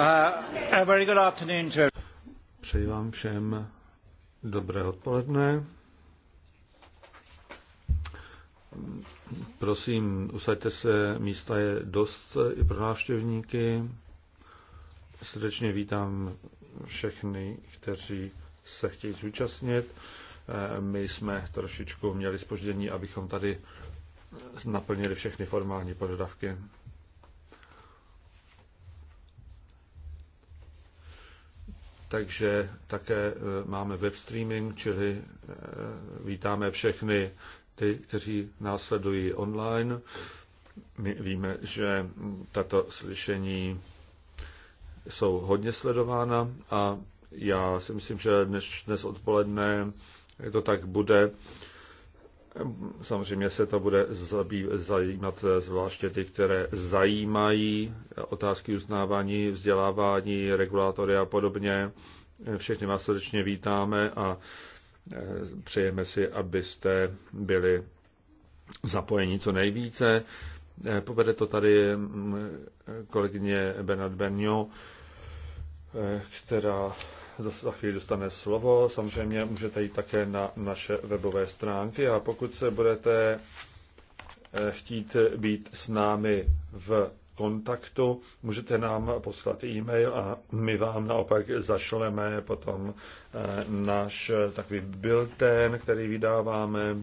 Uh, Přeji vám všem dobré odpoledne. Prosím, usaďte se, místa je dost i pro návštěvníky. Srdečně vítám všechny, kteří se chtějí zúčastnit. Eh, my jsme trošičku měli spoždění, abychom tady naplnili všechny formální požadavky. takže také e, máme web streaming, čili e, vítáme všechny ty, kteří nás sledují online. My víme, že tato slyšení jsou hodně sledována a já si myslím, že dnes, dnes odpoledne to tak bude, Samozřejmě se to bude zajímat eh, zvláště ty, které zajímají otázky uznávání, vzdělávání, regulátory a podobně. Eh, Všechny vás srdečně vítáme a eh, přejeme si, abyste byli zapojeni co nejvíce. Povede to tady mm, kolegyně Bernard Benio Eh, která za chvíli dostane slovo. Samozřejmě můžete jít také na naše webové stránky a pokud se budete eh, chtít být s námi v kontaktu, můžete nám poslat e-mail a my vám naopak zašleme potom eh, náš takový bilten, který vydáváme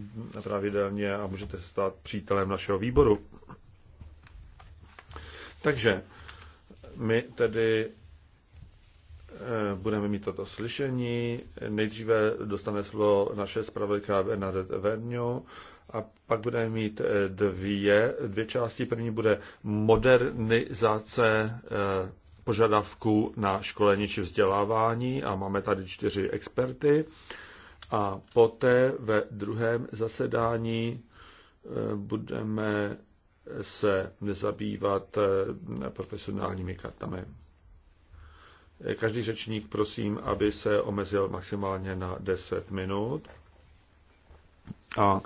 pravidelně a můžete se stát přítelem našeho výboru. Takže my tedy Eh, budeme mít toto slyšení. Nejdříve dostane slovo naše zpravodajka Bernadette Vernio a pak budeme mít eh, dvě, dvě části. První bude modernizace eh, požadavků na školení či vzdělávání a máme tady čtyři experty. A poté ve druhém zasedání budeme se zabývat profesionálními kartami. Každý řečník prosím, aby se omezil maximálně na 10 minut. A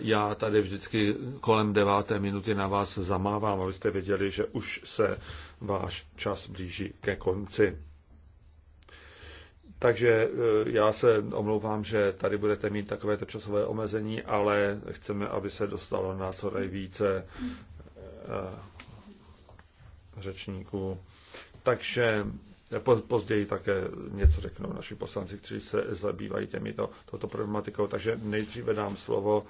já tady vždycky kolem deváté minuty na vás zamávám, abyste věděli, že už se váš čas blíží ke konci. Takže eh, já se omlouvám, že tady budete mít takové časové omezení, ale chceme, aby se dostalo na co nejvíce eh, řečníků. Takže Později také něco řeknou naši poslanci, kteří se zabývají těmito, toto problematikou. Takže nejdříve dám slovo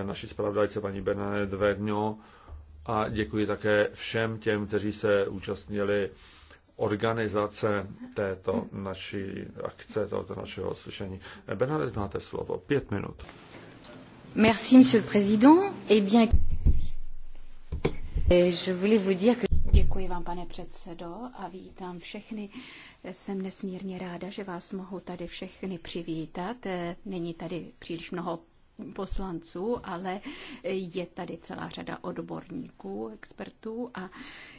eh, naší zpravodajce paní Bernadette Verňo a děkuji také všem těm, kteří se účastnili organizace této naší akce, tohoto našeho slyšení. Eh, Bernadette, máte slovo. Pět minut. Merci, monsieur le président. Eh bien, je voulais vous dire que vám, pane předsedo, a vítám všechny. Jsem nesmírně ráda, že vás mohu tady všechny přivítat. Není tady příliš mnoho poslanců, ale je tady celá řada odborníků, expertů a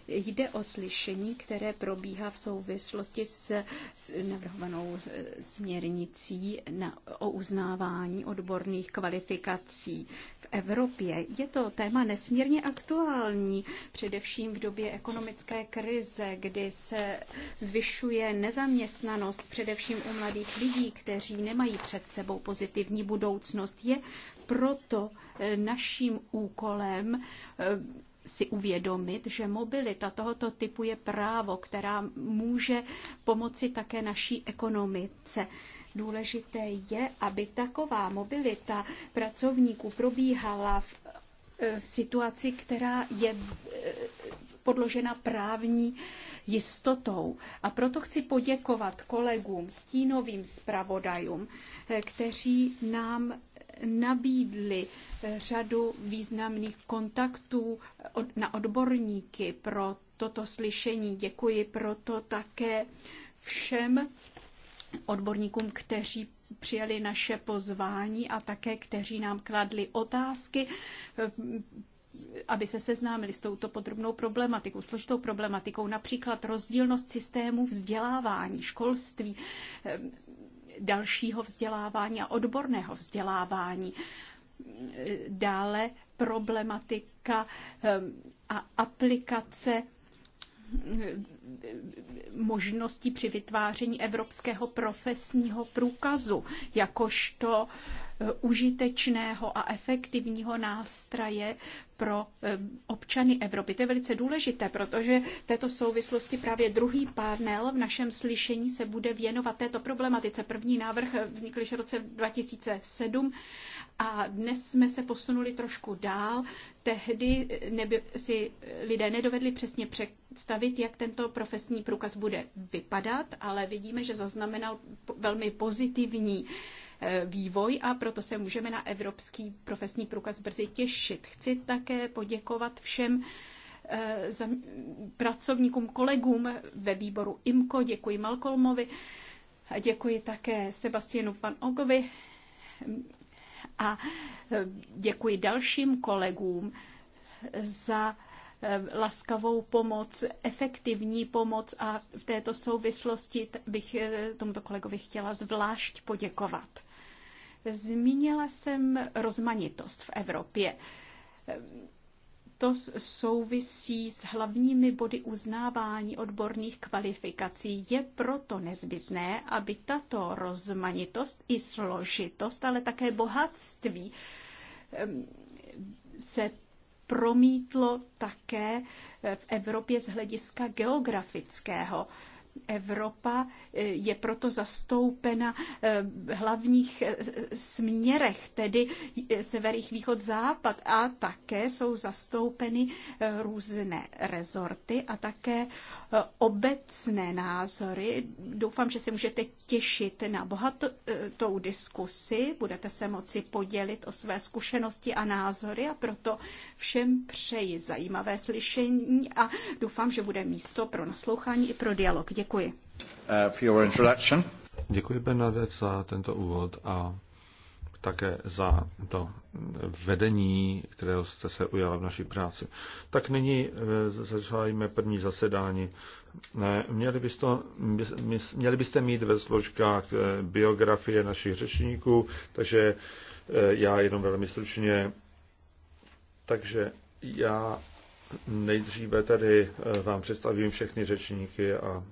jde o slyšení, které probíhá v souvislosti s, s navrhovanou směrnicí na, o uznávání odborných kvalifikací v Evropě. Je to téma nesmírně aktuální, především v době ekonomické krize, kdy se zvyšuje nezaměstnanost, především u mladých lidí, kteří nemají před sebou pozitivní budoucnost. Je proto eh, naším úkolem eh, si uvědomit, že mobilita tohoto typu je právo, která může pomoci také naší ekonomice. Důležité je, aby taková mobilita pracovníků probíhala v, eh, v situaci, která je podložena právní jistotou. A proto chci poděkovat kolegům, stínovým zpravodajům, kteří nám nabídli eh, řadu významných kontaktů eh, na odborníky pro toto slyšení. Děkuji proto také všem odborníkům, kteří přijali naše pozvání a také, kteří nám kladli otázky, eh, aby se seznámili s touto podrobnou problematikou, složitou problematikou, například rozdílnost systému vzdělávání, školství, dalšího vzdělávání a odborného vzdělávání. Dále problematika ehm, a aplikace ehm, možností při vytváření evropského profesního průkazu, jakožto eh, užitečného a efektivního nástroje pro eh, občany Evropy. To je velice důležité, protože této souvislosti právě druhý panel v našem slyšení se bude věnovat této problematice. První návrh eh, vznikl již v roce 2007 a dnes jsme se posunuli trošku dál. Tehdy eh, neby, si lidé nedovedli přesně představit, jak tento profesní průkaz bude vypadat, ale vidíme, že zaznamenal velmi pozitivní uh, E, vývoj a proto se můžeme na Evropský profesní průkaz brzy těšit. Chci také poděkovat všem e, pracovníkům, kolegům ve výboru IMKO, děkuji Malcolmovi děkuji také Sebastianu Pan Ogovi a e, děkuji dalším kolegům za laskavou pomoc, efektivní pomoc a v této souvislosti bych tomuto kolegovi chtěla zvlášť poděkovat. Zmínila jsem rozmanitost v Evropě. To souvisí s hlavními body uznávání odborných kvalifikací. Je proto nezbytné, aby tato rozmanitost i složitost, ale také bohatství se promítlo také v Evropě z hlediska geografického. Evropa eh, je proto zastoupena v eh, hlavních eh, směrech, tedy severých východ, západ a také jsou zastoupeny různé rezorty a také obecné názory. Doufám, že se můžete těšit na bohatou diskusi, budete se moci podělit o své zkušenosti a názory a proto všem přeji zajímavé slyšení a doufám, že bude místo pro naslouchání i pro dialog. Děkuji. Uh, Děkuji, Bernadette, za tento úvod a také za to vedení, kterého jste se ujala v naší práci. Tak nyní eh, začínáme první zasedání. Eh, měli byste, měli byste mít ve složkách eh, biografie našich řečníků, takže já jenom velmi stručně. Takže já nejdříve tady vám představím všechny řečníky a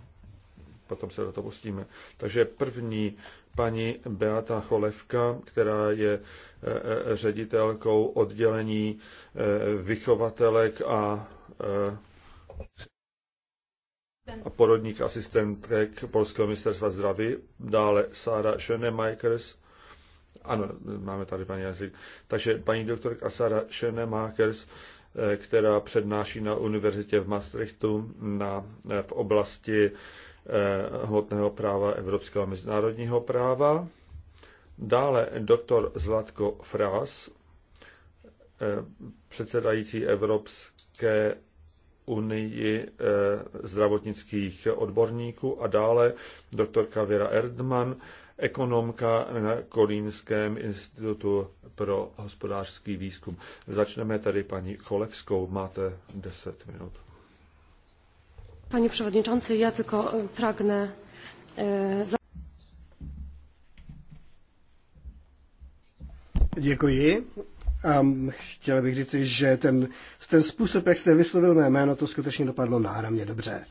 potom se do toho pustíme. Takže první paní Beata Cholevka, která je eh, ředitelkou oddělení eh, vychovatelek a eh, a porodník asistentek Polského ministerstva zdraví, dále Sára Schönemakers, ano, máme tady paní jazyk, takže paní doktorka Sára Schönemakers, která přednáší na univerzitě v Maastrichtu na, v oblasti hmotného eh, práva evropského mezinárodního práva. Dále doktor Zlatko Fras, eh, předsedající Evropské unii eh, zdravotnických odborníků a dále doktorka Vera Erdman, ekonomka na Kolínském institutu pro hospodářský výzkum. Začneme tady paní Cholevskou, máte 10 minut. Panie przewodniczący, ja tylko e, pragnę e, Děkuji. Um, chtěl bych říct, že ten, ten způsob, jak jste vyslovil mé jméno, to skutečně dopadlo náramně dobře.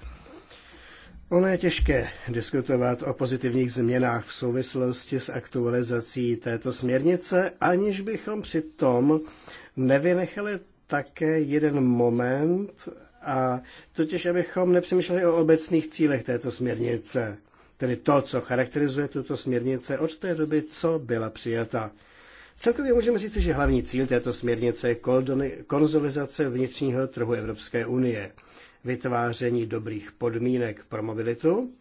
Ono je těžké diskutovat o pozitivních změnách v souvislosti s aktualizací této směrnice, aniž bychom přitom nevynechali také jeden moment a totiž abychom nepřemýšleli o obecných cílech této směrnice, tedy to, co charakterizuje tuto směrnice od té doby, co byla přijata. Celkově můžeme říci, že hlavní cíl této směrnice je konzolizace vnitřního trhu Evropské unie, vytváření dobrých podmínek pro mobilitu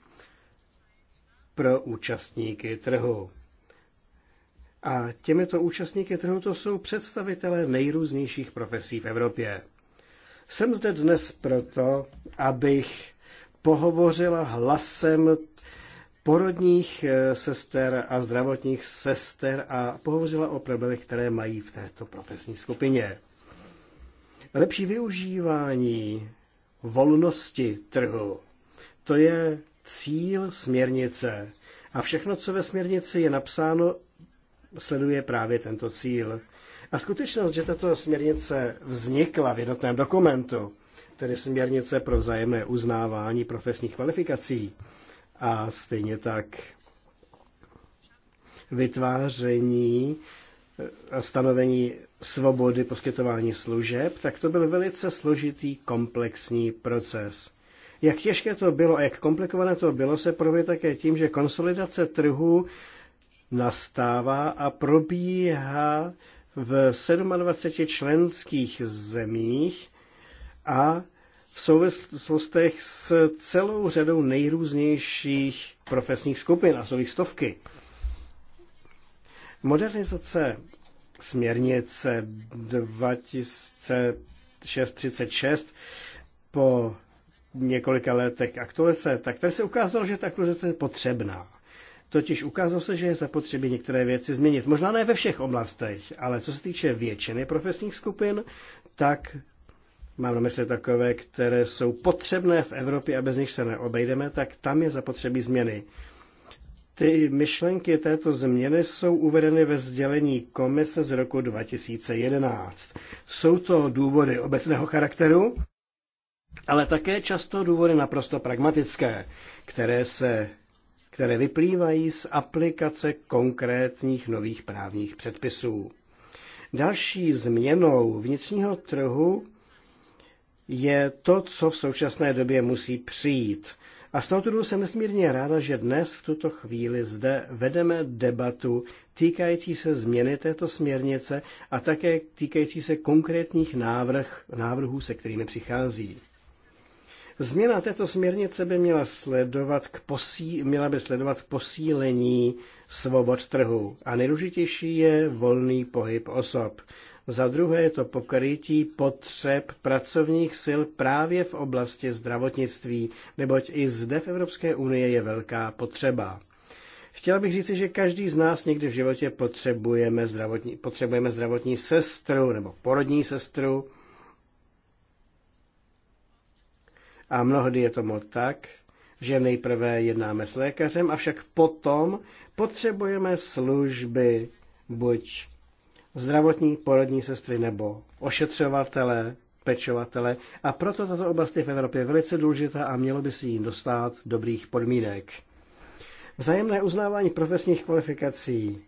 pro účastníky trhu. A těmito účastníky trhu to jsou představitelé nejrůznějších profesí v Evropě. Jsem zde dnes proto, abych pohovořila hlasem porodních eh, sester a zdravotních sester a pohovořila o problémech, které mají v této profesní skupině. Lepší využívání volnosti trhu, to je cíl směrnice. A všechno, co ve směrnici je napsáno, sleduje právě tento cíl. A skutečnost, že tato směrnice vznikla v jednotném dokumentu, tedy směrnice pro vzájemné uznávání profesních kvalifikací a stejně tak vytváření a eh, stanovení svobody poskytování služeb, tak to byl velice složitý komplexní proces. Jak těžké to bylo a jak komplikované to bylo, se projeví také tím, že konsolidace trhu nastává a probíhá v 27 členských zemích a v souvislostech s celou řadou nejrůznějších profesních skupin, a jsou jich stovky. Modernizace směrnice 2636 po několika letech aktualizace, tak tady se ukázalo, že ta aktualizace je potřebná. Totiž ukázalo se, že je zapotřebí některé věci změnit. Možná ne ve všech oblastech, ale co se týče většiny profesních skupin, tak mám na mysli takové, které jsou potřebné v Evropě a bez nich se neobejdeme, tak tam je zapotřebí změny. Ty myšlenky této změny jsou uvedeny ve sdělení komise z roku 2011. Jsou to důvody obecného charakteru, ale také často důvody naprosto pragmatické, které se které vyplývají z aplikace konkrétních nových právních předpisů. Další změnou vnitřního trhu je to, co v současné době musí přijít. A z toho důvodu jsem nesmírně ráda, že dnes v tuto chvíli zde vedeme debatu týkající se změny této směrnice a také týkající se konkrétních návrh, návrhů, se kterými přichází. Změna této směrnice by měla, sledovat k posí, měla by sledovat k posílení svobod trhu a nejdůležitější je volný pohyb osob. Za druhé je to pokrytí potřeb pracovních sil právě v oblasti zdravotnictví, neboť i zde v Evropské unii je velká potřeba. Chtěla bych říci, že každý z nás někdy v životě potřebujeme zdravotní, potřebujeme zdravotní sestru nebo porodní sestru, A mnohdy je tomu tak, že nejprve jednáme s lékařem, avšak potom potřebujeme služby buď zdravotní, porodní sestry nebo ošetřovatele, pečovatele a proto tato oblast je v Evropě velice důležitá a mělo by si jí dostat dobrých podmínek. Vzájemné uznávání profesních kvalifikací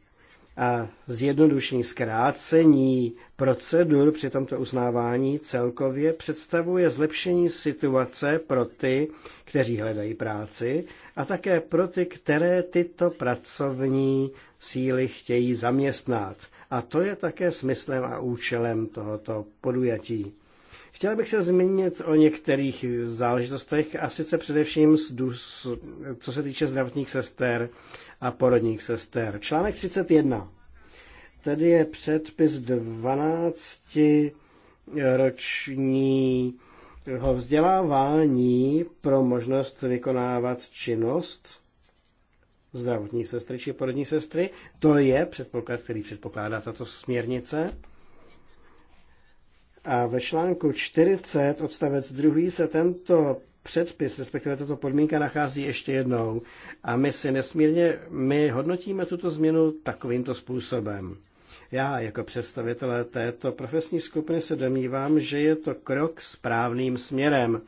a zjednodušení zkrácení procedur při tomto uznávání celkově představuje zlepšení situace pro ty, kteří hledají práci a také pro ty, které tyto pracovní síly chtějí zaměstnat. A to je také smyslem a účelem tohoto podujatí. Chtěl bych se zmínit o některých záležitostech a sice především co se týče zdravotních sester a porodních sester. Článek 31. Tady je předpis 12 ročního vzdělávání pro možnost vykonávat činnost zdravotní sestry či porodní sestry. To je předpoklad, který předpokládá tato směrnice. A ve článku 40 odstavec 2 se tento předpis, respektive tato podmínka nachází ještě jednou. A my si nesmírně, my hodnotíme tuto změnu takovýmto způsobem. Já jako představitelé této profesní skupiny se domnívám, že je to krok správným směrem,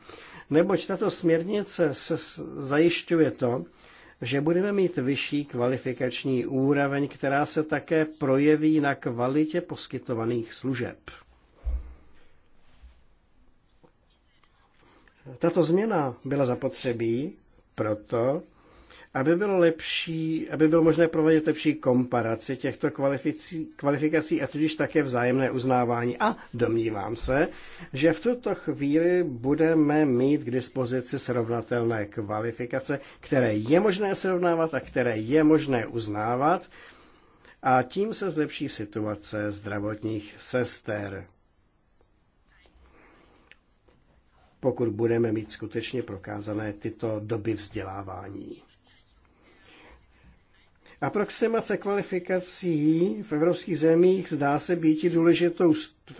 neboť tato směrnice se zajišťuje to, že budeme mít vyšší kvalifikační úroveň, která se také projeví na kvalitě poskytovaných služeb. Tato změna byla zapotřebí proto, aby bylo lepší, aby bylo možné provádět lepší komparaci těchto kvalifikací a tudíž také vzájemné uznávání. A domnívám se, že v tuto chvíli budeme mít k dispozici srovnatelné kvalifikace, které je možné srovnávat a které je možné uznávat. A tím se zlepší situace zdravotních sester. pokud budeme mít skutečně prokázané tyto doby vzdělávání. Aproximace kvalifikací v evropských zemích zdá se být důležitou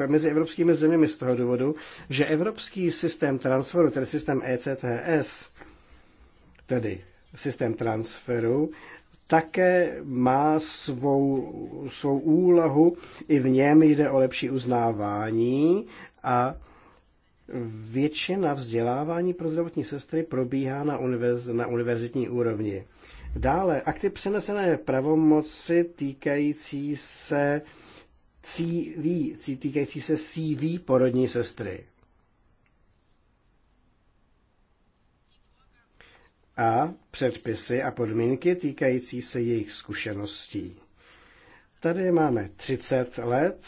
mezi evropskými zeměmi z toho důvodu, že evropský systém transferu, tedy systém ECTS, tedy systém transferu, také má svou, svou úlohu, i v něm jde o lepší uznávání a Většina vzdělávání pro zdravotní sestry probíhá na, univerz, na univerzitní úrovni. Dále, akty přenesené pravomoci týkající se CV, týkající se CV porodní sestry. A předpisy a podmínky týkající se jejich zkušeností. Tady máme 30 let.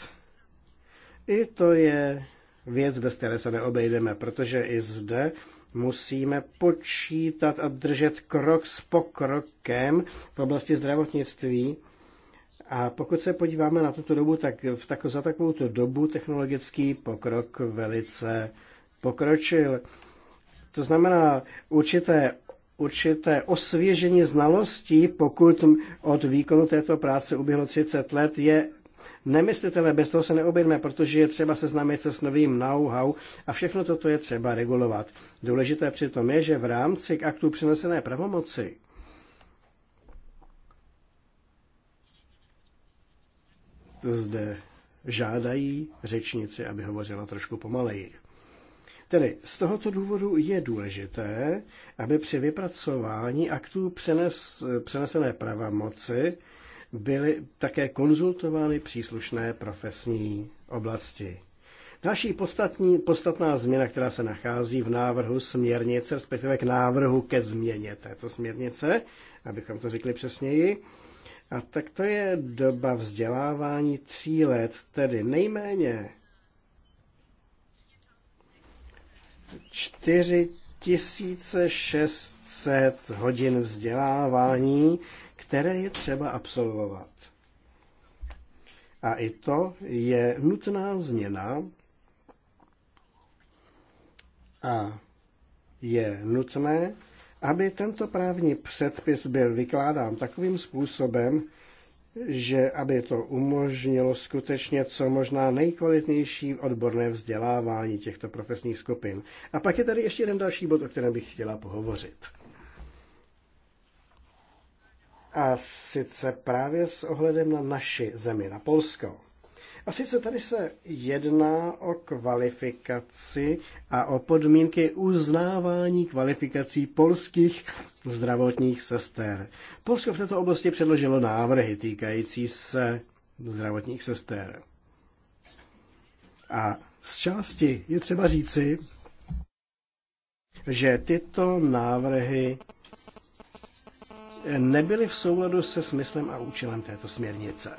I to je věc, bez které se neobejdeme, protože i zde musíme počítat a držet krok s pokrokem v oblasti zdravotnictví. A pokud se podíváme na tuto dobu, tak v tako, za takovou dobu technologický pokrok velice pokročil. To znamená určité, určité osvěžení znalostí, pokud od výkonu této práce uběhlo 30 let, je ale bez toho se neobjedeme, protože je třeba seznámit se s novým know-how a všechno toto je třeba regulovat. Důležité přitom je, že v rámci k aktu přenesené pravomoci zde žádají řečnici, aby hovořila trošku pomaleji. Tedy z tohoto důvodu je důležité, aby při vypracování aktů přenes, přenesené pravomoci byly také konzultovány příslušné profesní oblasti. Další podstatní, podstatná změna, která se nachází v návrhu směrnice, respektive k návrhu ke změně této směrnice, abychom to řekli přesněji, a tak to je doba vzdělávání tří let, tedy nejméně 1600 hodin vzdělávání které je třeba absolvovat. A i to je nutná změna a je nutné, aby tento právní předpis byl vykládán takovým způsobem, že aby to umožnilo skutečně co možná nejkvalitnější odborné vzdělávání těchto profesních skupin. A pak je tady ještě jeden další bod, o kterém bych chtěla pohovořit a sice právě s ohledem na naši zemi, na Polsko. A sice tady se jedná o kvalifikaci a o podmínky uznávání kvalifikací polských zdravotních sester. Polsko v této oblasti předložilo návrhy týkající se zdravotních sester. A z části je třeba říci, že tyto návrhy nebyly v souladu se smyslem a účelem této směrnice.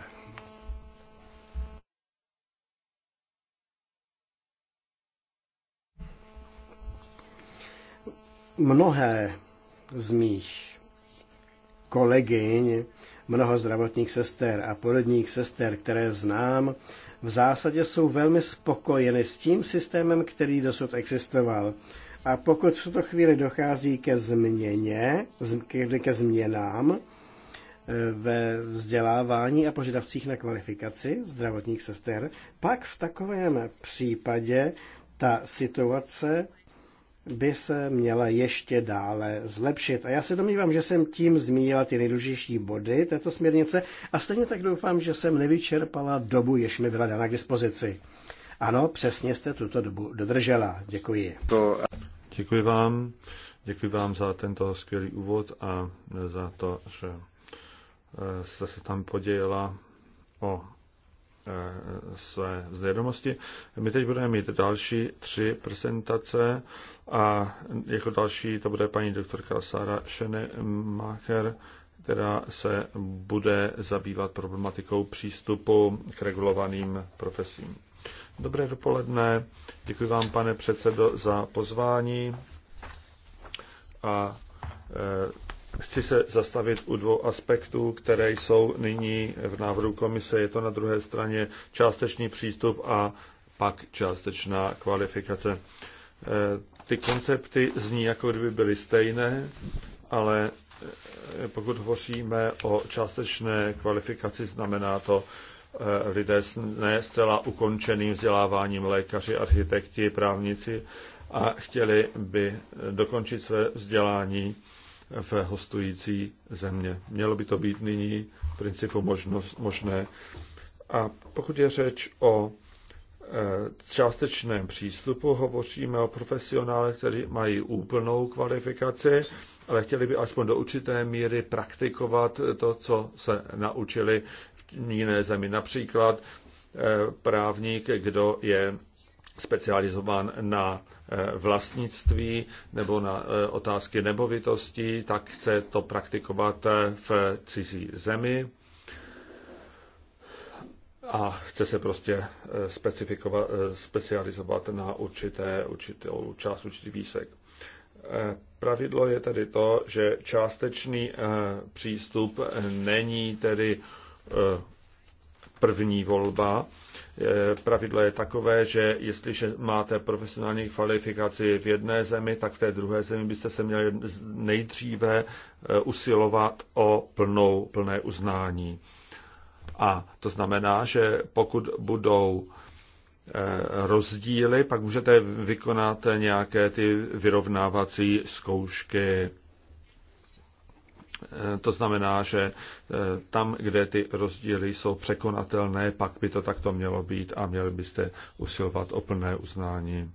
Mnohé z mých kolegyň, mnoho zdravotních sester a porodních sester, které znám, v zásadě jsou velmi spokojeny s tím systémem, který dosud existoval. A pokud v tuto chvíli dochází ke změně, ke změnám eh, ve vzdělávání a požadavcích na kvalifikaci zdravotních sester, pak v takovém případě ta situace by se měla ještě dále zlepšit. A já se domnívám, že jsem tím zmínila ty nejdůležitější body této směrnice a stejně tak doufám, že jsem nevyčerpala dobu, jež mi byla dána k dispozici. Ano, přesně jste tuto dobu dodržela. Děkuji. To... Děkuji vám. Děkuji vám za tento skvělý úvod a za to, že eh, jste se tam podělila o eh, své zvědomosti. My teď budeme mít další tři prezentace a jako další to bude paní doktorka Sara Schenemacher, která se bude zabývat problematikou přístupu k regulovaným profesím. Dobré dopoledne, děkuji vám, pane předsedo, za pozvání a eh, chci se zastavit u dvou aspektů, které jsou nyní v návrhu komise. Je to na druhé straně částečný přístup a pak částečná kvalifikace. Eh, ty koncepty zní, jako kdyby byly stejné, ale eh, pokud hovoříme o částečné kvalifikaci, znamená to, Eh, lidé s ne zcela ukončeným vzděláváním, lékaři, architekti, právníci a chtěli by eh, dokončit své vzdělání v hostující země. Mělo by to být nyní v principu možnost, možné. A pokud je řeč o eh, částečném přístupu, hovoříme o profesionálech, kteří mají úplnou kvalifikaci ale chtěli by aspoň do určité míry praktikovat to, co se naučili v jiné zemi. Například eh, právník, kdo je specializován na eh, vlastnictví nebo na eh, otázky nemovitostí, tak chce to praktikovat v cizí zemi a chce se prostě specializovat na určité, určitou část, určitý výsek. Eh, pravidlo je tedy to, že částečný eh, přístup není tedy eh, první volba. Pravidlo je takové, že jestliže máte profesionální kvalifikaci v jedné zemi, tak v té druhé zemi byste se měli nejdříve usilovat o plnou, plné uznání. A to znamená, že pokud budou Eh, rozdíly, pak můžete vykonat nějaké ty vyrovnávací zkoušky. Eh, to znamená, že eh, tam, kde ty rozdíly jsou překonatelné, pak by to takto mělo být a měli byste usilovat o plné uznání.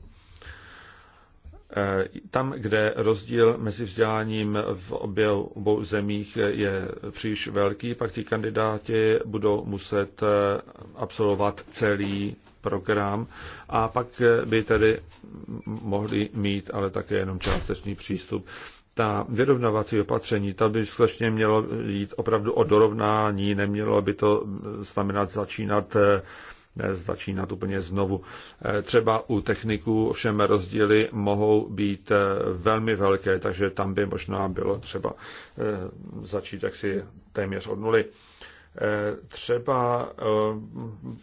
Tam, kde rozdíl mezi vzděláním v obě, obou zemích je příliš velký, pak ti kandidáti budou muset absolvovat celý program a pak eh, by tedy mohli mít ale také jenom částečný přístup. Ta vyrovnavací opatření, ta by skutečně mělo jít opravdu o dorovnání, nemělo by to znamenat začínat eh, eh, začínat úplně znovu. Třeba u techniků všem rozdíly mohou být velmi velké, takže tam by možná bylo třeba začít jaksi téměř od nuly. Třeba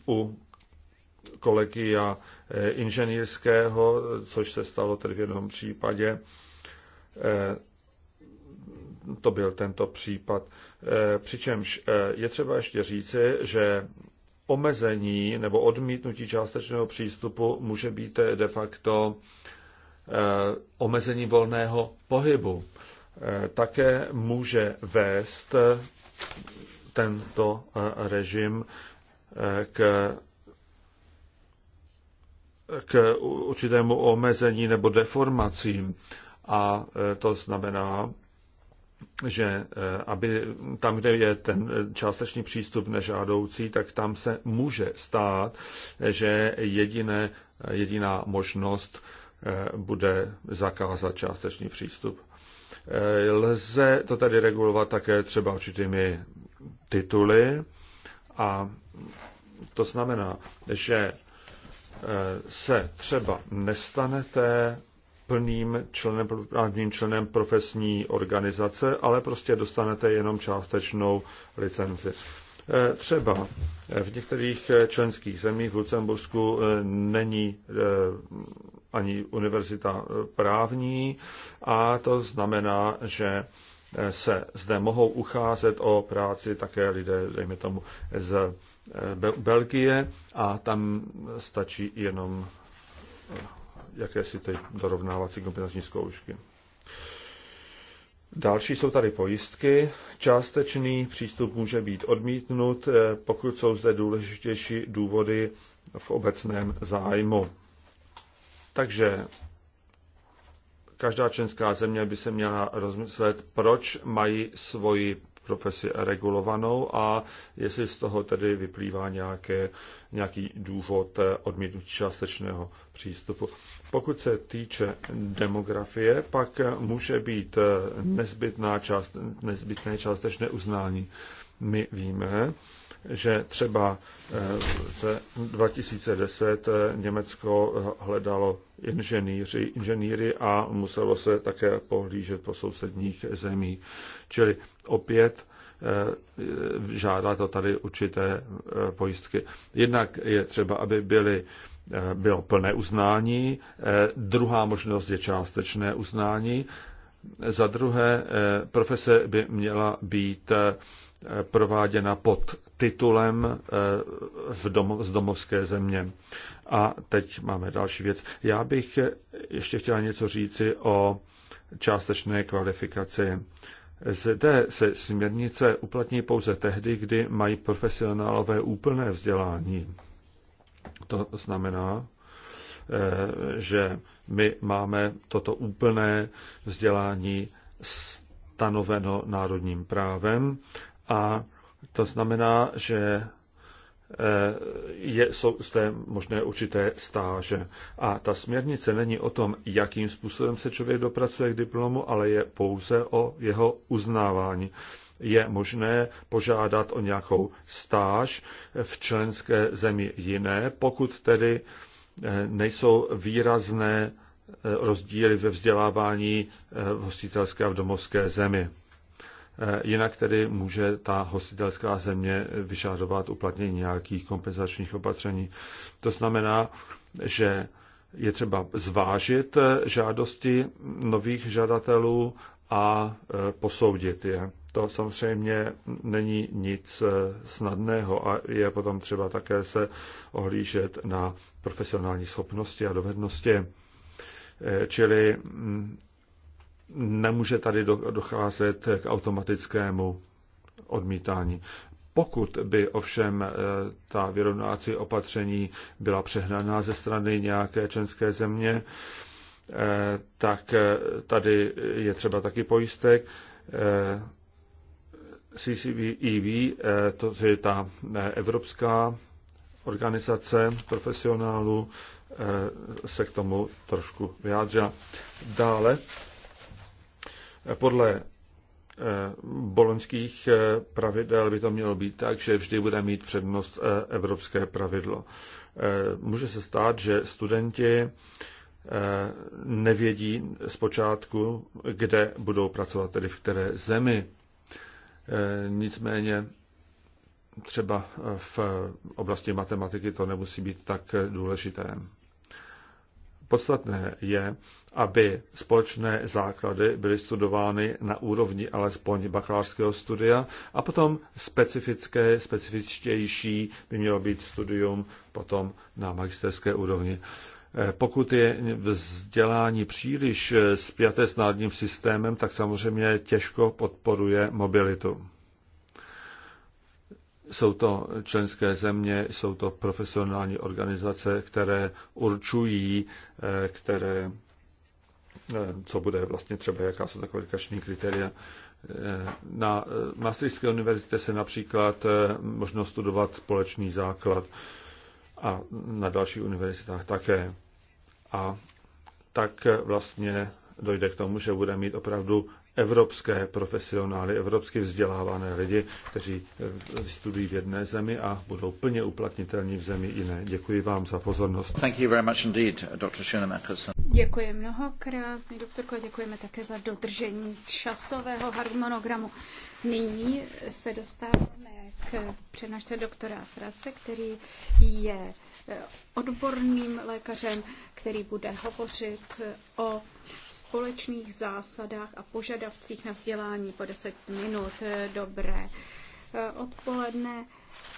u kolegia eh, inženýrského, což se stalo tedy v jednom případě. Eh, to byl tento případ. Eh, přičemž je třeba ještě říci, že omezení nebo odmítnutí částečného přístupu může být de facto omezení volného pohybu. Také může vést tento režim k k určitému omezení nebo deformacím. A e, to znamená, že e, aby tam, kde je ten částečný přístup nežádoucí, tak tam se může stát, že jediné, jediná možnost e, bude zakázat částečný přístup. Lze to tady regulovat také třeba určitými tituly a to znamená, že se třeba nestanete plným členem, právním členem profesní organizace, ale prostě dostanete jenom částečnou licenci. Eh, třeba eh, v některých eh, členských zemích v Lucembursku není ani univerzita právní a to znamená, že se zde mohou ucházet o práci také lidé, dejme tomu, z Belgie a tam stačí jenom eh, jakési ty dorovnávací kompetenční zkoušky. Další jsou tady pojistky. Částečný přístup může být odmítnut, eh, pokud jsou zde důležitější důvody v obecném zájmu. Takže každá členská země by se měla rozmyslet, proč mají svoji profesi regulovanou a jestli z toho tedy vyplývá nějaké, nějaký důvod eh, odmítnutí částečného přístupu. Pokud se týče demografie, pak eh, může být eh, nezbytná část, nezbytné částečné uznání. My víme, že třeba eh, v roce 2010 eh, Německo eh, hledalo inženýři, inženýry a muselo se také pohlížet po sousedních zemí. Čili opět žádá to tady určité pojistky. Jednak je třeba, aby byly bylo plné uznání, druhá možnost je částečné uznání, za druhé profese by měla být prováděna pod titulem eh, z, dom, z domovské země. A teď máme další věc. Já bych ještě chtěla něco říci o částečné kvalifikaci. Zde se směrnice uplatní pouze tehdy, kdy mají profesionálové úplné vzdělání. To znamená, eh, že my máme toto úplné vzdělání stanoveno národním právem a to znamená, že eh, je, jsou zde možné určité stáže. A ta směrnice není o tom, jakým způsobem se člověk dopracuje k diplomu, ale je pouze o jeho uznávání. Je možné požádat o nějakou stáž v členské zemi jiné, pokud tedy eh, nejsou výrazné eh, rozdíly ve vzdělávání v hostitelské a v domovské zemi. Eh, jinak tedy může ta hostitelská země vyžadovat uplatnění nějakých kompenzačních opatření. To znamená, že je třeba zvážit eh, žádosti nových žadatelů a eh, posoudit je. To samozřejmě není nic snadného a je potom třeba také se ohlížet na profesionální schopnosti a dovednosti. Čili mm, nemůže tady docházet k automatickému odmítání. Pokud by ovšem eh, ta vyrovnávací opatření byla přehnaná ze strany nějaké členské země, eh, tak eh, tady je třeba taky pojistek. CCEV, e to je ta evropská organizace profesionálů, se k tomu trošku vyjádřila. Dále podle eh, boloňských eh, pravidel by to mělo být tak, že vždy bude mít přednost eh, evropské pravidlo. Může se stát, že studenti nevědí zpočátku, kde budou pracovat, tedy v které zemi. Nicméně třeba v oblasti matematiky to nemusí být tak důležité. Podstatné je, aby společné základy byly studovány na úrovni alespoň bakalářského studia a potom specifické, specifičtější by mělo být studium potom na magisterské úrovni. Eh, pokud je vzdělání příliš eh, spjaté s národním systémem, tak samozřejmě těžko podporuje mobilitu. Jsou to členské země, jsou to profesionální organizace, které určují, eh, které, eh, co bude vlastně třeba, jaká jsou ta kvalifikační kritéria. Eh, na Maastrichtské univerzitě se například možno studovat společný základ a na dalších univerzitách také. A tak vlastně dojde k tomu, že bude mít opravdu evropské profesionály, evropsky vzdělávané lidi, kteří eh, studují v jedné zemi a budou plně uplatnitelní v zemi jiné. Děkuji vám za pozornost. Thank you very much indeed, Dr. Děkuji mnohokrát, doktorko, děkujeme také za dodržení časového harmonogramu. Nyní se dostáváme k přednášce doktora Frase, který je eh, odborným lékařem, který bude hovořit eh, o společných zásadách a požadavcích na vzdělání po 10 minut. Eh, dobré odpoledne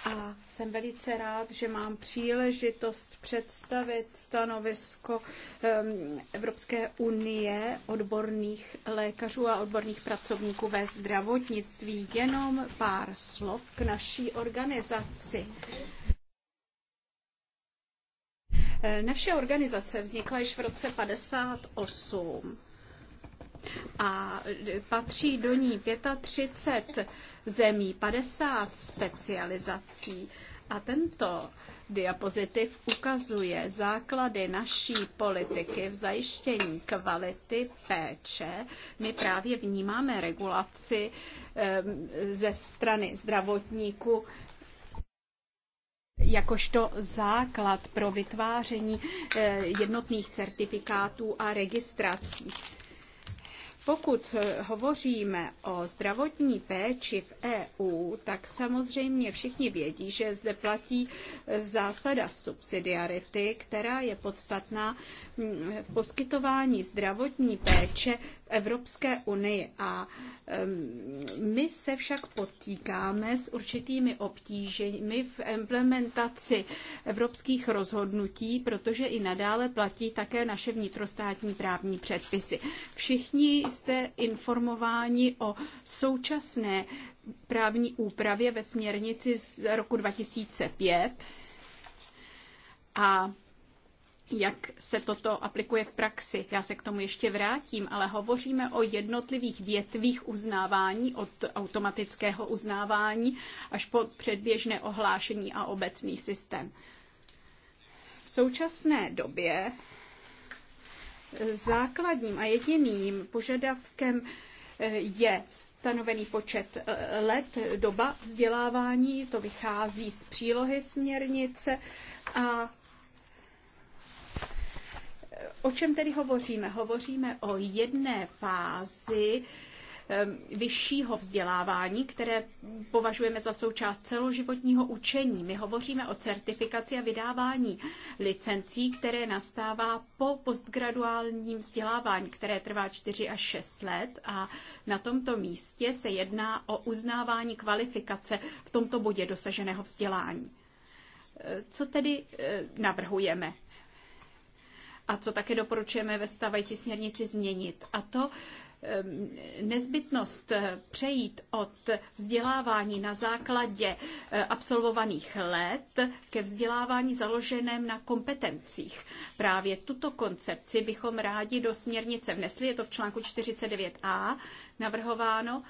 a jsem velice rád, že mám příležitost představit stanovisko ehm, Evropské unie odborných lékařů a odborných pracovníků ve zdravotnictví. Jenom pár slov k naší organizaci. Ehm, naše organizace vznikla již v roce 58 a patří do ní 35 zemí, 50 specializací. A tento diapozitiv ukazuje základy naší politiky v zajištění kvality péče. My právě vnímáme regulaci ze strany zdravotníků jakožto základ pro vytváření eh, jednotných certifikátů a registrací. Pokud eh, hovoříme o zdravotní péči v EU, tak samozřejmě všichni vědí, že zde platí eh, zásada subsidiarity, která je podstatná mm, v poskytování zdravotní péče Evropské unii. A my se však potýkáme s určitými obtížemi v implementaci evropských rozhodnutí, protože i nadále platí také naše vnitrostátní právní předpisy. Všichni jste informováni o současné právní úpravě ve směrnici z roku 2005 a jak se toto aplikuje v praxi. Já se k tomu ještě vrátím, ale hovoříme o jednotlivých větvích uznávání, od automatického uznávání až po předběžné ohlášení a obecný systém. V současné době základním a jediným požadavkem eh, je stanovený počet eh, let, doba vzdělávání, to vychází z přílohy směrnice a O čem tedy hovoříme? Hovoříme o jedné fázi vyššího vzdělávání, které považujeme za součást celoživotního učení. My hovoříme o certifikaci a vydávání licencí, které nastává po postgraduálním vzdělávání, které trvá 4 až 6 let a na tomto místě se jedná o uznávání kvalifikace v tomto bodě dosaženého vzdělání. Co tedy eh, navrhujeme? a co také doporučujeme ve stávající směrnici změnit. A to nezbytnost eh, přejít od vzdělávání na základě eh, absolvovaných let ke vzdělávání založeném na kompetencích. Právě tuto koncepci bychom rádi do směrnice vnesli, je to v článku 49a navrhováno.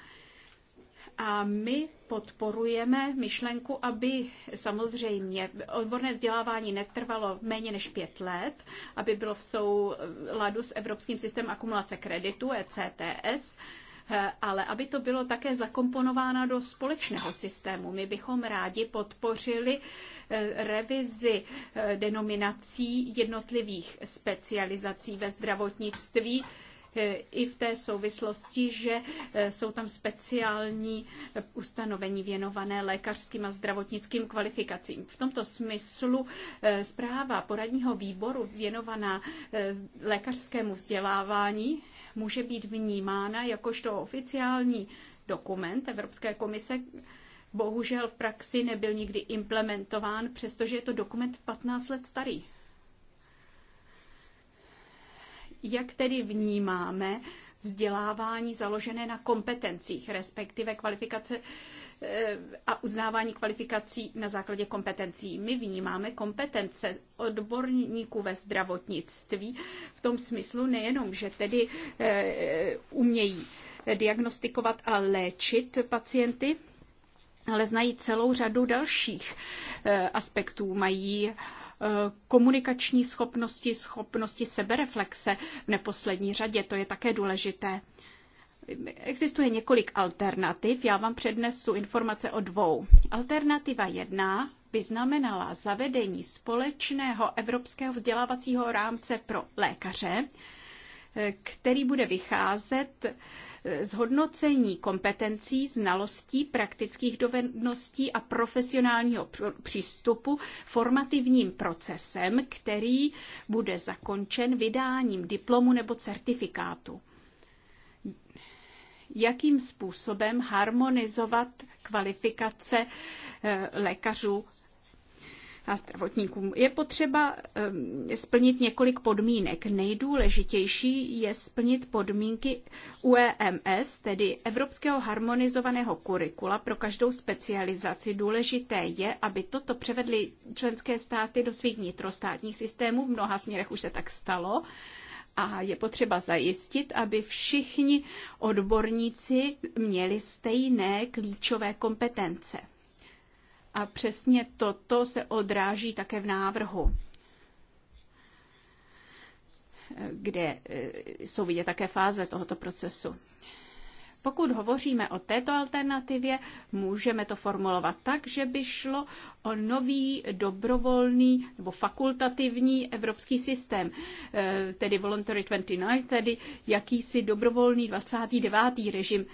A my podporujeme myšlenku, aby samozřejmě odborné vzdělávání netrvalo méně než pět let, aby bylo v souladu s Evropským systémem akumulace kreditu, ECTS, eh, ale aby to bylo také zakomponováno do společného systému. My bychom rádi podpořili eh, revizi eh, denominací jednotlivých specializací ve zdravotnictví E, i v té souvislosti, že e, jsou tam speciální ustanovení věnované lékařským a zdravotnickým kvalifikacím. V tomto smyslu e, zpráva poradního výboru věnovaná lékařskému vzdělávání může být vnímána jakožto oficiální dokument Evropské komise, bohužel v praxi nebyl nikdy implementován, přestože je to dokument 15 let starý. Jak tedy vnímáme vzdělávání založené na kompetencích, respektive kvalifikace eh, a uznávání kvalifikací na základě kompetencí. My vnímáme kompetence odborníků ve zdravotnictví v tom smyslu nejenom, že tedy eh, umějí diagnostikovat a léčit pacienty, ale znají celou řadu dalších eh, aspektů. Mají komunikační schopnosti, schopnosti sebereflexe v neposlední řadě. To je také důležité. Existuje několik alternativ. Já vám přednesu informace o dvou. Alternativa jedna by znamenala zavedení společného evropského vzdělávacího rámce pro lékaře, který bude vycházet zhodnocení kompetencí, znalostí, praktických dovedností a profesionálního přístupu formativním procesem, který bude zakončen vydáním diplomu nebo certifikátu jakým způsobem harmonizovat kvalifikace eh, lékařů a zdravotníkům. Je potřeba splnit několik podmínek. Nejdůležitější je splnit podmínky UEMS, tedy Evropského harmonizovaného kurikula pro každou specializaci. Důležité je, aby toto převedly členské státy do svých vnitrostátních systémů. V mnoha směrech už se tak stalo. A je potřeba zajistit, aby všichni odborníci měli stejné klíčové kompetence. A přesně toto se odráží také v návrhu kde eh, jsou vidět také fáze tohoto procesu. Pokud hovoříme o této alternativě, můžeme to formulovat tak, že by šlo o nový dobrovolný nebo fakultativní evropský systém, eh, tedy Voluntary 29, tedy jakýsi dobrovolný 29. režim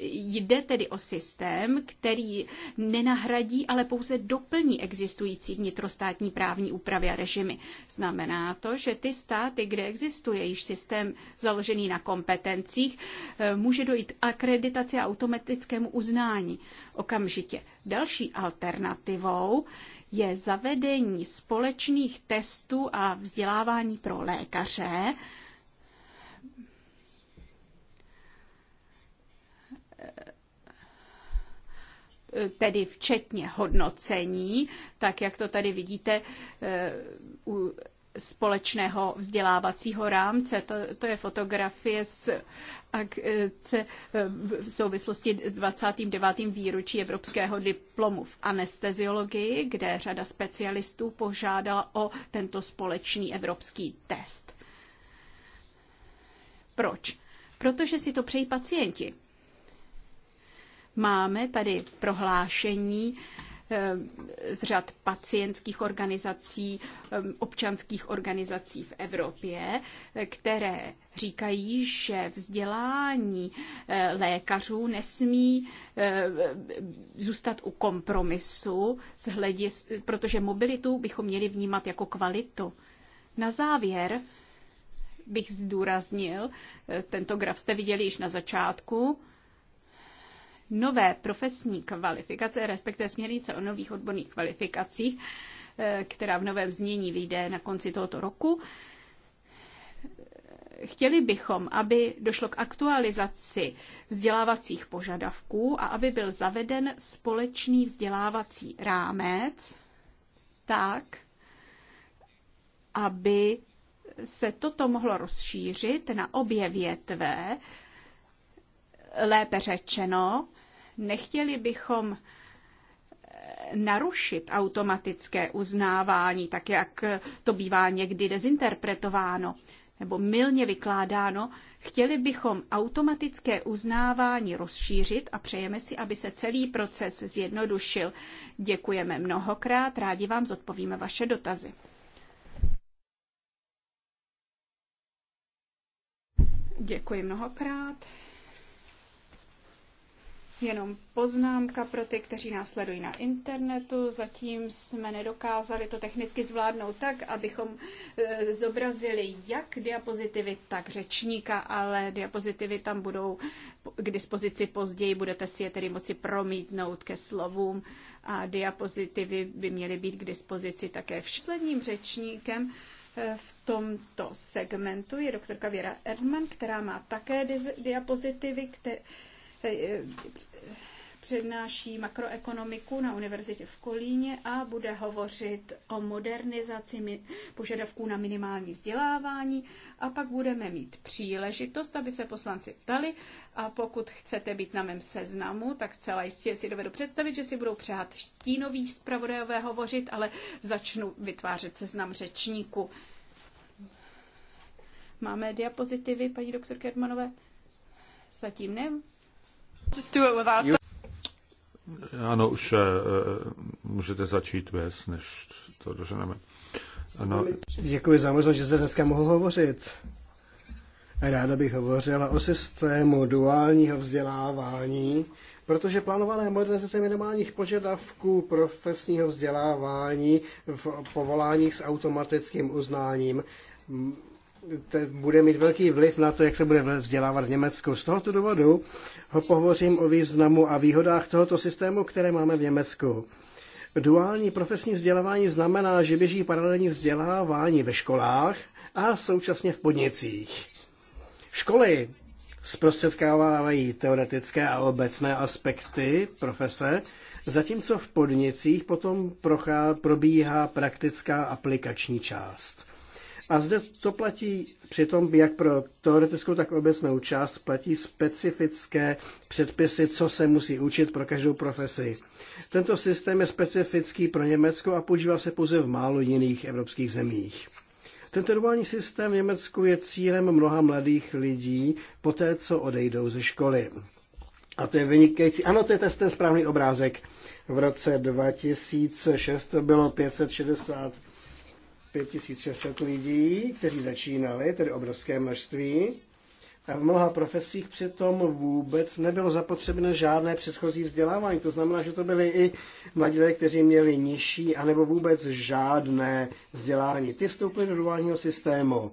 Jde tedy o systém, který nenahradí, ale pouze doplní existující vnitrostátní právní úpravy a režimy. Znamená to, že ty státy, kde existuje již systém založený na kompetencích, eh, může dojít akreditaci a automatickému uznání okamžitě. Další alternativou je zavedení společných testů a vzdělávání pro lékaře, tedy včetně hodnocení, tak jak to tady vidíte eh, u společného vzdělávacího rámce. To, to je fotografie z akce eh, v souvislosti s 29. výročí Evropského diplomu v anesteziologii, kde řada specialistů požádala o tento společný evropský test. Proč? Protože si to přejí pacienti. Máme tady prohlášení eh, z řad pacientských organizací, eh, občanských organizací v Evropě, eh, které říkají, že vzdělání lékařů nesmí zůstat u kompromisu, hledis, protože mobilitu bychom měli vnímat jako kvalitu. Na závěr bych zdůraznil, tento graf jste viděli již na začátku, nové profesní kvalifikace, respektive směrnice o nových odborných kvalifikacích, eh, která v novém znění vyjde na konci tohoto roku, chtěli bychom, aby došlo k aktualizaci vzdělávacích požadavků a aby byl zaveden společný vzdělávací rámec tak, aby se toto mohlo rozšířit na obě větve, lépe řečeno, Nechtěli bychom eh, narušit automatické uznávání, tak jak to bývá někdy dezinterpretováno nebo mylně vykládáno, chtěli bychom automatické uznávání rozšířit a přejeme si, aby se celý proces zjednodušil. Děkujeme mnohokrát, rádi vám zodpovíme vaše dotazy. Děkuji mnohokrát. Jenom poznámka pro ty, kteří nás sledují na internetu. Zatím jsme nedokázali to technicky zvládnout tak, abychom e, zobrazili jak diapozitivy, tak řečníka, ale diapozitivy tam budou k dispozici později. Budete si je tedy moci promítnout ke slovům a diapozitivy by měly být k dispozici také všledním řečníkem. E, v tomto segmentu je doktorka Věra Erdman, která má také diapozitivy, které Eh, přednáší makroekonomiku na univerzitě v Kolíně a bude hovořit o modernizaci požadavků na minimální vzdělávání a pak budeme mít příležitost, aby se poslanci ptali a pokud chcete být na mém seznamu, tak celá jistě si dovedu představit, že si budou přát stínový zpravodajové hovořit, ale začnu vytvářet seznam řečníků. Máme diapozitivy, paní doktor Kermanové? Zatím ne, ano, už eh, eh, můžete začít bez, než to doženeme. Ano. Děkuji za možnost, že zde dneska mohu hovořit. Ráda bych hovořila o systému duálního vzdělávání, protože plánované modernizace minimálních požadavků profesního vzdělávání v povoláních s automatickým uznáním bude mít velký vliv na to, jak se bude vzdělávat v Německu. Z tohoto důvodu ho pohovořím o významu a výhodách tohoto systému, které máme v Německu. Duální profesní vzdělávání znamená, že běží paralelní vzdělávání ve školách a současně v podnicích. Školy zprostředkávají teoretické a obecné aspekty profese, zatímco v podnicích potom probíhá praktická aplikační část. A zde to platí přitom jak pro teoretickou, tak obecnou část, platí specifické předpisy, co se musí učit pro každou profesi. Tento systém je specifický pro Německo a používá se pouze v málo jiných evropských zemích. Tento duální systém v Německu je cílem mnoha mladých lidí po té, co odejdou ze školy. A to je vynikající. Ano, to je ten, ten správný obrázek. V roce 2006 to bylo 560 5600 lidí, kteří začínali, tedy obrovské množství. A v mnoha profesích přitom vůbec nebylo zapotřebné žádné předchozí vzdělávání. To znamená, že to byli i mladí lidé, kteří měli nižší anebo vůbec žádné vzdělání. Ty vstoupili do duálního systému.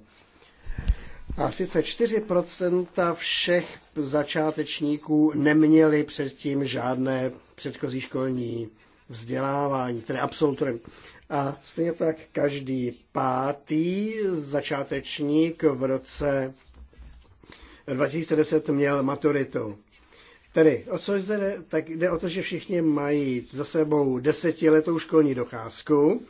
A sice 4% všech začátečníků neměli předtím žádné předchozí školní vzdělávání, tedy absolutorem. A stejně tak každý pátý začátečník v roce 2010 měl maturitu. Tedy, o co jde, tak jde o to, že všichni mají za sebou desetiletou školní docházku,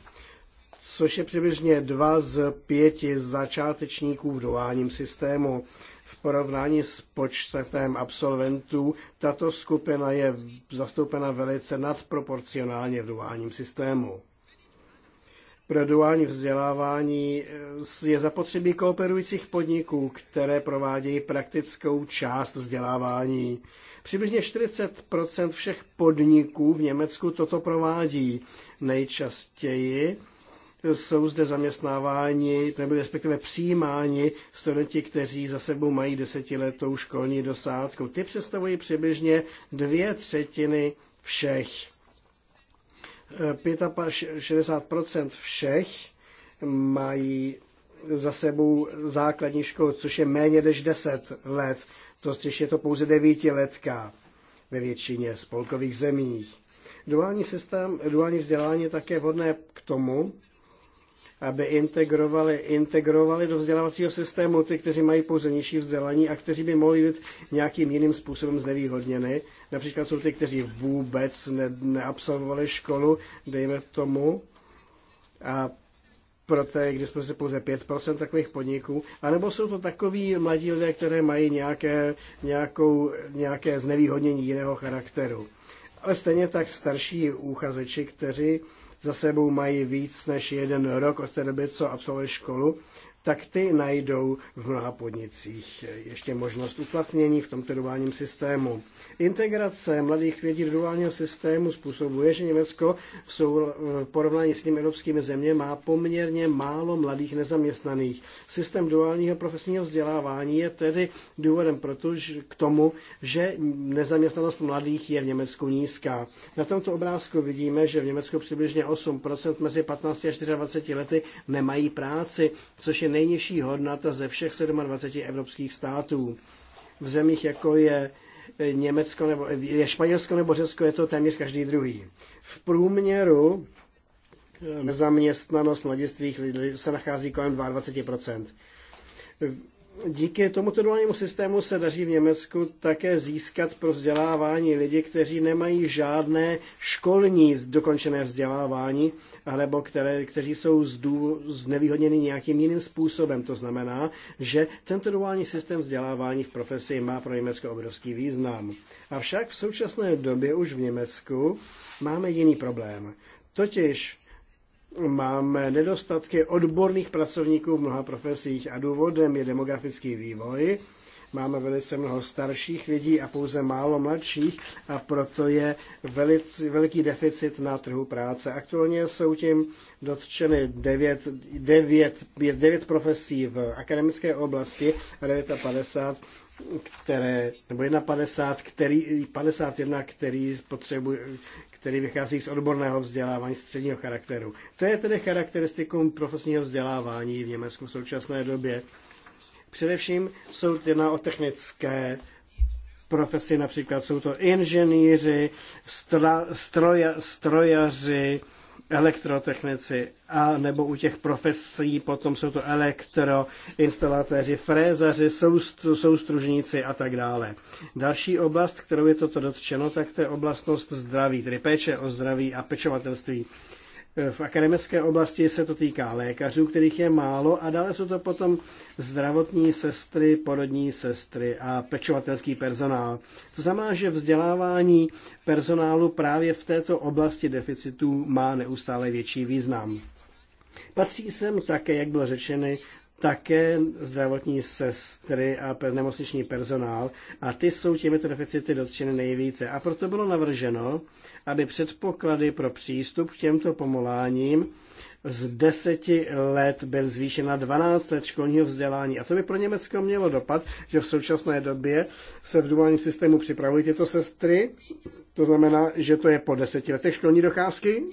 což je přibližně dva z pěti začátečníků v duálním systému. V porovnání s počtem absolventů tato skupina je zastoupena velice nadproporcionálně v duálním systému pro duální vzdělávání eh, je zapotřebí kooperujících podniků, které provádějí praktickou část vzdělávání. Přibližně 40 všech podniků v Německu toto provádí. Nejčastěji jsou zde zaměstnáváni, nebo respektive přijímáni studenti, kteří za sebou mají desetiletou školní dosádku. Ty představují přibližně dvě třetiny všech 65% všech mají za sebou základní školu, což je méně než 10 let. To je to pouze devítiletka ve většině spolkových zemích. Duální, systém, duální vzdělání je také vhodné k tomu, aby integrovali, integrovali do vzdělávacího systému ty, kteří mají pouze nižší vzdělání a kteří by mohli být nějakým jiným způsobem znevýhodněny Například jsou ty, kteří vůbec ne, neabsolvovali školu, dejme tomu, a proto je k dispozici pouze 5% takových podniků, anebo jsou to takový mladí lidé, které mají nějaké, nějakou, nějaké znevýhodnění jiného charakteru. Ale stejně tak starší úchazeči, kteří za sebou mají víc než jeden rok od té doby, co absolvovali školu tak ty najdou v mnoha podnicích ještě možnost uplatnění v tomto duálním systému. Integrace mladých lidí do duálního systému způsobuje, že Německo v, v porovnání s tím evropskými země má poměrně málo mladých nezaměstnaných. Systém duálního profesního vzdělávání je tedy důvodem protože k tomu, že nezaměstnanost mladých je v Německu nízká. Na tomto obrázku vidíme, že v Německu přibližně 8% mezi 15 a 24 lety nemají práci, což je nejnižší hodnota ze všech 27 evropských států. V zemích, jako je eh, Německo nebo eh, je Španělsko nebo Řecko, je to téměř každý druhý. V průměru nezaměstnanost eh, mladistvých lidí se nachází kolem 22 díky tomuto duálnímu systému se daří v Německu také získat pro vzdělávání lidi, kteří nemají žádné školní dokončené vzdělávání, alebo které, kteří jsou zdů, znevýhodněni nějakým jiným způsobem. To znamená, že tento duální systém vzdělávání v profesi má pro Německo obrovský význam. Avšak v současné době už v Německu máme jiný problém. Totiž máme nedostatky odborných pracovníků v mnoha profesích a důvodem je demografický vývoj. Máme velice mnoho starších lidí a pouze málo mladších a proto je velice, veliký deficit na trhu práce. Aktuálně jsou tím dotčeny 9, 9, 9 profesí v akademické oblasti a 59 které, nebo 51, který, 51, který, potřebují, který vychází z odborného vzdělávání středního charakteru. To je tedy charakteristikum profesního vzdělávání v Německu v současné době. Především jsou jedná o technické profesi, například jsou to inženýři, stra, stroja, strojaři, elektrotechnici a nebo u těch profesí potom jsou to elektroinstalatéři, frézaři, soustru, soustružníci a tak dále. Další oblast, kterou je toto dotčeno, tak to je oblastnost zdraví, tedy péče o zdraví a pečovatelství. V akademické oblasti se to týká lékařů, kterých je málo, a dále jsou to potom zdravotní sestry, porodní sestry a pečovatelský personál. To znamená, že vzdělávání personálu právě v této oblasti deficitů má neustále větší význam. Patří sem také, jak bylo řečeno, také zdravotní sestry a nemocniční personál a ty jsou těmito deficity dotčeny nejvíce. A proto bylo navrženo, aby předpoklady pro přístup k těmto pomoláním z deseti let byl zvýšen na 12 let školního vzdělání. A to by pro Německo mělo dopad, že v současné době se v duálním systému připravují tyto sestry. To znamená, že to je po deseti letech školní docházky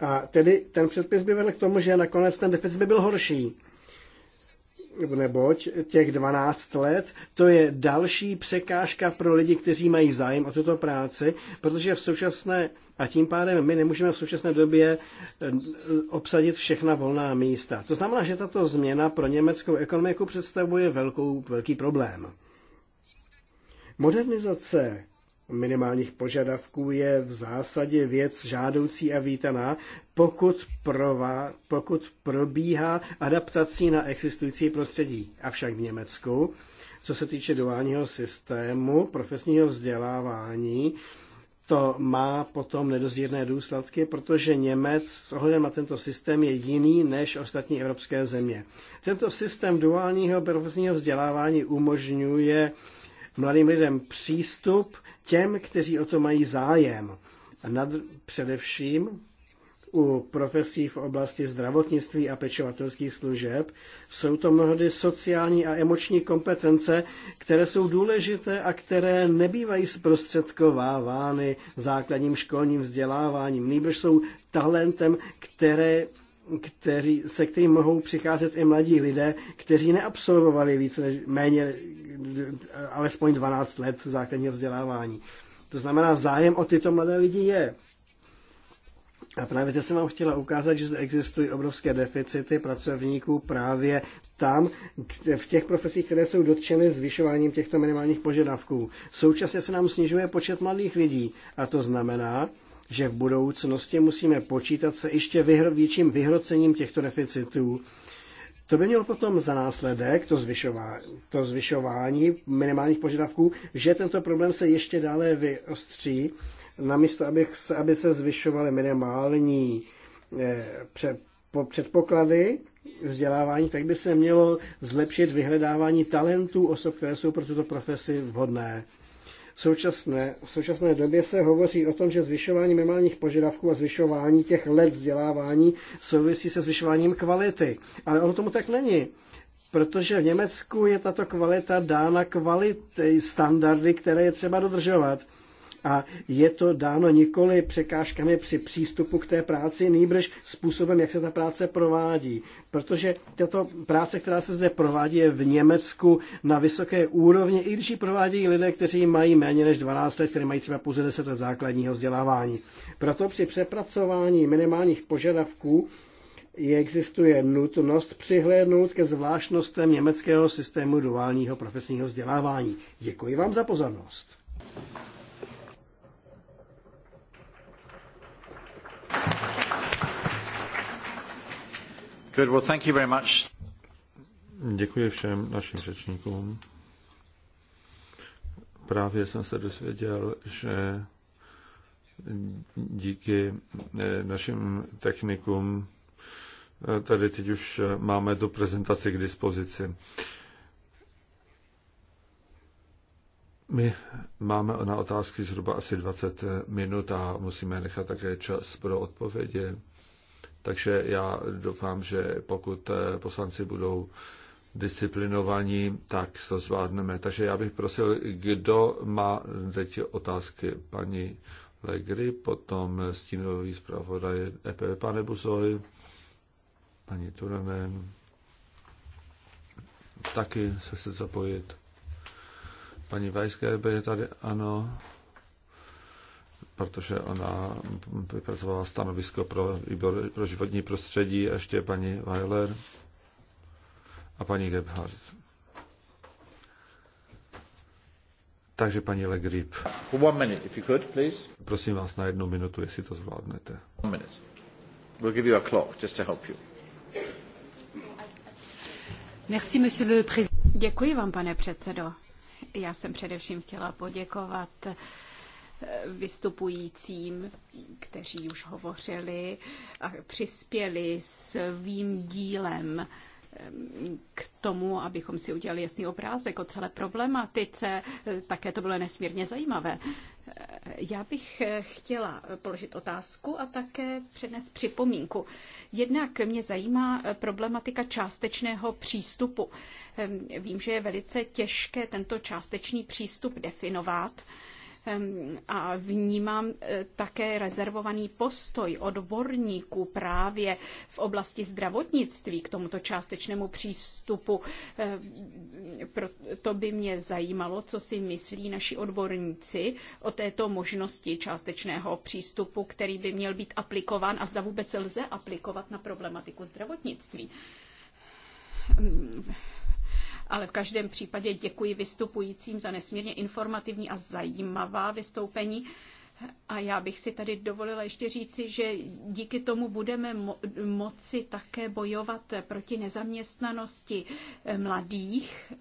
a tedy ten předpis by vedl k tomu, že nakonec ten deficit by byl horší. Neboť těch 12 let, to je další překážka pro lidi, kteří mají zájem o tuto práci, protože v současné, a tím pádem my nemůžeme v současné době eh, obsadit všechna volná místa. To znamená, že tato změna pro německou ekonomiku představuje velkou, velký problém. Modernizace minimálních požadavků je v zásadě věc žádoucí a vítaná, pokud, prová, pokud probíhá adaptací na existující prostředí. Avšak v Německu, co se týče duálního systému profesního vzdělávání, to má potom nedozírné důsledky, protože Němec s ohledem na tento systém je jiný než ostatní evropské země. Tento systém duálního profesního vzdělávání umožňuje mladým lidem přístup těm, kteří o to mají zájem. A nad, především u profesí v oblasti zdravotnictví a pečovatelských služeb jsou to mnohdy sociální a emoční kompetence, které jsou důležité a které nebývají zprostředkovávány základním školním vzděláváním. Nýbrž jsou talentem, které kteří, se kterým mohou přicházet i mladí lidé, kteří neabsolvovali více než méně, alespoň 12 let základního vzdělávání. To znamená, zájem o tyto mladé lidi je. A právě to jsem vám chtěla ukázat, že zde existují obrovské deficity pracovníků právě tam, v těch profesích, které jsou dotčeny zvyšováním těchto minimálních požadavků. Současně se nám snižuje počet mladých lidí a to znamená, že v budoucnosti musíme počítat se ještě vyhr- větším vyhrocením těchto deficitů. To by mělo potom za následek, to zvyšování, to zvyšování minimálních požadavků, že tento problém se ještě dále vyostří, namísto aby se, aby se zvyšovaly minimální eh, pře- po, předpoklady vzdělávání, tak by se mělo zlepšit vyhledávání talentů osob, které jsou pro tuto profesi vhodné. V současné, v současné době se hovoří o tom, že zvyšování minimálních požadavků a zvyšování těch let vzdělávání souvisí se zvyšováním kvality. Ale ono tomu tak není protože v Německu je tato kvalita dána kvality, standardy, které je třeba dodržovat a je to dáno nikoli překážkami při přístupu k té práci, nýbrž způsobem, jak se ta práce provádí. Protože tato práce, která se zde provádí, je v Německu na vysoké úrovni, i když ji provádí lidé, kteří mají méně než 12 let, kteří mají třeba pouze 10 let základního vzdělávání. Proto při přepracování minimálních požadavků existuje nutnost přihlédnout ke zvláštnostem německého systému duálního profesního vzdělávání. Děkuji vám za pozornost. Good, well, thank you very much. Děkuji všem našim řečníkům. Právě jsem se dozvěděl, že díky eh, našim technikům eh, tady teď už eh, máme tu prezentaci k dispozici. My máme na otázky zhruba asi 20 minut a musíme nechat také čas pro odpovědi. Takže já doufám, že pokud eh, poslanci budou disciplinovaní, tak to zvládneme. Takže já bych prosil, kdo má teď otázky paní Legry, potom stínový zpravodaj EPV, pane Buzoj, paní Turanen, taky se chce zapojit. Paní Weisgerbe je tady, ano protože ona vypracovala stanovisko pro výbor pro životní prostředí a ještě paní Weiler a paní Gebhardt. Takže paní Legrip. one minute, if you could, please. Prosím vás na jednu minutu, jestli to zvládnete. One minute. We'll give you a clock just to help you. Merci, monsieur le président. Děkuji vám, pane předsedo. Já jsem především chtěla poděkovat vystupujícím, kteří už hovořili a přispěli svým dílem ehm, k tomu, abychom si udělali jasný obrázek o celé problematice. Také to bylo nesmírně zajímavé. Eh, já bych eh, chtěla položit otázku a také přednes připomínku. Jednak mě zajímá eh, problematika částečného přístupu. Ehm, vím, že je velice těžké tento částečný přístup definovat a vnímám e, také rezervovaný postoj odborníků právě v oblasti zdravotnictví k tomuto částečnému přístupu. To by mě zajímalo, co si myslí naši odborníci o této možnosti částečného přístupu, který by měl být aplikován a zda vůbec lze aplikovat na problematiku zdravotnictví ale v každém případě děkuji vystupujícím za nesmírně informativní a zajímavá vystoupení. A já bych si tady dovolila ještě říci, že díky tomu budeme mo- moci také bojovat proti nezaměstnanosti mladých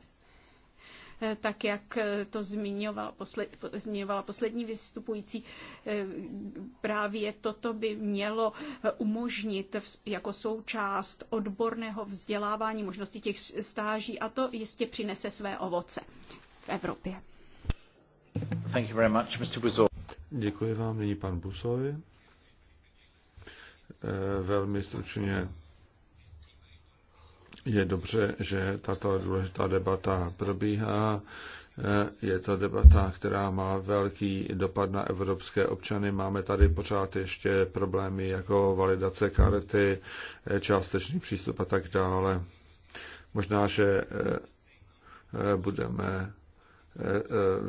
Eh, tak jak eh, to zmiňovala, posled, zmiňovala poslední vystupující. Eh, právě toto by mělo umožnit jako součást odborného vzdělávání možnosti těch stáží a to jistě přinese své ovoce v Evropě. Thank you very much, Mr. Děkuji vám, nyní pan Busovi. Velmi stručně je dobře, že tato důležitá debata probíhá. Je to debata, která má velký dopad na evropské občany. Máme tady pořád ještě problémy jako validace karty, částečný přístup a tak dále. Možná, že eh, budeme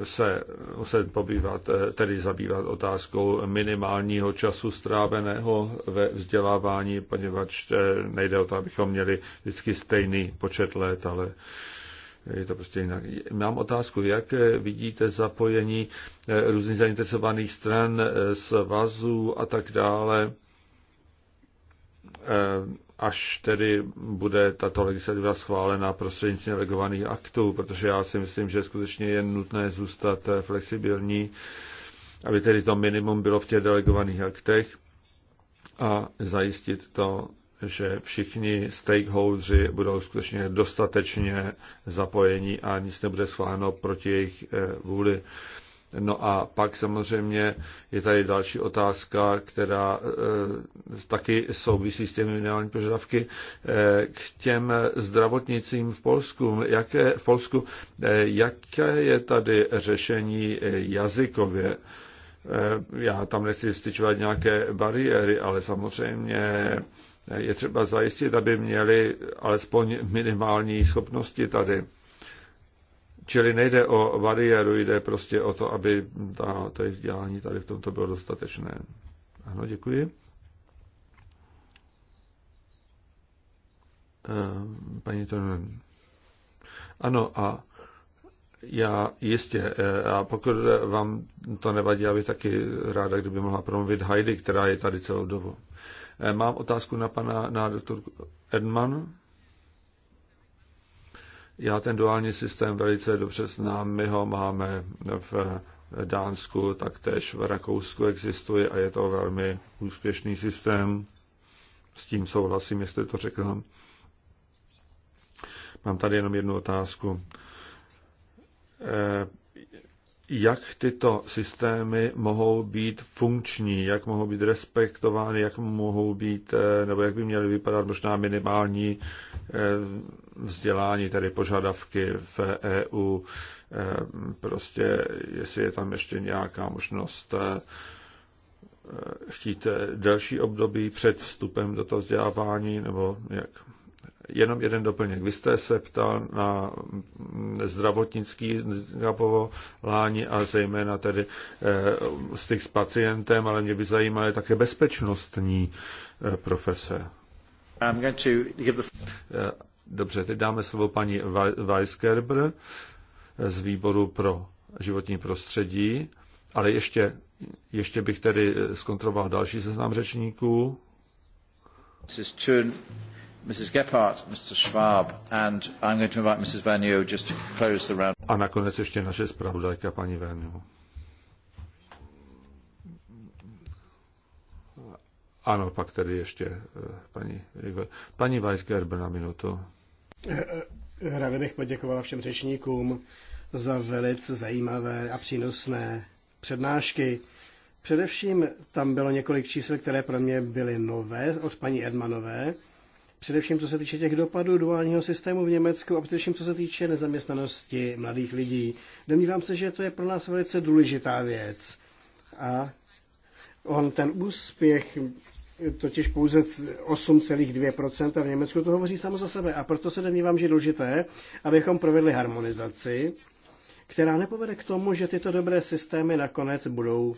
se muset pobývat, tedy zabývat otázkou minimálního času stráveného ve vzdělávání, poněvadž eh, nejde o to, abychom měli vždycky stejný počet let, ale je to prostě jinak. Mám otázku, jak vidíte zapojení eh, různých zainteresovaných stran, eh, svazů a tak dále až tedy bude tato legislativa schválena prostřednictvím delegovaných aktů, protože já si myslím, že skutečně je nutné zůstat eh, flexibilní, aby tedy to minimum bylo v těch delegovaných aktech a zajistit to, že všichni stakeholdři budou skutečně dostatečně zapojeni a nic nebude schváleno proti jejich eh, vůli. No a pak samozřejmě je tady další otázka, která eh, taky souvisí s těmi minimální požadavky eh, k těm zdravotnicím v Polsku. Jaké, v Polsku, eh, jaké je tady řešení jazykově? Já tam nechci styčovat nějaké bariéry, ale samozřejmě je třeba zajistit, aby měli alespoň minimální schopnosti tady. Čili nejde o bariéru, jde prostě o to, aby ta, to jejich vzdělání tady v tomto bylo dostatečné. Ano, děkuji. Eh, paní Tonen. Ano, a já jistě, eh, a pokud vám to nevadí, já bych taky ráda, kdyby mohla promluvit Heidi, která je tady celou dobu. Eh, mám otázku na pana na doktorku Edman. Já ten duální systém velice dobře znám, my ho máme v Dánsku, taktéž v Rakousku existuje a je to velmi úspěšný systém. S tím souhlasím, jestli to řekl. Mám tady jenom jednu otázku. Eh, jak tyto systémy mohou být funkční, jak mohou být respektovány, jak mohou být, eh, nebo jak by měly vypadat možná minimální eh, vzdělání, tedy požadavky v EU, eh, prostě jestli je tam ještě nějaká možnost chtít delší období před vstupem do toho vzdělávání, nebo jak. Jenom jeden doplněk. Vy jste se ptal na zdravotnický povolání a zejména tedy eh, styk s pacientem, ale mě by zajímaly také bezpečnostní eh, profese. Eh, dobře, teď dáme slovo paní Weisgerber z výboru pro životní prostředí, ale ještě, ještě bych tedy zkontroloval další seznam řečníků. A nakonec ještě naše zpravodajka, paní Vanio. Ano, pak tady ještě eh, paní Paní Weisgerber na minutu. Ráda bych poděkovala všem řečníkům za velice zajímavé a přínosné přednášky. Především tam bylo několik čísel, které pro mě byly nové od paní Edmanové. Především co se týče těch dopadů duálního systému v Německu a především co se týče nezaměstnanosti mladých lidí. Domnívám se, že to je pro nás velice důležitá věc. A on ten úspěch totiž pouze 8,2% v Německu to hovoří samo za sebe. A proto se domnívám, že je důležité, abychom provedli harmonizaci, která nepovede k tomu, že tyto dobré systémy nakonec budou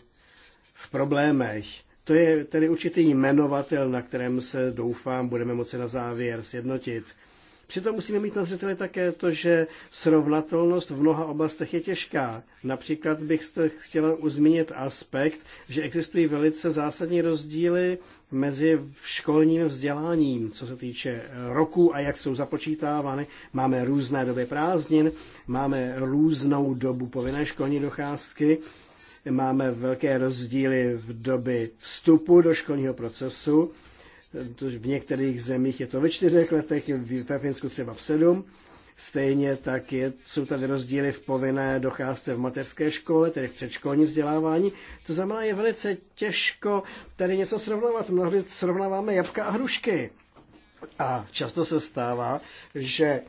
v problémech. To je tedy určitý jmenovatel, na kterém se, doufám, budeme moci na závěr sjednotit. Přitom musíme mít na zřeteli také to, že srovnatelnost v mnoha oblastech je těžká. Například bych chtěla uzmínit aspekt, že existují velice zásadní rozdíly mezi školním vzděláním, co se týče roku a jak jsou započítávány. Máme různé doby prázdnin, máme různou dobu povinné školní docházky máme velké rozdíly v době vstupu do školního procesu. V některých zemích je to ve čtyřech letech, ve Finsku třeba v sedm. Stejně tak je, jsou tady rozdíly v povinné docházce v mateřské škole, tedy v předškolním vzdělávání. To znamená, je velice těžko tady něco srovnávat. Mnohdy srovnáváme jabka a hrušky. A často se stává, že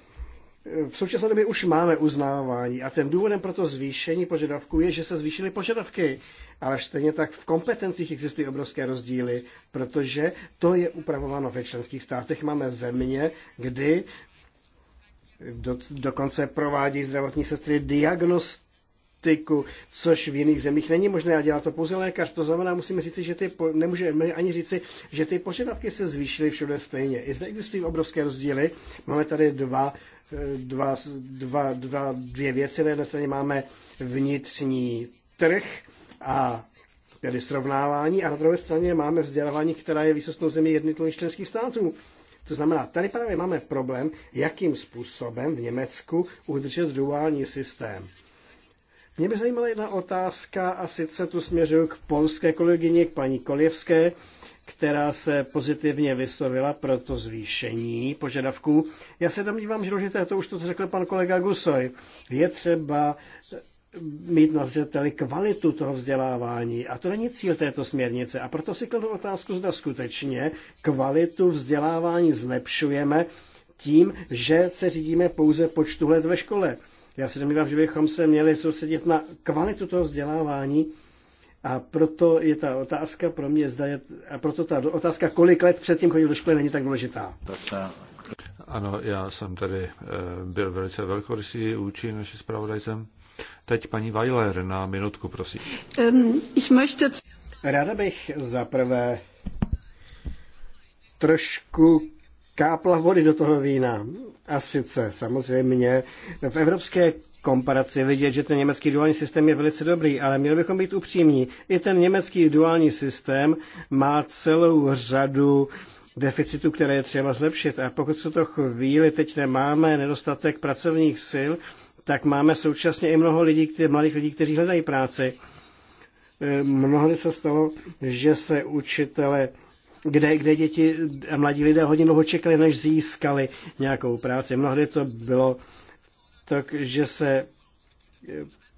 v současné době už máme uznávání a ten důvodem pro to zvýšení požadavků je, že se zvýšily požadavky, ale stejně tak v kompetencích existují obrovské rozdíly, protože to je upravováno ve členských státech. Máme země, kdy do, dokonce provádí zdravotní sestry diagnost diagnostiku, což v jiných zemích není možné a dělá to pouze lékař. To znamená, musíme říci, že ty, po, nemůžeme ani říci, že ty požadavky se zvýšily všude stejně. I zde existují obrovské rozdíly. Máme tady dva dva, dva, dva, dvě věci. Na jedné straně máme vnitřní trh a tedy srovnávání a na druhé straně máme vzdělávání, která je výsostnou zemí jednotlivých členských států. To znamená, tady právě máme problém, jakým způsobem v Německu udržet duální systém. Mě by zajímala jedna otázka a sice tu směřuju k polské kolegyni, k paní Koljevské, která se pozitivně vyslovila pro to zvýšení požadavků. Já se domnívám, že důležité to už to, co řekl pan kolega Gusoj. Je třeba eh, mít na zřeteli kvalitu toho vzdělávání. A to není cíl této směrnice. A proto si kladu otázku, zda skutečně kvalitu vzdělávání zlepšujeme tím, že se řídíme pouze počtu let ve škole. Já se domnívám, že bychom se měli soustředit na kvalitu toho vzdělávání a proto je ta otázka pro mě, zda je, a proto ta otázka, kolik let předtím chodil do školy, není tak důležitá. Ano, já jsem tady eh, byl velice velkorysý vůči naši zpravodajcem. Teď paní Weiler na minutku, prosím. Um, ich Ráda bych zaprvé trošku kápla vody do toho vína. A sice samozřejmě v evropské komparaci vidět, že ten německý duální systém je velice dobrý, ale měli bychom být upřímní. I ten německý duální systém má celou řadu deficitu, které je třeba zlepšit. A pokud se to chvíli teď nemáme nedostatek pracovních sil, tak máme současně i mnoho lidí, kte- mladých lidí, kteří hledají práci. Eh, mnohdy se stalo, že se učitele kde, kde děti a mladí lidé hodně dlouho čekali, než získali nějakou práci. Mnohdy to bylo tak, že se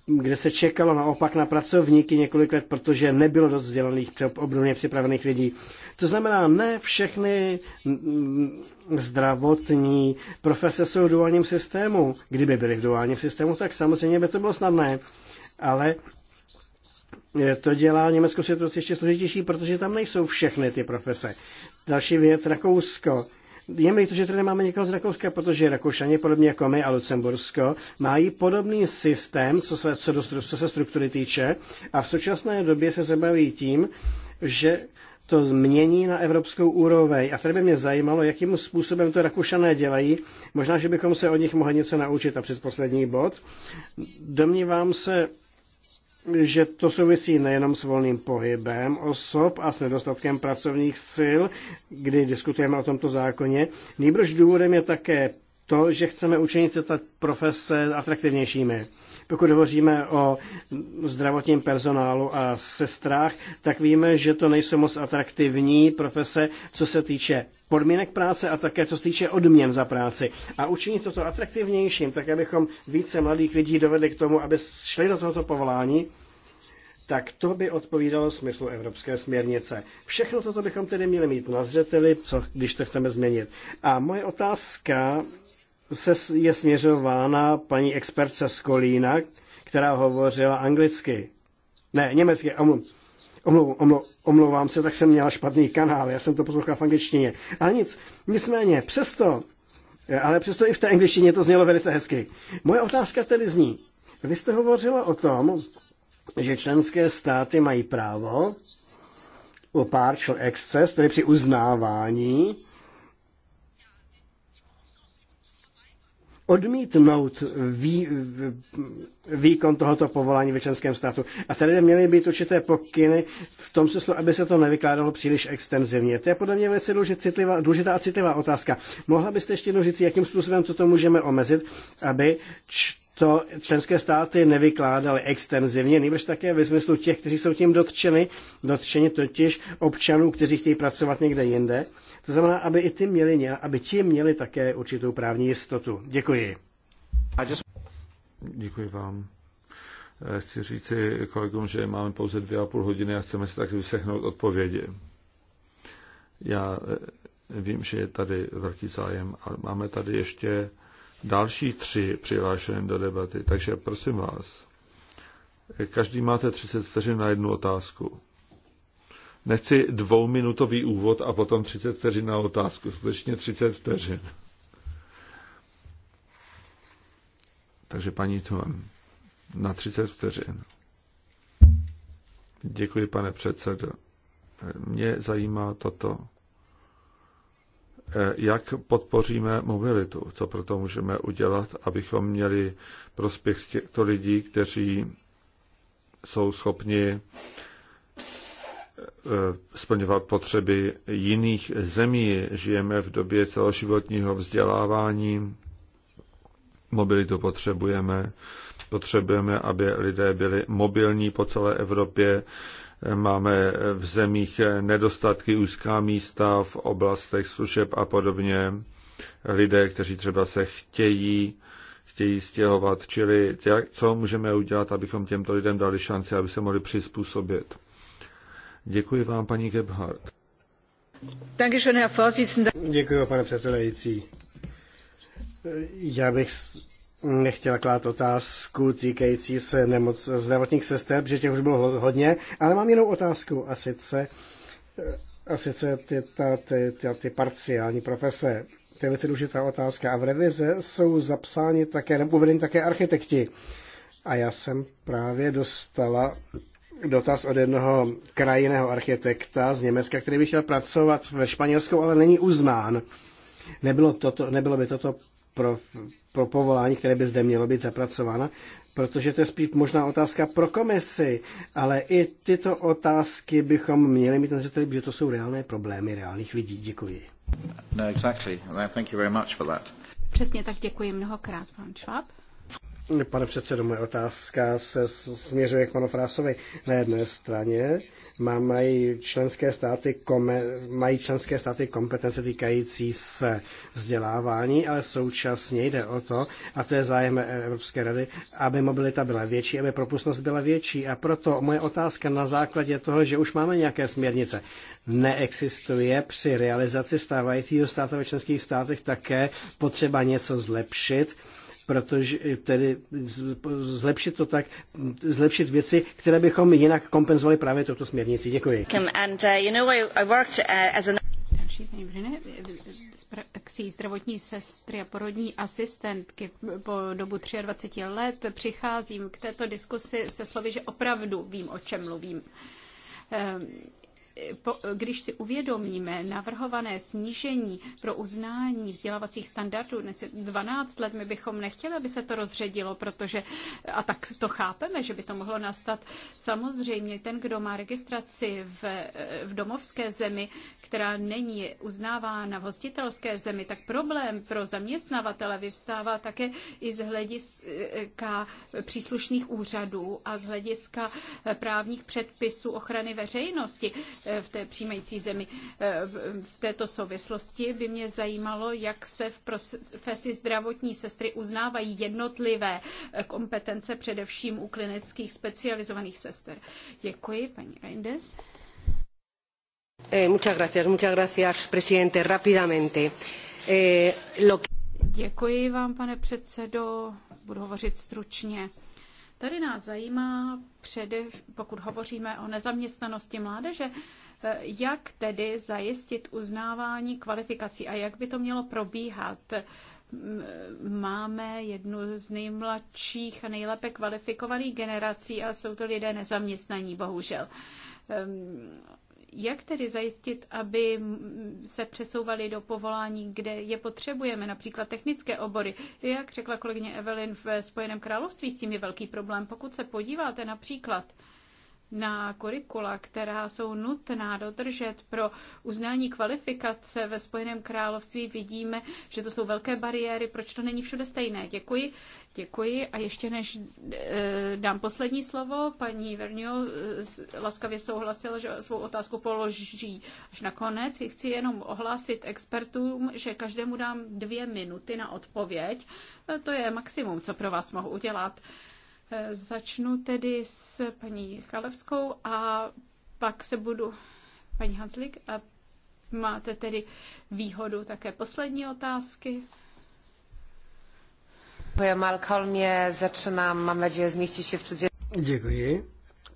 kde se čekalo naopak na pracovníky několik let, protože nebylo dost vzdělaných, obdobně připravených lidí. To znamená, ne všechny zdravotní profese jsou v duálním systému. Kdyby byly v duálním systému, tak samozřejmě by to bylo snadné. Ale to dělá německou situaci ještě složitější, protože tam nejsou všechny ty profese. Další věc, Rakousko. Je mi to, že tady máme někoho z Rakouska, protože Rakoušani, podobně jako my a Lucembursko, mají podobný systém, co se, co, do, co se struktury týče, a v současné době se zabaví tím, že to změní na evropskou úroveň. A tady by mě zajímalo, jakým způsobem to Rakušané dělají. Možná, že bychom se od nich mohli něco naučit. A předposlední bod. Domnívám se, že to souvisí nejenom s volným pohybem osob a s nedostatkem pracovních sil, kdy diskutujeme o tomto zákoně. Nýbrž důvodem je také to, že chceme učinit tyto profese atraktivnějšími. Pokud hovoříme o zdravotním personálu a sestrách, tak víme, že to nejsou moc atraktivní profese, co se týče podmínek práce a také co se týče odměn za práci. A učinit toto atraktivnějším, tak abychom více mladých lidí dovedli k tomu, aby šli do tohoto povolání, tak to by odpovídalo smyslu evropské směrnice. Všechno toto bychom tedy měli mít na zřeteli, co, když to chceme změnit. A moje otázka se je směřována paní expertce z Kolína, která hovořila anglicky. Ne, německy, omluv, omluv, omluv, omlouvám se, tak jsem měla špatný kanál, já jsem to poslouchal v angličtině. Ale nic, nicméně, přesto, eh, ale přesto i v té angličtině to znělo velice hezky. Moje otázka tedy zní, vy jste hovořila o tom, že členské státy mají právo o partial excess, tedy při uznávání odmítnout vý, výkon tohoto povolání v členském státu. A tady měly být určité pokyny v tom smyslu, aby se to nevykládalo příliš extenzivně. To je podle mě velice důležitá a citlivá otázka. Mohla byste ještě jednou říct, jakým způsobem toto můžeme omezit, aby č- to členské státy nevykládaly extenzivně, nebož také ve smyslu těch, kteří jsou tím dotčeni, dotčeni totiž občanů, kteří chtějí pracovat někde jinde. To znamená, aby i ty měli, aby ti měli také určitou právní jistotu. Děkuji. Děkuji vám. Eh, chci říci kolegům, že máme pouze dvě a půl hodiny a chceme si taky vysechnout odpovědi. Já eh, vím, že je tady velký zájem, ale máme tady ještě další tři přihlášené do debaty. Takže prosím vás, každý máte 30 vteřin na jednu otázku. Nechci dvouminutový úvod a potom 30 vteřin na otázku. Skutečně 30 vteřin. Takže paní Tuan, na 30 vteřin. Děkuji, pane předsedo. Mě zajímá toto. Eh, jak podpoříme mobilitu, co proto můžeme udělat, abychom měli prospěch z těchto lidí, kteří jsou schopni eh, splňovat potřeby jiných zemí. Žijeme v době celoživotního vzdělávání, mobilitu potřebujeme, potřebujeme, aby lidé byli mobilní po celé Evropě, Máme v zemích nedostatky úzká místa v oblastech služeb a podobně. Lidé, kteří třeba se chtějí chtějí stěhovat. Čili jak, co můžeme udělat, abychom těmto lidem dali šanci, aby se mohli přizpůsobit. Děkuji vám, paní Gebhardt. Děkuji, pane předsedající. Já bych nechtěla klát otázku týkající se nemoc zdravotních sester, protože těch už bylo hodně, ale mám jinou otázku a sice, a sice ty, ta, ty, ty, ty parciální profese. To je velice důležitá otázka. A v revize jsou zapsáni také, nebo uvedeni také architekti. A já jsem právě dostala dotaz od jednoho krajiného architekta z Německa, který by chtěl pracovat ve Španělsku, ale není uznán. Nebylo, toto, nebylo by toto pro, pro povolání, které by zde mělo být zapracována, protože to je spíš možná otázka pro komisi, ale i tyto otázky bychom měli mít na zřeteli, protože to jsou reálné problémy reálných lidí. Děkuji. No, exactly. Thank you very much for that. Přesně tak děkuji mnohokrát, pan Schwab. Pane předsedo, moje otázka se směřuje k panu Frásovi. Na jedné straně má, mají, členské státy kome, mají členské státy kompetence týkající se vzdělávání, ale současně jde o to, a to je zájem Evropské rady, aby mobilita byla větší, aby propustnost byla větší. A proto moje otázka na základě toho, že už máme nějaké směrnice, neexistuje při realizaci stávajícího státu ve členských státech také potřeba něco zlepšit, protože tedy zlepšit to tak, zlepšit věci, které bychom jinak kompenzovali právě touto směrnici. Děkuji. And, uh, you know, I, I worked, uh, as an další praxí zdravotní sestry a porodní asistentky po dobu 23 let přicházím k této diskusi se slovy, že opravdu vím, o čem mluvím. Ehm, když si uvědomíme navrhované snížení pro uznání vzdělávacích standardů dnes 12 let, my bychom nechtěli, aby se to rozředilo, protože, a tak to chápeme, že by to mohlo nastat, samozřejmě ten, kdo má registraci v, v domovské zemi, která není uznávána v hostitelské zemi, tak problém pro zaměstnavatele vyvstává také i z hlediska příslušných úřadů a z hlediska právních předpisů ochrany veřejnosti v té přijímající zemi. Eh, v této souvislosti by mě zajímalo, jak se v profesi zdravotní sestry uznávají jednotlivé eh, kompetence, především u klinických specializovaných sester. Děkuji, paní Reindes. Eh, muchas gracias, muchas gracias, presidente. Rápidamente. Eh, Děkuji vám, pane předsedo. Budu hovořit stručně. Tady nás zajímá, přede, pokud hovoříme o nezaměstnanosti mládeže, eh, jak tedy zajistit uznávání kvalifikací a jak by to mělo probíhat máme jednu z nejmladších a nejlépe kvalifikovaných generací a jsou to lidé nezaměstnaní, bohužel. Ehm, jak tedy zajistit, aby se přesouvali do povolání, kde je potřebujeme, například technické obory? Jak řekla kolegyně Evelyn, v Spojeném království s tím je velký problém. Pokud se podíváte například na kurikula, která jsou nutná dodržet pro uznání kvalifikace ve Spojeném království, vidíme, že to jsou velké bariéry. Proč to není všude stejné? Děkuji. Děkuji a ještě než eh, dám poslední slovo, paní Vernio eh, laskavě souhlasila, že svou otázku položí až na konec. Chci jenom ohlásit expertům, že každému dám dvě minuty na odpověď. Eh, to je maximum, co pro vás mohu udělat. Začnu tedy s paní Chalevskou a pak se budu... Paní Hanslik, a máte tedy výhodu také poslední otázky. Děkuji, Malcolm, začínám, mám naděje, zmístit se v čudě.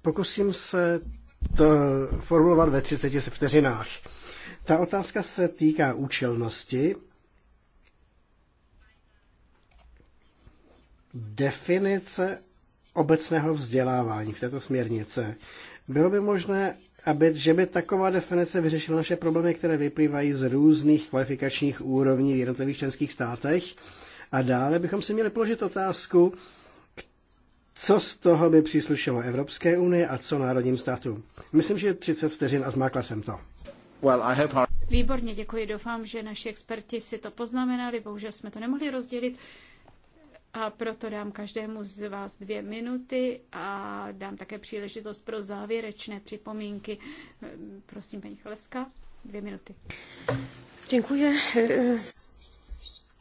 Pokusím se to formulovat ve 30 vteřinách. Ta otázka se týká účelnosti. Definice obecného vzdělávání v této směrnice. Bylo by možné, aby, že by taková definice vyřešila naše problémy, které vyplývají z různých kvalifikačních úrovní v jednotlivých členských státech a dále bychom si měli položit otázku, co z toho by příslušelo Evropské unii a co národním státům. Myslím, že 30 vteřin a zmákla jsem to. Well, I have... Výborně, děkuji. Doufám, že naši experti si to poznamenali. Bohužel jsme to nemohli rozdělit. A proto dám každému z vás dvě minuty a dám také příležitost pro závěrečné připomínky. Prosím, paní Chalevská, dvě minuty. Děkuji.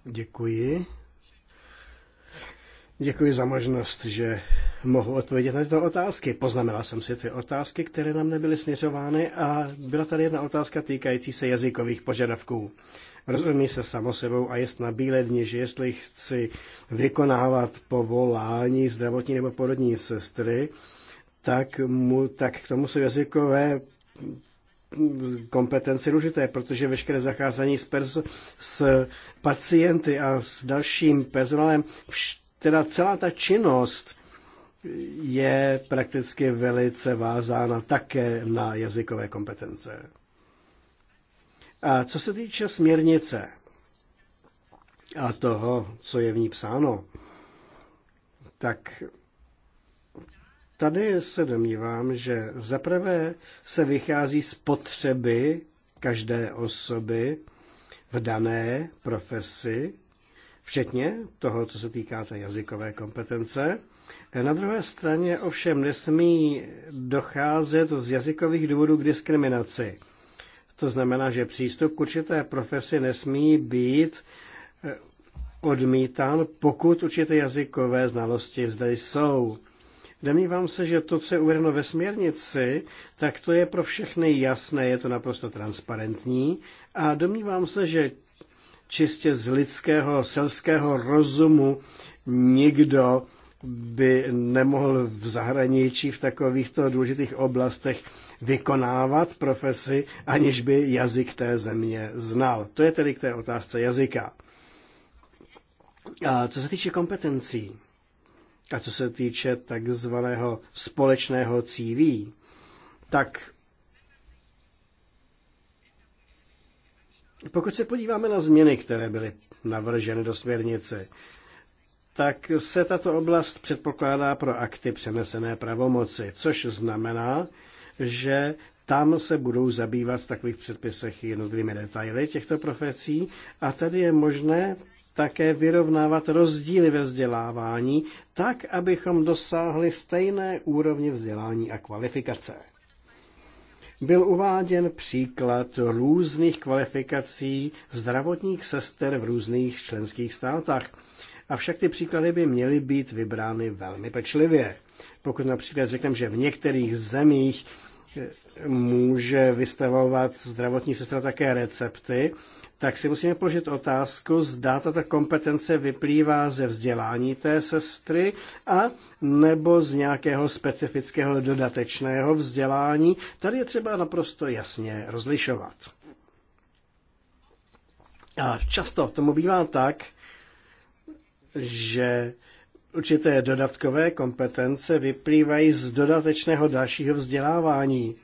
Děkuji. Děkuji za možnost, že mohu odpovědět na tyto otázky. Poznamenal jsem si ty otázky, které nám nebyly směřovány a byla tady jedna otázka týkající se jazykových požadavků. Rozumí se samo sebou a jest na bílé dni, že jestli chci vykonávat povolání zdravotní nebo porodní sestry, tak, mu, tak k tomu jsou jazykové kompetenci důležité, protože veškeré zacházení s, s pacienty a s dalším personálem, teda celá ta činnost je prakticky velice vázána také na jazykové kompetence. A co se týče směrnice a toho, co je v ní psáno, tak Tady se domnívám, že zaprvé se vychází z potřeby každé osoby v dané profesi, včetně toho, co se týká té jazykové kompetence. Na druhé straně ovšem nesmí docházet z jazykových důvodů k diskriminaci. To znamená, že přístup k určité profesi nesmí být eh, odmítán, pokud určité jazykové znalosti zde jsou. Domnívám se, že to, co je uvedeno ve směrnici, tak to je pro všechny jasné, je to naprosto transparentní a domnívám se, že čistě z lidského, selského rozumu nikdo by nemohl v zahraničí v takovýchto důležitých oblastech vykonávat profesi, aniž by jazyk té země znal. To je tedy k té otázce jazyka. A co se týče kompetencí, a co se týče takzvaného společného CV, tak pokud se podíváme na změny, které byly navrženy do směrnice, tak se tato oblast předpokládá pro akty přenesené pravomoci, což znamená, že tam se budou zabývat v takových předpisech jednotlivými detaily těchto profecí a tady je možné také vyrovnávat rozdíly ve vzdělávání, tak, abychom dosáhli stejné úrovně vzdělání a kvalifikace. Byl uváděn příklad různých kvalifikací zdravotních sester v různých členských státech. Avšak ty příklady by měly být vybrány velmi pečlivě. Pokud například řekneme, že v některých zemích eh, může vystavovat zdravotní sestra také recepty, tak si musíme položit otázku, zda tato kompetence vyplývá ze vzdělání té sestry a nebo z nějakého specifického dodatečného vzdělání. Tady je třeba naprosto jasně rozlišovat. A často tomu bývá tak, že určité dodatkové kompetence vyplývají z dodatečného dalšího vzdělávání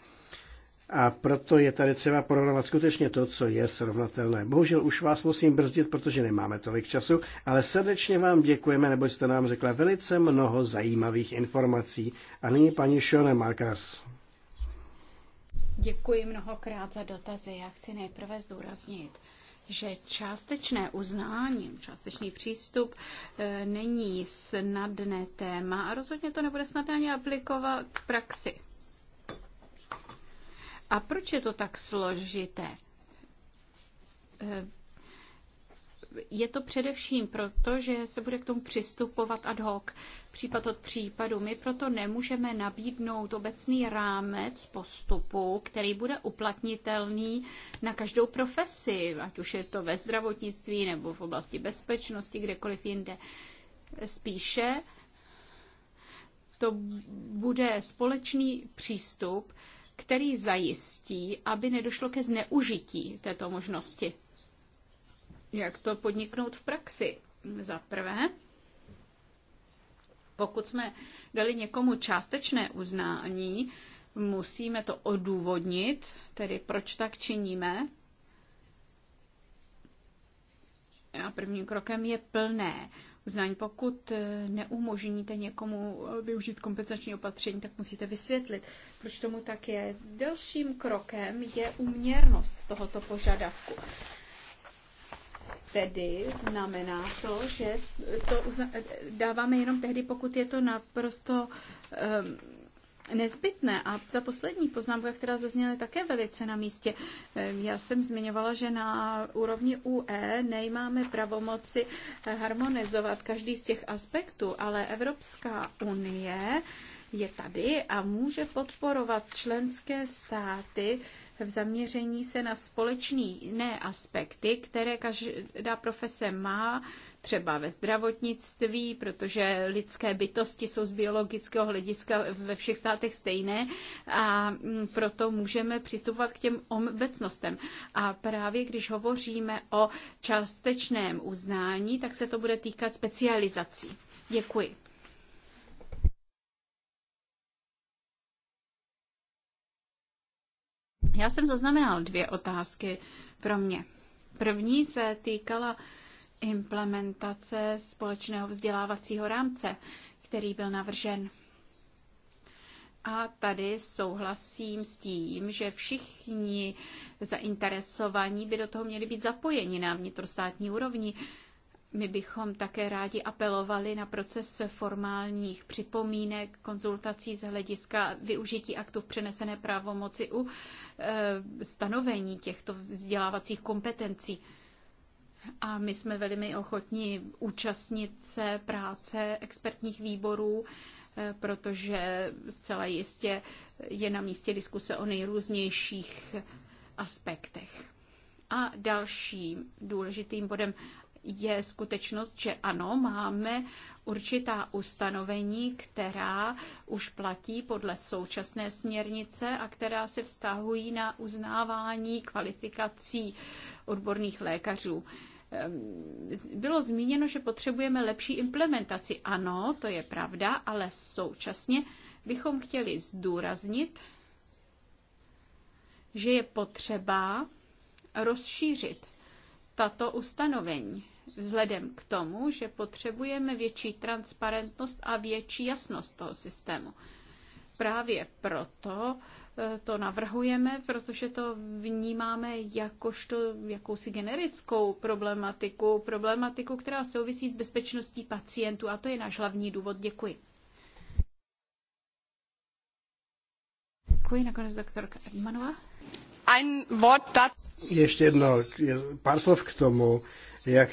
a proto je tady třeba porovnávat skutečně to, co je srovnatelné. Bohužel už vás musím brzdit, protože nemáme tolik času, ale srdečně vám děkujeme, nebo jste nám řekla velice mnoho zajímavých informací. A nyní paní Šone Markras. Děkuji mnohokrát za dotazy. Já chci nejprve zdůraznit, že částečné uznání, částečný přístup e, není snadné téma a rozhodně to nebude snadné ani aplikovat v praxi. A proč je to tak složité? Eh, je to především proto, že se bude k tomu přistupovat ad hoc, případ od případu. My proto nemůžeme nabídnout obecný rámec postupu, který bude uplatnitelný na každou profesi, ať už je to ve zdravotnictví nebo v oblasti bezpečnosti, kdekoliv jinde. Spíše to bude společný přístup, který zajistí, aby nedošlo ke zneužití této možnosti. Jak to podniknout v praxi? Za prvé, pokud jsme dali někomu částečné uznání, musíme to odůvodnit, tedy proč tak činíme. A prvním krokem je plné uznání. Pokud eh, neumožníte někomu eh, využít kompenzační opatření, tak musíte vysvětlit, proč tomu tak je. Dalším krokem je uměrnost tohoto požadavku. Tedy znamená to, že to eh, dáváme jenom tehdy, pokud je to naprosto um, nezbytné. A ta poslední poznámka, která zazněla, je také velice na místě. Eh, já jsem zmiňovala, že na úrovni UE nejmáme pravomoci eh, harmonizovat každý z těch aspektů, ale Evropská unie je tady a může podporovat členské státy v zaměření se na společný ne aspekty, které každá profese má, třeba ve zdravotnictví, protože lidské bytosti jsou z biologického hlediska ve všech státech stejné a mm, proto můžeme přistupovat k těm obecnostem. A právě když hovoříme o částečném uznání, tak se to bude týkat specializací. Děkuji. Já jsem zaznamenal dvě otázky pro mě. První se týkala implementace společného vzdělávacího rámce, který byl navržen. A tady souhlasím s tím, že všichni zainteresovaní by do toho měli být zapojeni na vnitrostátní úrovni. My bychom také rádi apelovali na proces formálních připomínek, konzultací z hlediska využití aktu v přenesené právomoci u eh, stanovení těchto vzdělávacích kompetencí a my jsme velmi ochotní účastnit se práce expertních výborů, eh, protože zcela jistě je na místě diskuse o nejrůznějších aspektech. A dalším důležitým bodem je skutečnost, že ano, máme určitá ustanovení, která už platí podle současné směrnice a která se vztahují na uznávání kvalifikací odborných lékařů. Bylo zmíněno, že potřebujeme lepší implementaci. Ano, to je pravda, ale současně bychom chtěli zdůraznit, že je potřeba rozšířit tato ustanovení vzhledem k tomu, že potřebujeme větší transparentnost a větší jasnost toho systému. Právě proto E, to navrhujeme, protože to vnímáme jakožto jakousi generickou problematiku, problematiku, která souvisí s bezpečností pacientů a to je náš hlavní důvod. Děkuji. Děkuji. Nakonec doktorka Edmanova. Ještě jedno, pár slov k tomu, jak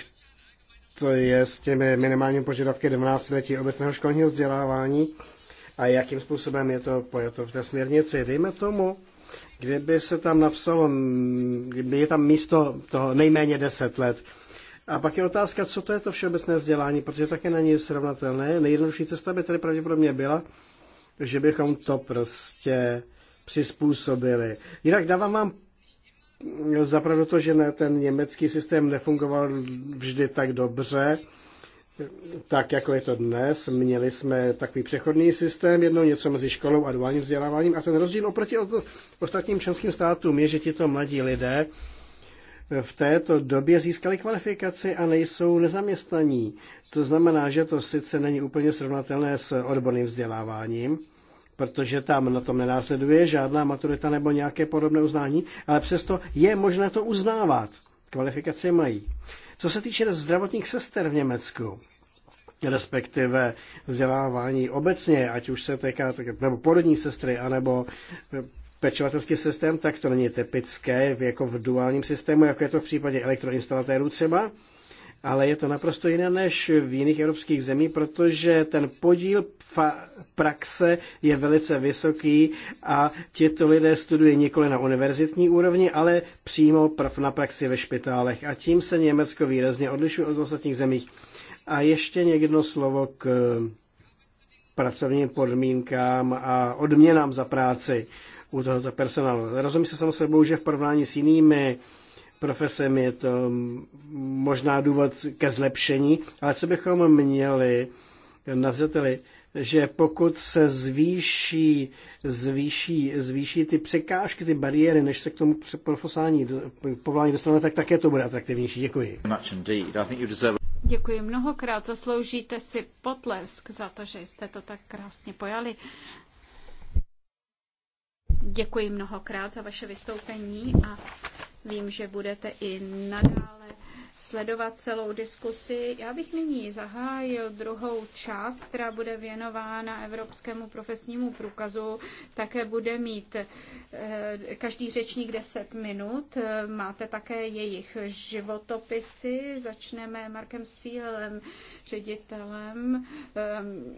to je s těmi minimálními požadavky 12 letí obecného školního vzdělávání a jakým způsobem je to pojato v té směrnici. Dejme tomu, kdyby se tam napsalo, kdyby je tam místo toho nejméně 10 let. A pak je otázka, co to je to všeobecné vzdělání, protože také není srovnatelné. Nejjednodušší cesta by tedy pravděpodobně byla, že bychom to prostě přizpůsobili. Jinak dávám vám zapravdu to, že ne, ten německý systém nefungoval vždy tak dobře tak jako je to dnes, měli jsme takový přechodný systém, jednou něco mezi školou a duálním vzděláváním a ten rozdíl oproti ostatním členským státům je, že tito mladí lidé v této době získali kvalifikaci a nejsou nezaměstnaní. To znamená, že to sice není úplně srovnatelné s odborným vzděláváním, protože tam na tom nenásleduje žádná maturita nebo nějaké podobné uznání, ale přesto je možné to uznávat. Kvalifikace mají. Co se týče zdravotních sester v Německu, respektive vzdělávání obecně, ať už se týká nebo porodní sestry, anebo pečovatelský systém, tak to není typické jako v duálním systému, jako je to v případě elektroinstalatérů třeba ale je to naprosto jiné než v jiných evropských zemí, protože ten podíl praxe je velice vysoký a těto lidé studují nikoli na univerzitní úrovni, ale přímo na praxi ve špitálech. A tím se Německo výrazně odlišuje od ostatních zemí. A ještě někdo slovo k pracovním podmínkám a odměnám za práci u tohoto personálu. Rozumí se samozřejmě, že v porovnání s jinými profesem, je to možná důvod ke zlepšení, ale co bychom měli na zřeteli, že pokud se zvýší, zvýší, zvýší ty překážky, ty bariéry, než se k tomu profesální povolání dostane, tak také to bude atraktivnější. Děkuji. Děkuji mnohokrát, zasloužíte si potlesk za to, že jste to tak krásně pojali. Děkuji mnohokrát za vaše vystoupení a vím, že budete i nadále sledovat celou diskusi. Já bych nyní zahájil druhou část, která bude věnována Evropskému profesnímu průkazu. Také bude mít eh, každý řečník 10 minut. Máte také jejich životopisy. Začneme Markem Sílem, ředitelem ehm,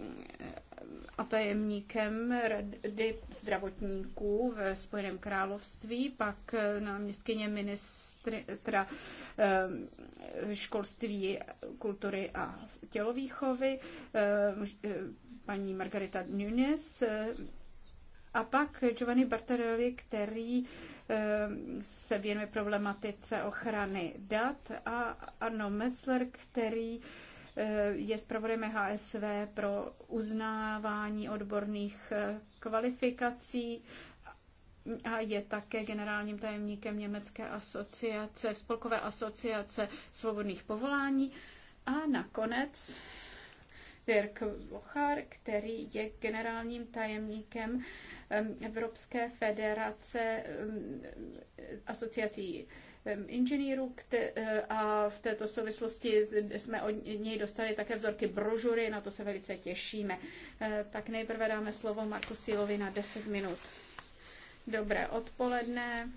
a tajemníkem Rady zdravotníků ve Spojeném království, pak náměstkyně ministra eh, školství, kultury a tělovýchovy, eh, paní Margarita Nunes, eh, a pak Giovanni Bartarelli, který se věnuje problematice ochrany dat a Arno Messler, který Eh, je zpravodajem HSV pro uznávání odborných eh, kvalifikací a je také generálním tajemníkem Německé asociace, Spolkové asociace svobodných povolání. A nakonec Dirk Vochar, který je generálním tajemníkem Evropské federace asociací inženýrů e, a v této souvislosti jsme od něj dostali také vzorky brožury, na to se velice těšíme. E, tak nejprve dáme slovo Marku Sílovi na 10 minut. Dobré odpoledne.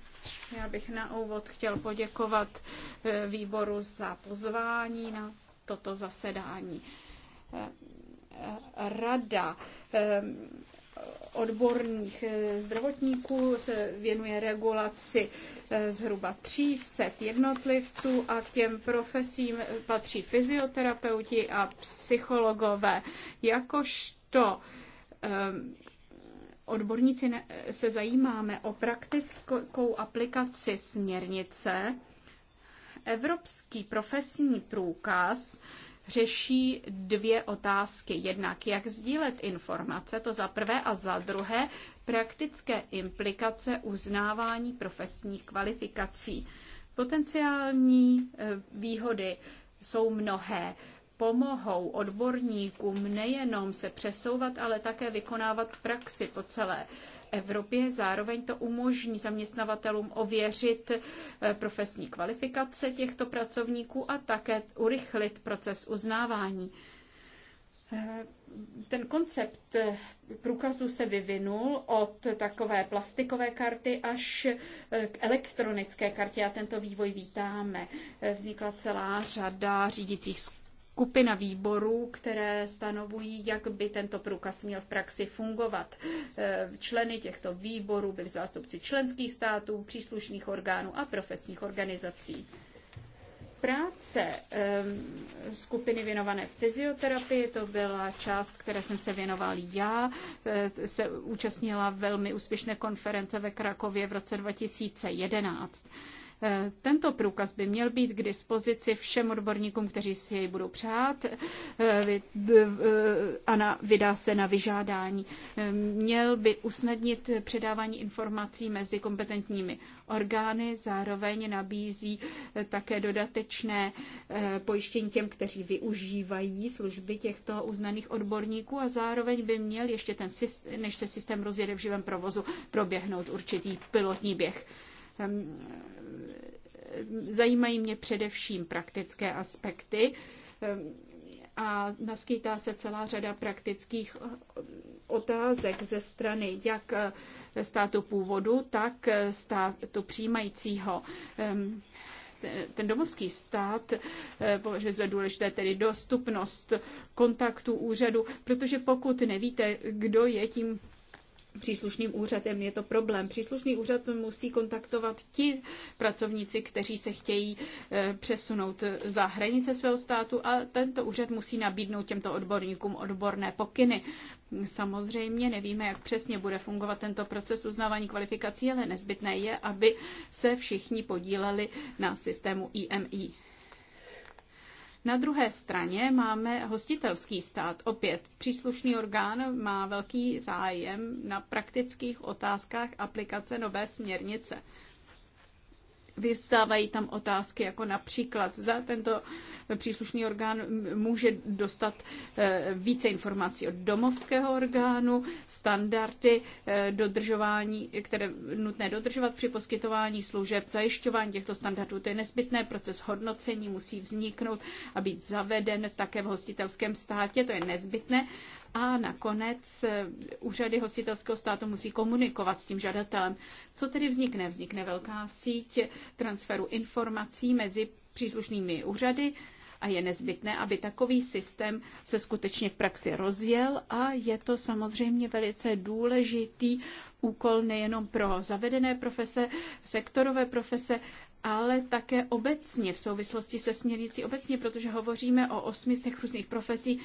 Já bych na úvod chtěl poděkovat e, výboru za pozvání na toto zasedání. Rada odborných eh, zdravotníků se věnuje regulaci eh, zhruba 300 jednotlivců a k těm profesím eh, patří fyzioterapeuti a psychologové. Jakožto odborníci se zajímáme o praktickou aplikaci směrnice, Evropský profesní průkaz řeší dvě otázky. Jednak, jak sdílet informace, to za prvé, a za druhé, praktické implikace uznávání profesních kvalifikací. Potenciální eh, výhody jsou mnohé pomohou odborníkům nejenom se přesouvat, ale také vykonávat praxi po celé Evropě. Zároveň to umožní zaměstnavatelům ověřit eh, profesní kvalifikace těchto pracovníků a také urychlit proces uznávání. Eh, ten koncept eh, průkazu se vyvinul od takové plastikové karty až k elektronické kartě a tento vývoj vítáme. Vznikla celá řada řídicích skupin skupina výborů, které stanovují, jak by tento průkaz měl v praxi fungovat. E, členy těchto výborů byli zástupci členských států, příslušných orgánů a profesních organizací. Práce skupiny věnované fyzioterapii, to byla část, které jsem se věnoval já, e, se účastnila velmi úspěšné konference ve Krakově v roce 2011. Eh, tento průkaz by měl být k dispozici všem odborníkům, kteří si jej budou přát eh, eh, a na, vydá se na vyžádání. Měl by usnadnit předávání informací mezi kompetentními orgány, zároveň nabízí také dodatečné pojištění těm, kteří využívají služby těchto uznaných odborníků a zároveň by měl ještě ten, než se systém rozjede v živém provozu, proběhnout určitý pilotní běh. Zajímají mě především praktické aspekty a naskýtá se celá řada praktických otázek ze strany jak státu původu, tak státu přijímajícího ten domovský stát eh, považuje za důležité tedy dostupnost kontaktu úřadu, protože pokud nevíte, kdo je tím příslušným úřadem je to problém. Příslušný úřad musí kontaktovat ti pracovníci, kteří se chtějí eh, přesunout za hranice svého státu a tento úřad musí nabídnout těmto odborníkům odborné pokyny. Samozřejmě nevíme, jak přesně bude fungovat tento proces uznávání kvalifikací, ale nezbytné je, aby se všichni podíleli na systému IMI. Na druhé straně máme hostitelský stát. Opět příslušný orgán má velký zájem na praktických otázkách aplikace nové směrnice vystávají tam otázky jako například, zda tento příslušný orgán může dostat eh, více informací od domovského orgánu, standardy eh, dodržování, které nutné dodržovat při poskytování služeb, zajišťování těchto standardů. To je nezbytné, proces hodnocení musí vzniknout a být zaveden také v hostitelském státě, to je nezbytné. A nakonec eh, úřady hostitelského státu musí komunikovat s tím žadatelem. Co tedy vznikne? Vznikne velká síť transferu informací mezi příslušnými úřady, a je nezbytné, aby takový systém se skutečně v praxi rozjel a je to samozřejmě velice důležitý úkol nejenom pro zavedené profese, sektorové profese, ale také obecně v souvislosti se směrnicí obecně, protože hovoříme o osmi z těch různých profesí,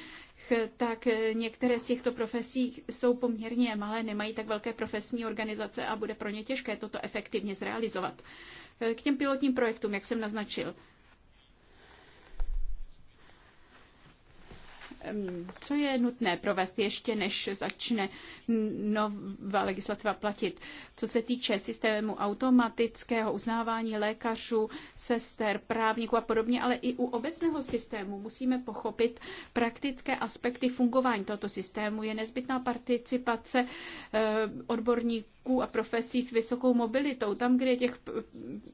tak některé z těchto profesí jsou poměrně malé, nemají tak velké profesní organizace a bude pro ně těžké toto efektivně zrealizovat. K těm pilotním projektům, jak jsem naznačil, Co je nutné provést ještě, než začne nová legislativa platit? Co se týče systému automatického uznávání lékařů, sester, právníků a podobně, ale i u obecného systému musíme pochopit praktické aspekty fungování tohoto systému. Je nezbytná participace eh, odborníků oborů a profesí s vysokou mobilitou. Tam, kde je těch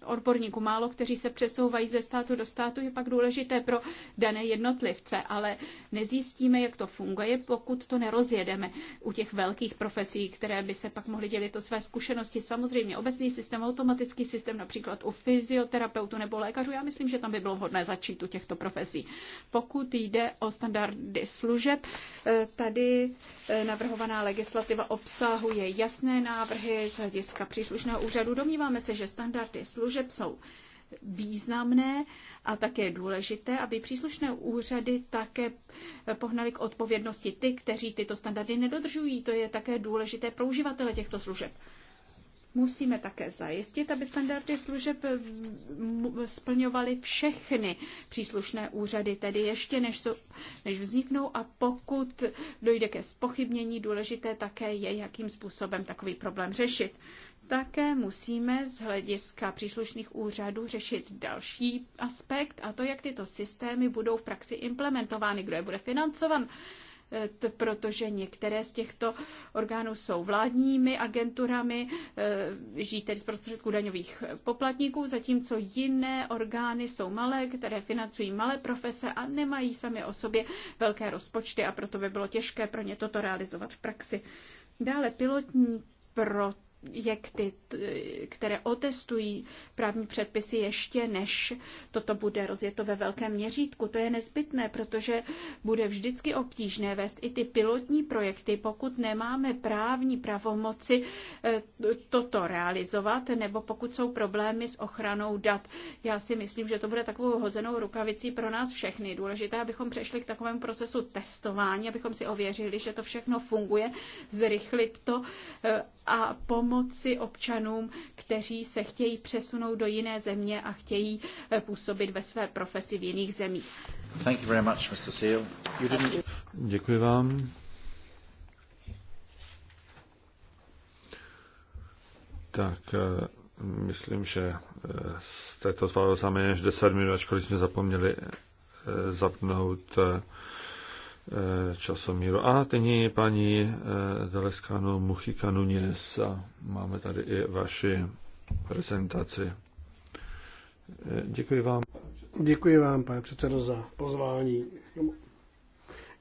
odborníků málo, kteří se přesouvají ze státu do státu, je pak důležité pro dané jednotlivce, ale nezjistíme, jak to funguje, pokud to nerozjedeme u těch velkých profesí, které by se pak mohly dělit o své zkušenosti. Samozřejmě obecný systém, automatický systém, například u fyzioterapeutů nebo lékařů, já myslím, že tam by bylo hodné začít u těchto profesí. Pokud jde o standardy služeb, eh, tady eh, navrhovaná legislativa obsahuje jasné návrhy, návrhy z hlediska příslušného úřadu. Domníváme se, že standardy služeb jsou významné a také důležité, aby příslušné úřady také pohnaly k odpovědnosti ty, kteří tyto standardy nedodržují. To je také důležité pro uživatele těchto služeb. Musíme také zajistit, aby standardy služeb eh, splňovaly všechny příslušné úřady, tedy ještě než, jsou, než vzniknou a pokud dojde ke spochybnění, důležité také je, jakým způsobem takový problém řešit. Také musíme z hlediska příslušných úřadů řešit další aspekt, a to, jak tyto systémy budou v praxi implementovány, kdo je bude financovan Eh, protože některé z těchto orgánů jsou vládními agenturami, eh, žijí tedy z prostředků daňových poplatníků, zatímco jiné orgány jsou malé, které financují malé profese a nemají sami o sobě velké rozpočty a proto by bylo těžké pro ně toto realizovat v praxi. Dále pilotní pro projekty, které otestují právní předpisy ještě než toto bude rozjeto ve velkém měřítku. To je nezbytné, protože bude vždycky obtížné vést i ty pilotní projekty, pokud nemáme právní pravomoci eh, toto realizovat, nebo pokud jsou problémy s ochranou dat. Já si myslím, že to bude takovou hozenou rukavicí pro nás všechny. Důležité, abychom přešli k takovému procesu testování, abychom si ověřili, že to všechno funguje, zrychlit to eh, a pomoci pomoci občanům, kteří se chtějí přesunout do jiné země a chtějí eh, působit ve své profesi v jiných zemích. Thank you very much, Mr. Seal. You didn't... Děkuji vám. Tak eh, myslím, že eh, jste to zvládl za než 10 minut, ačkoliv jsme zapomněli zapnout Eh, časomíru. A nyní paní Deleskano eh, Muchikanu a Máme tady i vaši prezentaci. Eh, děkuji vám. Děkuji vám, pane předsedo, za pozvání.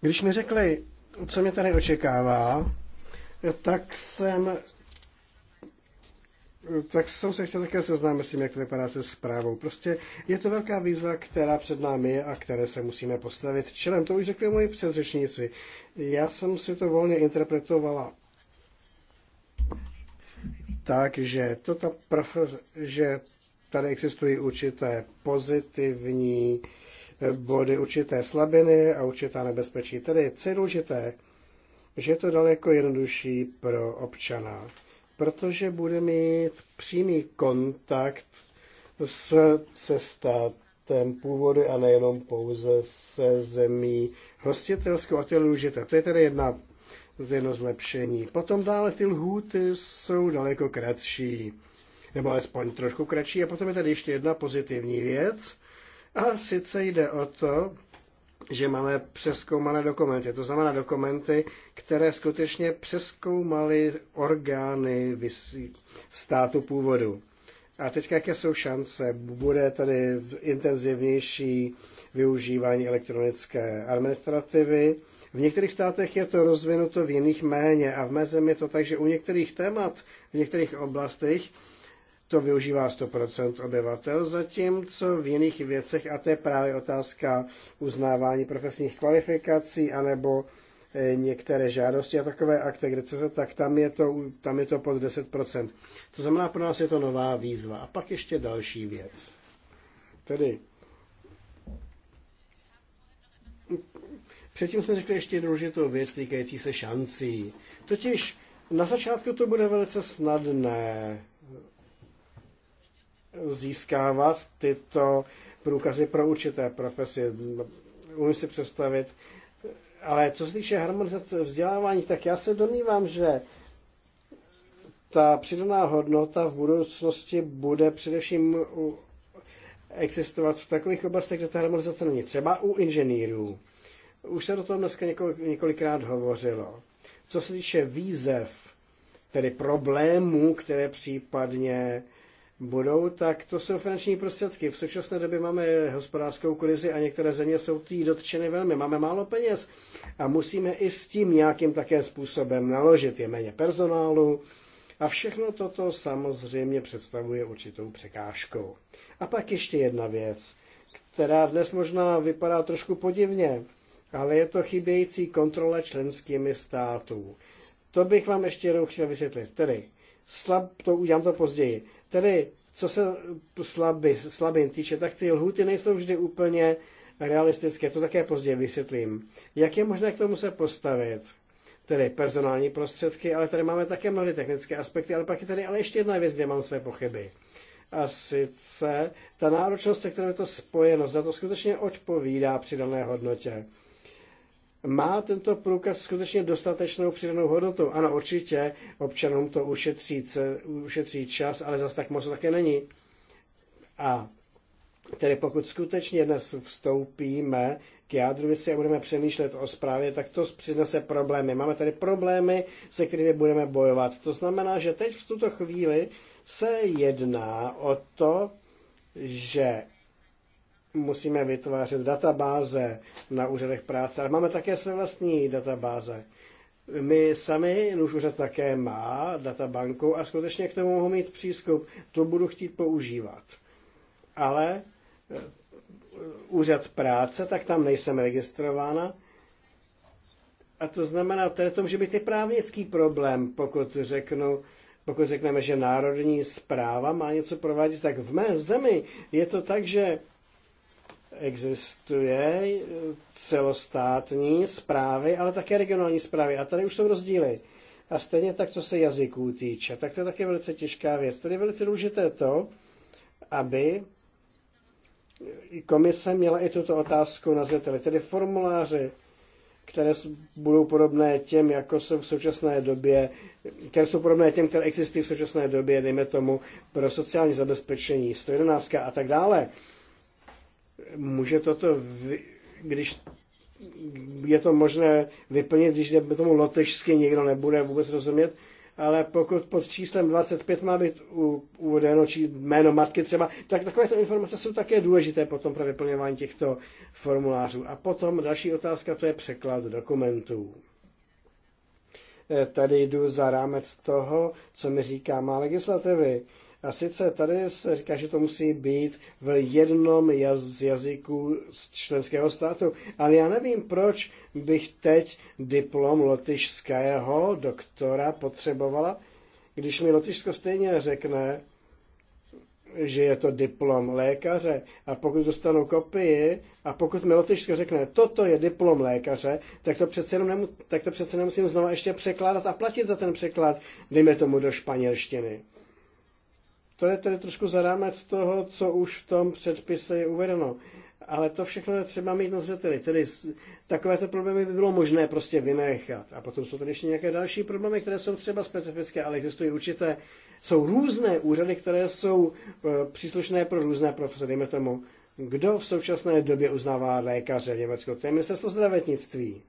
Když mi řekli, co mě tady očekává, tak jsem tak jsem se chtěl také seznámit s tím, jak to vypadá se zprávou. Prostě je to velká výzva, která před námi je a které se musíme postavit čelem. To už řekli moji předřečníci. Já jsem si to volně interpretovala tak, že, toto prv, že tady existují určité pozitivní eh, body, určité slabiny a určitá nebezpečí. Tedy, je důležité, že je to daleko jednodušší pro občana protože bude mít přímý kontakt s, se státem původu a nejenom pouze se zemí hostitelskou a to je To je tedy jedna, jedno zlepšení. Potom dále ty lhůty jsou daleko kratší, nebo alespoň trošku kratší. A potom je tady ještě jedna pozitivní věc, a sice jde o to, že máme přeskoumané dokumenty. To znamená dokumenty, které skutečně přeskoumaly orgány státu původu. A teď jaké jsou šance? Bude tady intenzivnější využívání elektronické administrativy. V některých státech je to rozvinuto, v jiných méně. A v mé zemi je to tak, že u některých témat, v některých oblastech to využívá 100% obyvatel, zatímco v jiných věcech, a to je právě otázka uznávání profesních kvalifikací, anebo eh, některé žádosti a takové akty, kde se, tak tam je, to, tam je to pod 10%. To znamená, pro nás je to nová výzva. A pak ještě další věc. Tedy Předtím jsme řekli ještě důležitou věc týkající se šancí. Totiž na začátku to bude velice snadné získávat tyto průkazy pro určité profesie. Umím si představit. Ale co se týče harmonizace vzdělávání, tak já se domnívám, že ta přidaná hodnota v budoucnosti bude především existovat v takových oblastech, kde ta harmonizace není. Třeba u inženýrů. Už se do toho dneska několik, několikrát hovořilo. Co se týče výzev, tedy problémů, které případně budou, tak to jsou finanční prostředky. V současné době máme hospodářskou krizi a některé země jsou tý dotčeny velmi. Máme málo peněz a musíme i s tím nějakým také způsobem naložit. Je méně personálu a všechno toto samozřejmě představuje určitou překážkou. A pak ještě jedna věc, která dnes možná vypadá trošku podivně, ale je to chybějící kontrola členskými států. To bych vám ještě jednou chtěl vysvětlit. Tedy slab, to udělám to později. Tedy, co se slaby, slabin týče, tak ty lhuty nejsou vždy úplně realistické. To také později vysvětlím. Jak je možné k tomu se postavit? Tedy personální prostředky, ale tady máme také mnohdy technické aspekty, ale pak je tady ale ještě jedna věc, kde mám své pochyby. A sice ta náročnost, se kterou je to spojeno, zda to skutečně odpovídá přidané hodnotě. Má tento průkaz skutečně dostatečnou přidanou hodnotu? Ano, určitě občanům to ušetří, ušetří čas, ale zas tak moc také není. A tedy pokud skutečně dnes vstoupíme k jádru věci a budeme přemýšlet o zprávě, tak to přinese problémy. Máme tady problémy, se kterými budeme bojovat. To znamená, že teď v tuto chvíli se jedná o to, že musíme vytvářet databáze na úřadech práce, ale máme také své vlastní databáze. My sami, náš úřad také má databanku a skutečně k tomu mohu mít přístup. To budu chtít používat. Ale eh, úřad práce, tak tam nejsem registrována. A to znamená, je to může být i právnický problém, pokud řeknu, pokud řekneme, že národní zpráva má něco provádět, tak v mé zemi je to tak, že Existuje celostátní zprávy, ale také regionální zprávy. A tady už jsou rozdíly. A stejně tak, co se jazyků týče, tak to je také velice těžká věc. Tady je velice důležité to, aby komise měla i tuto otázku na zřeteli, tedy formuláři, které budou podobné těm, jako jsou v současné době, které jsou podobné těm, které existují v současné době, dejme tomu, pro sociální zabezpečení, 111 a tak dále může toto, vy, když je to možné vyplnit, když tomu lotežsky někdo nebude vůbec rozumět, ale pokud pod číslem 25 má být uvedeno či jméno matky třeba, tak takovéto informace jsou také důležité potom pro vyplňování těchto formulářů. A potom další otázka, to je překlad dokumentů. E, tady jdu za rámec toho, co mi říká má legislativy. A sice tady se říká, že to musí být v jednom jaz, z jazyků z členského státu, ale já nevím, proč bych teď diplom lotyšského doktora potřebovala, když mi Lotyšsko stejně řekne, že je to diplom lékaře a pokud dostanu kopii a pokud mi Lotyšsko řekne, toto je diplom lékaře, tak to přece, jenom nemu, tak to přece nemusím znova ještě překládat a platit za ten překlad, dejme tomu do španělštiny. To je tedy trošku za rámec toho, co už v tom předpise je uvedeno. Ale to všechno je třeba mít na zřeteli. Tedy takovéto problémy by bylo možné prostě vynechat. A potom jsou tady ještě nějaké další problémy, které jsou třeba specifické, ale existují určité, jsou různé úřady, které jsou e, příslušné pro různé profese. Dejme tomu, kdo v současné době uznává lékaře v Německu? To je ministerstvo zdravotnictví.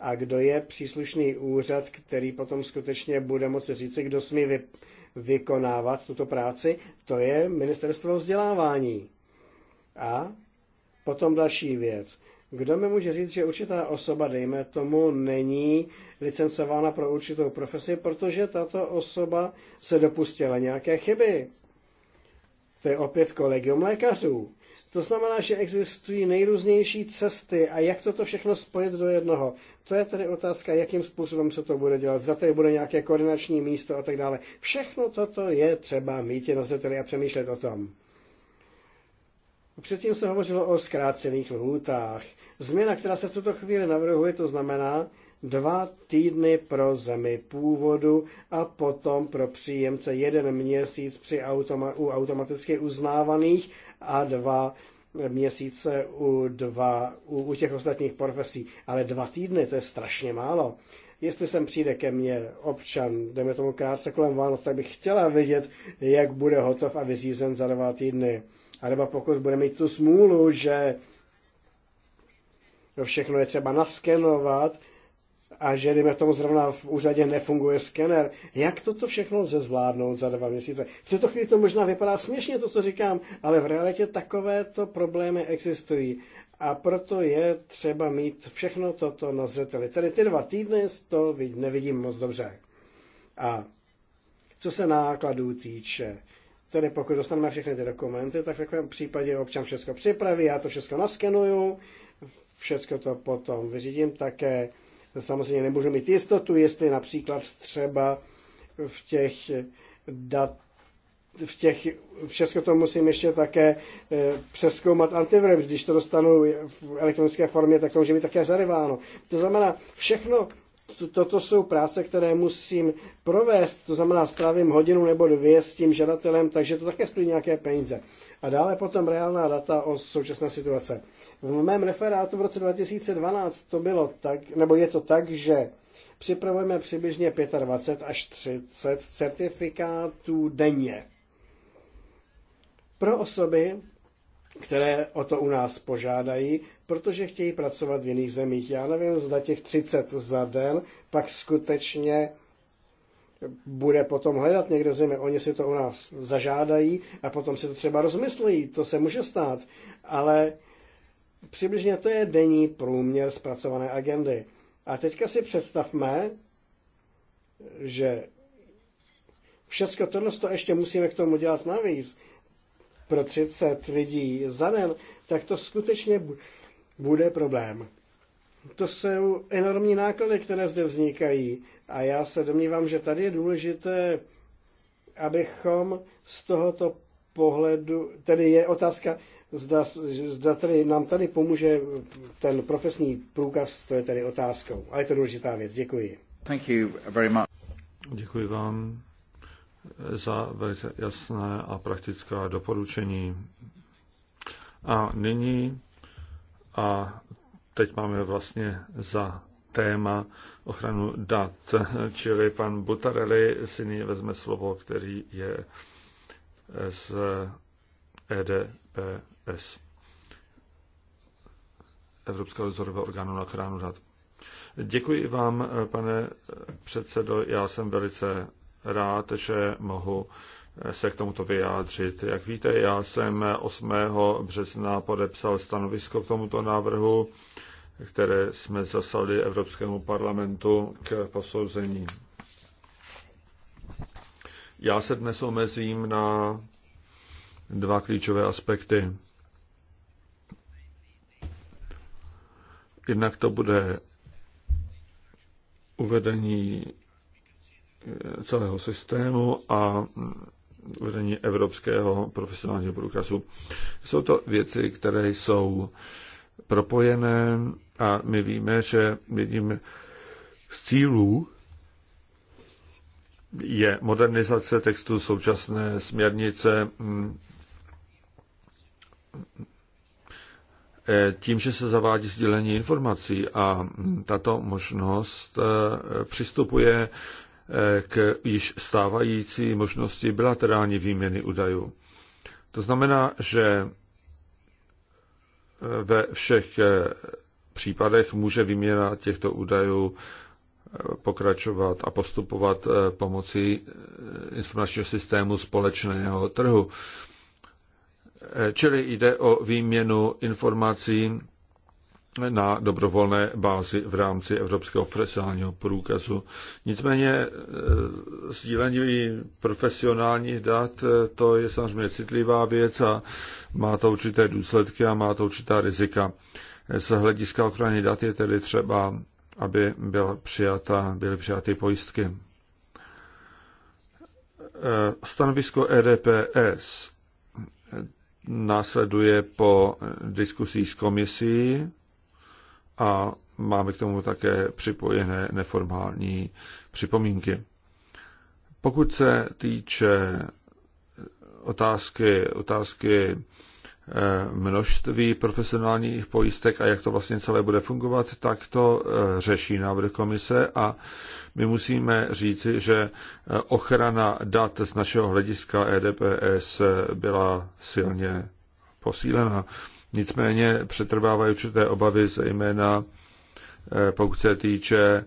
A kdo je příslušný úřad, který potom skutečně bude moci říci, kdo smí vy, vykonávat tuto práci, to je ministerstvo vzdělávání. A potom další věc. Kdo mi může říct, že určitá osoba, dejme tomu, není licencována pro určitou profesi, protože tato osoba se dopustila nějaké chyby? To je opět kolegium lékařů. To znamená, že existují nejrůznější cesty a jak toto všechno spojit do jednoho. To je tedy otázka, jakým způsobem se to bude dělat, za to bude nějaké koordinační místo a tak dále. Všechno toto je třeba mít na zřeteli a přemýšlet o tom. Předtím se hovořilo o zkrácených lhůtách. Změna, která se v tuto chvíli navrhuje, to znamená dva týdny pro zemi původu a potom pro příjemce jeden měsíc při automa- u automaticky uznávaných a dva měsíce u, dva, u, u těch ostatních profesí, ale dva týdny, to je strašně málo. Jestli sem přijde ke mně občan, jdeme tomu krátce kolem Vánoc, tak bych chtěla vidět, jak bude hotov a vyřízen za dva týdny. A nebo pokud bude mít tu smůlu, že všechno je třeba naskenovat, a že dejme tomu zrovna v úřadě nefunguje skener. Jak toto všechno lze zvládnout za dva měsíce? V tuto chvíli to možná vypadá směšně, to, co říkám, ale v realitě takovéto problémy existují. A proto je třeba mít všechno toto na zřeteli. Tedy ty dva týdny to nevidím moc dobře. A co se nákladů týče, tedy pokud dostaneme všechny ty dokumenty, tak v takovém případě občan všechno připraví, já to všechno naskenuju, všechno to potom vyřídím také samozřejmě nemůžu mít jistotu, jestli například třeba v těch dat v těch, všechno to musím ještě také eh, přeskoumat antivirem, když to dostanu v elektronické formě, tak to může být také zaryváno. To znamená, všechno toto jsou práce, které musím provést, to znamená strávím hodinu nebo dvě s tím žadatelem, takže to také stojí nějaké peníze. A dále potom reálná data o současné situace. V mém referátu v roce 2012 to bylo tak, nebo je to tak, že připravujeme přibližně 25 až 30 certifikátů denně pro osoby, které o to u nás požádají, protože chtějí pracovat v jiných zemích. Já nevím, zda těch 30 za den pak skutečně bude potom hledat někde zemi. Oni si to u nás zažádají a potom si to třeba rozmyslí. To se může stát. Ale přibližně to je denní průměr zpracované agendy. A teďka si představme, že všechno tohle to ještě musíme k tomu dělat navíc pro 30 lidí za den, tak to skutečně bude problém to jsou enormní náklady, které zde vznikají. A já se domnívám, že tady je důležité, abychom z tohoto pohledu, tedy je otázka, zda, zda tady, nám tady pomůže ten profesní průkaz, to je tady otázkou. A je to důležitá věc. Děkuji. Thank you very much. Děkuji vám za velice jasné a praktická doporučení. A nyní, a teď máme vlastně za téma ochranu dat, čili pan Butarelli si nyní vezme slovo, který je eh, z EDPS, Evropského dozorového orgánu na ochranu dat. Děkuji vám, eh, pane předsedo. Já jsem velice rád, že mohu se k tomuto vyjádřit. Jak víte, já jsem 8. března podepsal stanovisko k tomuto návrhu, které jsme zaslali Evropskému parlamentu k posouzení. Já se dnes omezím na dva klíčové aspekty. Jednak to bude uvedení celého systému a vedení Evropského profesionálního průkazu. Jsou to věci, které jsou propojené a my víme, že jedním z cílů je modernizace textu současné směrnice tím, že se zavádí sdílení informací a tato možnost eh, přistupuje k již stávající možnosti bilaterální výměny údajů. To znamená, že ve všech eh, případech může výměna těchto údajů eh, pokračovat a postupovat eh, pomocí informačního systému společného trhu. Čili jde o výměnu informací na dobrovolné bázi v rámci Evropského profesionálního průkazu. Nicméně e, sdílení profesionálních dat, e, to je samozřejmě citlivá věc a má to určité důsledky a má to určitá rizika. Z hlediska ochrany dat je tedy třeba, aby byla přijata, byly přijaty pojistky. E, stanovisko EDPS následuje po diskusí s komisí a máme k tomu také připojené neformální připomínky. Pokud se týče otázky, otázky eh, množství profesionálních pojistek a jak to vlastně celé bude fungovat, tak to eh, řeší návrh komise a my musíme říci, že eh, ochrana dat z našeho hlediska EDPS byla silně posílena. Nicméně přetrvávají určité obavy, zejména eh, pokud se týče eh,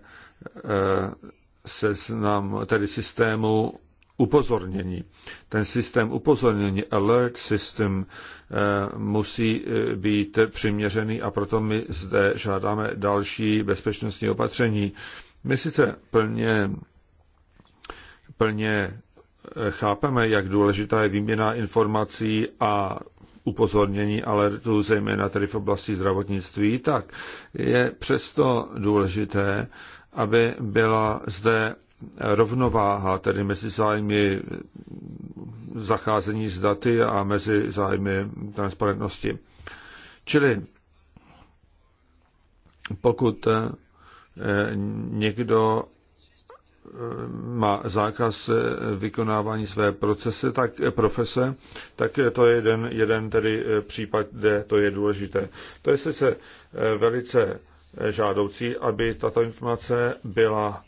seznam, tedy systému upozornění. Ten systém upozornění, alert system, eh, musí být přiměřený a proto my zde žádáme další bezpečnostní opatření. My sice plně, plně chápeme, jak důležitá je výměna informací a upozornění alertu, zejména tedy v oblasti zdravotnictví, tak je přesto důležité, aby byla zde rovnováha, tedy mezi zájmy zacházení s daty a mezi zájmy transparentnosti. Čili pokud eh, někdo má zákaz eh, vykonávání své procese, tak, eh, profese, tak eh, to je jeden, jeden tedy případ, kde to je důležité. To je sice velice žádoucí, aby tato informace byla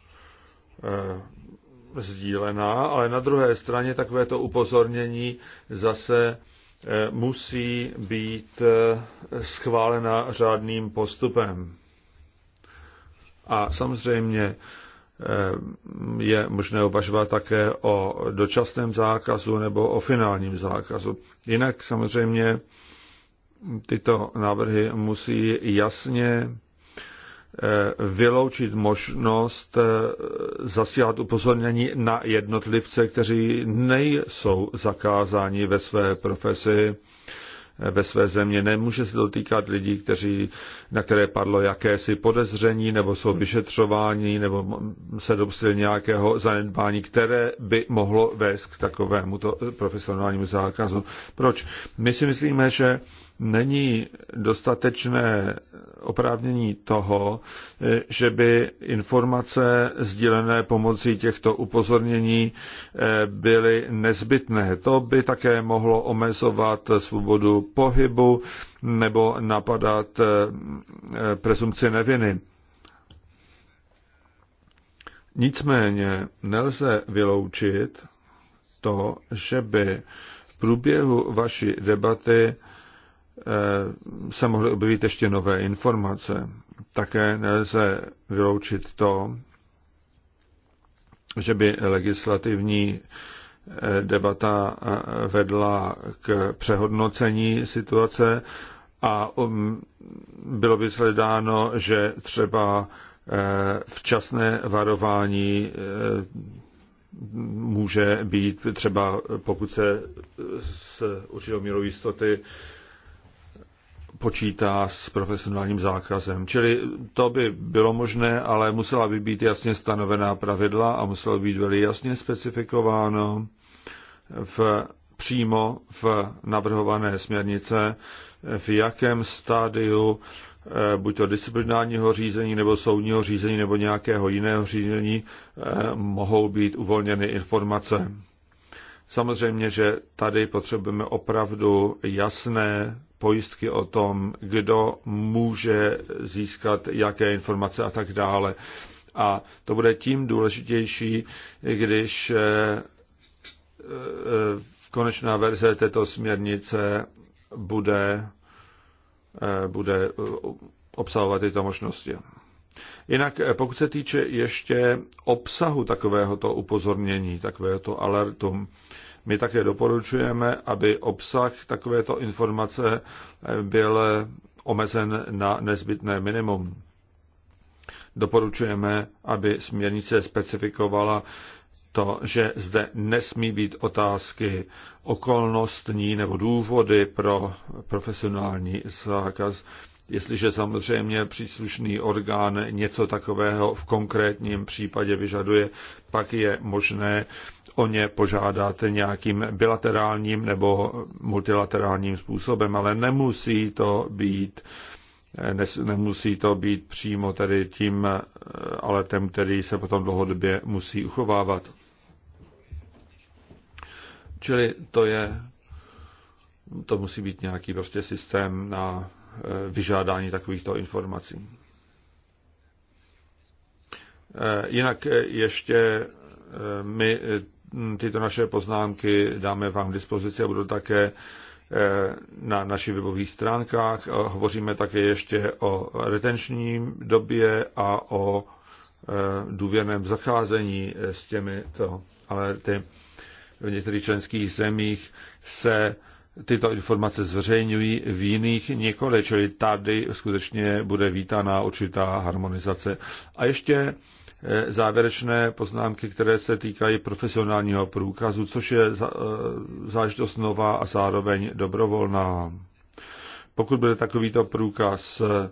sdílená, ale na druhé straně takovéto upozornění zase musí být schválena řádným postupem. A samozřejmě Eh, je možné uvažovat také o dočasném zákazu nebo o finálním zákazu. Jinak samozřejmě tyto návrhy musí jasně eh, vyloučit možnost eh, zasílat upozornění na jednotlivce, kteří nejsou zakázáni ve své profesi ve své země. Nemůže se dotýkat lidí, kteří, na které padlo jakési podezření, nebo jsou vyšetřováni, nebo se dopustili nějakého zanedbání, které by mohlo vést k takovému to profesionálnímu zákazu. Proč? My si myslíme, že není dostatečné oprávnění toho, že by informace sdílené pomocí těchto upozornění eh, byly nezbytné. To by také mohlo omezovat svobodu pohybu nebo napadat eh, presumci neviny. Nicméně nelze vyloučit to, že by v průběhu vaší debaty Eh, se mohly objevit ještě nové informace. Také nelze vyloučit to, že by legislativní eh, debata eh, vedla k přehodnocení situace a um, bylo by sledáno, že třeba včasné varování může být třeba, pokud se s určitou mírou jistoty počítá s profesionálním zákazem. Čili to by bylo možné, ale musela by být jasně stanovená pravidla a muselo být velmi jasně specifikováno v, přímo v navrhované směrnice, v jakém stádiu eh, buď to disciplinárního řízení nebo soudního řízení nebo nějakého jiného řízení eh, mohou být uvolněny informace. Samozřejmě, že tady potřebujeme opravdu jasné pojistky o tom, kdo může získat jaké informace a tak dále. A to bude tím důležitější, když eh, eh, konečná verze této směrnice bude, eh, bude obsahovat tyto možnosti. Jinak pokud se týče ještě obsahu takovéhoto upozornění, takovéhoto alertu, my také doporučujeme, aby obsah takovéto informace eh, byl eh, omezen na nezbytné minimum. Doporučujeme, aby směrnice specifikovala to, že zde nesmí být otázky okolnostní nebo důvody pro profesionální zákaz jestliže samozřejmě příslušný orgán něco takového v konkrétním případě vyžaduje, pak je možné o ně požádat nějakým bilaterálním nebo multilaterálním způsobem, ale nemusí to být nemusí to být přímo tedy tím aletem, který se potom dlouhodobě musí uchovávat. Čili to je, to musí být nějaký prostě systém na Eh, vyžádání takovýchto informací. Eh, jinak eh, ještě my tyto naše poznámky dáme vám k dispozici a budou také na našich webových stránkách. Hovoříme také ještě o retenční době a o důvěrném zacházení s těmi to, ale ty v některých členských zemích se tyto informace zveřejňují, v jiných nikoli, čili tady skutečně bude vítaná určitá harmonizace. A ještě eh, závěrečné poznámky, které se týkají profesionálního průkazu, což je eh, záležitost nová a zároveň dobrovolná. Pokud bude takovýto průkaz eh,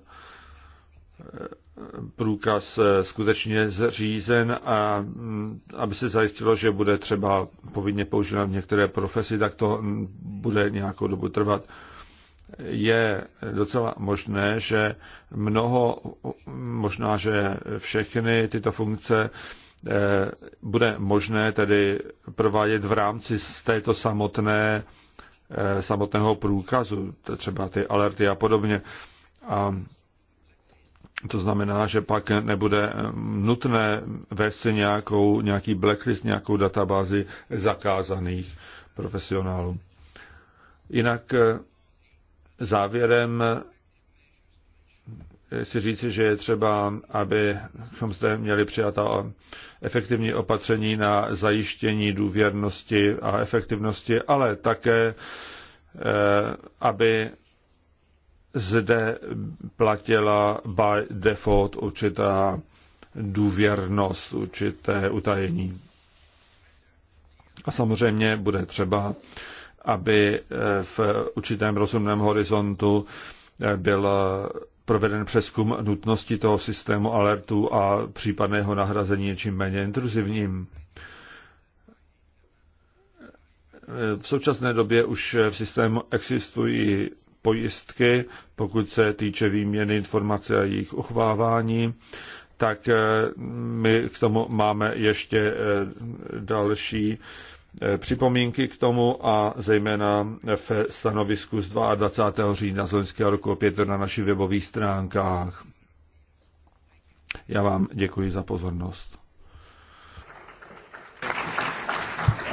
průkaz eh, skutečně zřízen a mm, aby se zajistilo, že bude třeba povinně používán v některé profesi, tak to mm, bude nějakou dobu trvat. Je docela možné, že mnoho, možná, že všechny tyto funkce eh, bude možné tedy provádět v rámci z této samotné, eh, samotného průkazu, třeba ty alerty a podobně. A to znamená, že pak nebude eh, nutné vést si nějakou, nějaký blacklist, nějakou databázi zakázaných profesionálů. Jinak eh, závěrem si eh, říci, že je třeba, abychom zde měli přijatá efektivní opatření na zajištění důvěrnosti a efektivnosti, ale také, aby zde platila by default určitá důvěrnost, určité utajení. A samozřejmě bude třeba, aby eh, v určitém rozumném horizontu eh, byl eh, proveden přeskum nutnosti toho systému alertu a případného nahrazení něčím méně intruzivním. V současné době už v systému existují pojistky, pokud se týče výměny informací a jejich uchvávání, tak eh, my k tomu máme ještě eh, další eh, připomínky k tomu a zejména v stanovisku z 22. října z loňského roku opět na našich webových stránkách. Já vám děkuji za pozornost.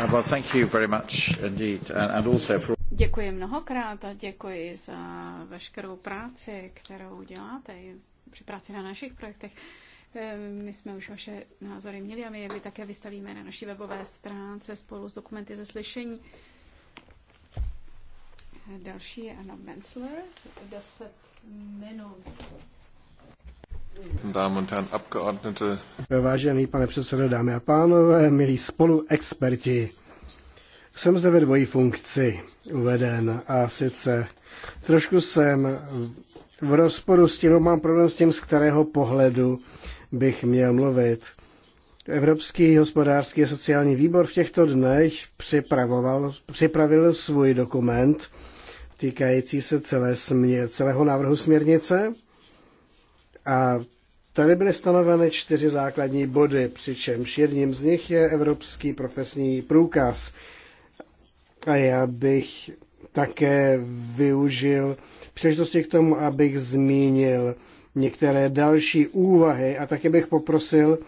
Uh, well, thank you very much indeed, and also for Děkuji mnohokrát a děkuji za veškerou práci, kterou děláte i při práci na našich projektech. Ehm, my jsme už vaše názory měli a my je také vystavíme na naší webové stránce spolu s dokumenty ze slyšení. Další je Anna Menzler, 10 minut. Vážený pane předsedo, dámy a pánové, milí spoluexperti, jsem zde ve dvojí funkci uveden a sice trošku jsem v rozporu s tím, mám problém s tím, z kterého pohledu bych měl mluvit. Evropský hospodářský a sociální výbor v těchto dnech připravoval, připravil svůj dokument týkající se celé směr, celého návrhu směrnice a tady byly stanoveny čtyři základní body, přičemž jedním z nich je Evropský profesní průkaz – a já bych také využil příležitosti k tomu, abych zmínil některé další úvahy a také bych poprosil,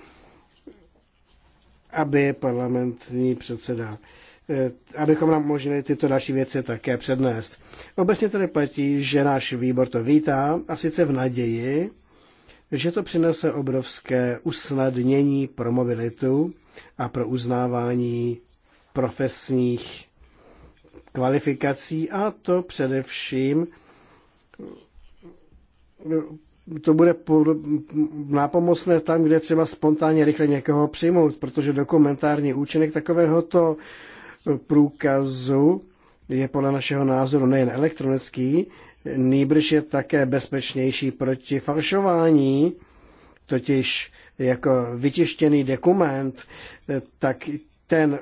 aby parlamentní předseda, eh, abychom nám umožnili tyto další věci také přednést. Obecně tedy platí, že náš výbor to vítá a sice v naději, že to přinese obrovské usnadnění pro mobilitu a pro uznávání profesních kvalifikací a to především to bude nápomocné tam, kde třeba spontánně rychle někoho přijmout, protože dokumentární účinek takovéhoto průkazu je podle našeho názoru nejen elektronický, nýbrž je také bezpečnější proti falšování, totiž jako vytištěný dokument, tak ten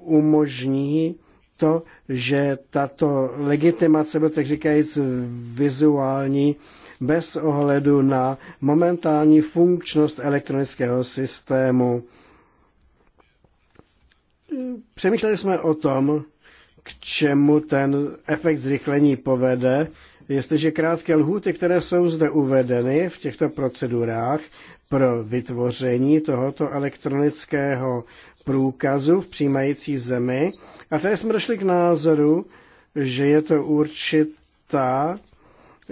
umožní to, že tato legitimace bylo tak říkajíc vizuální bez ohledu na momentální funkčnost elektronického systému. Přemýšleli jsme o tom, k čemu ten efekt zrychlení povede, jestliže krátké lhůty, které jsou zde uvedeny v těchto procedurách, pro vytvoření tohoto elektronického průkazu v přijímající zemi. A tady jsme došli k názoru, že je to určitá,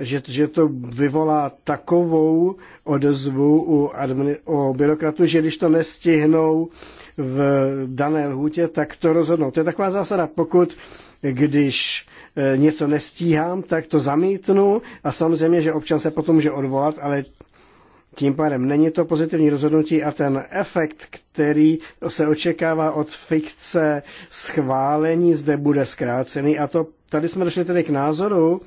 že, že to vyvolá takovou odezvu u, admin, u byrokratů, že když to nestihnou v dané lhůtě, tak to rozhodnou. To je taková zásada, pokud když e, něco nestíhám, tak to zamítnu a samozřejmě, že občan se potom může odvolat, ale tím pádem není to pozitivní rozhodnutí a ten efekt, který se očekává od fikce schválení, zde bude zkrácený. A to tady jsme došli tedy k názoru,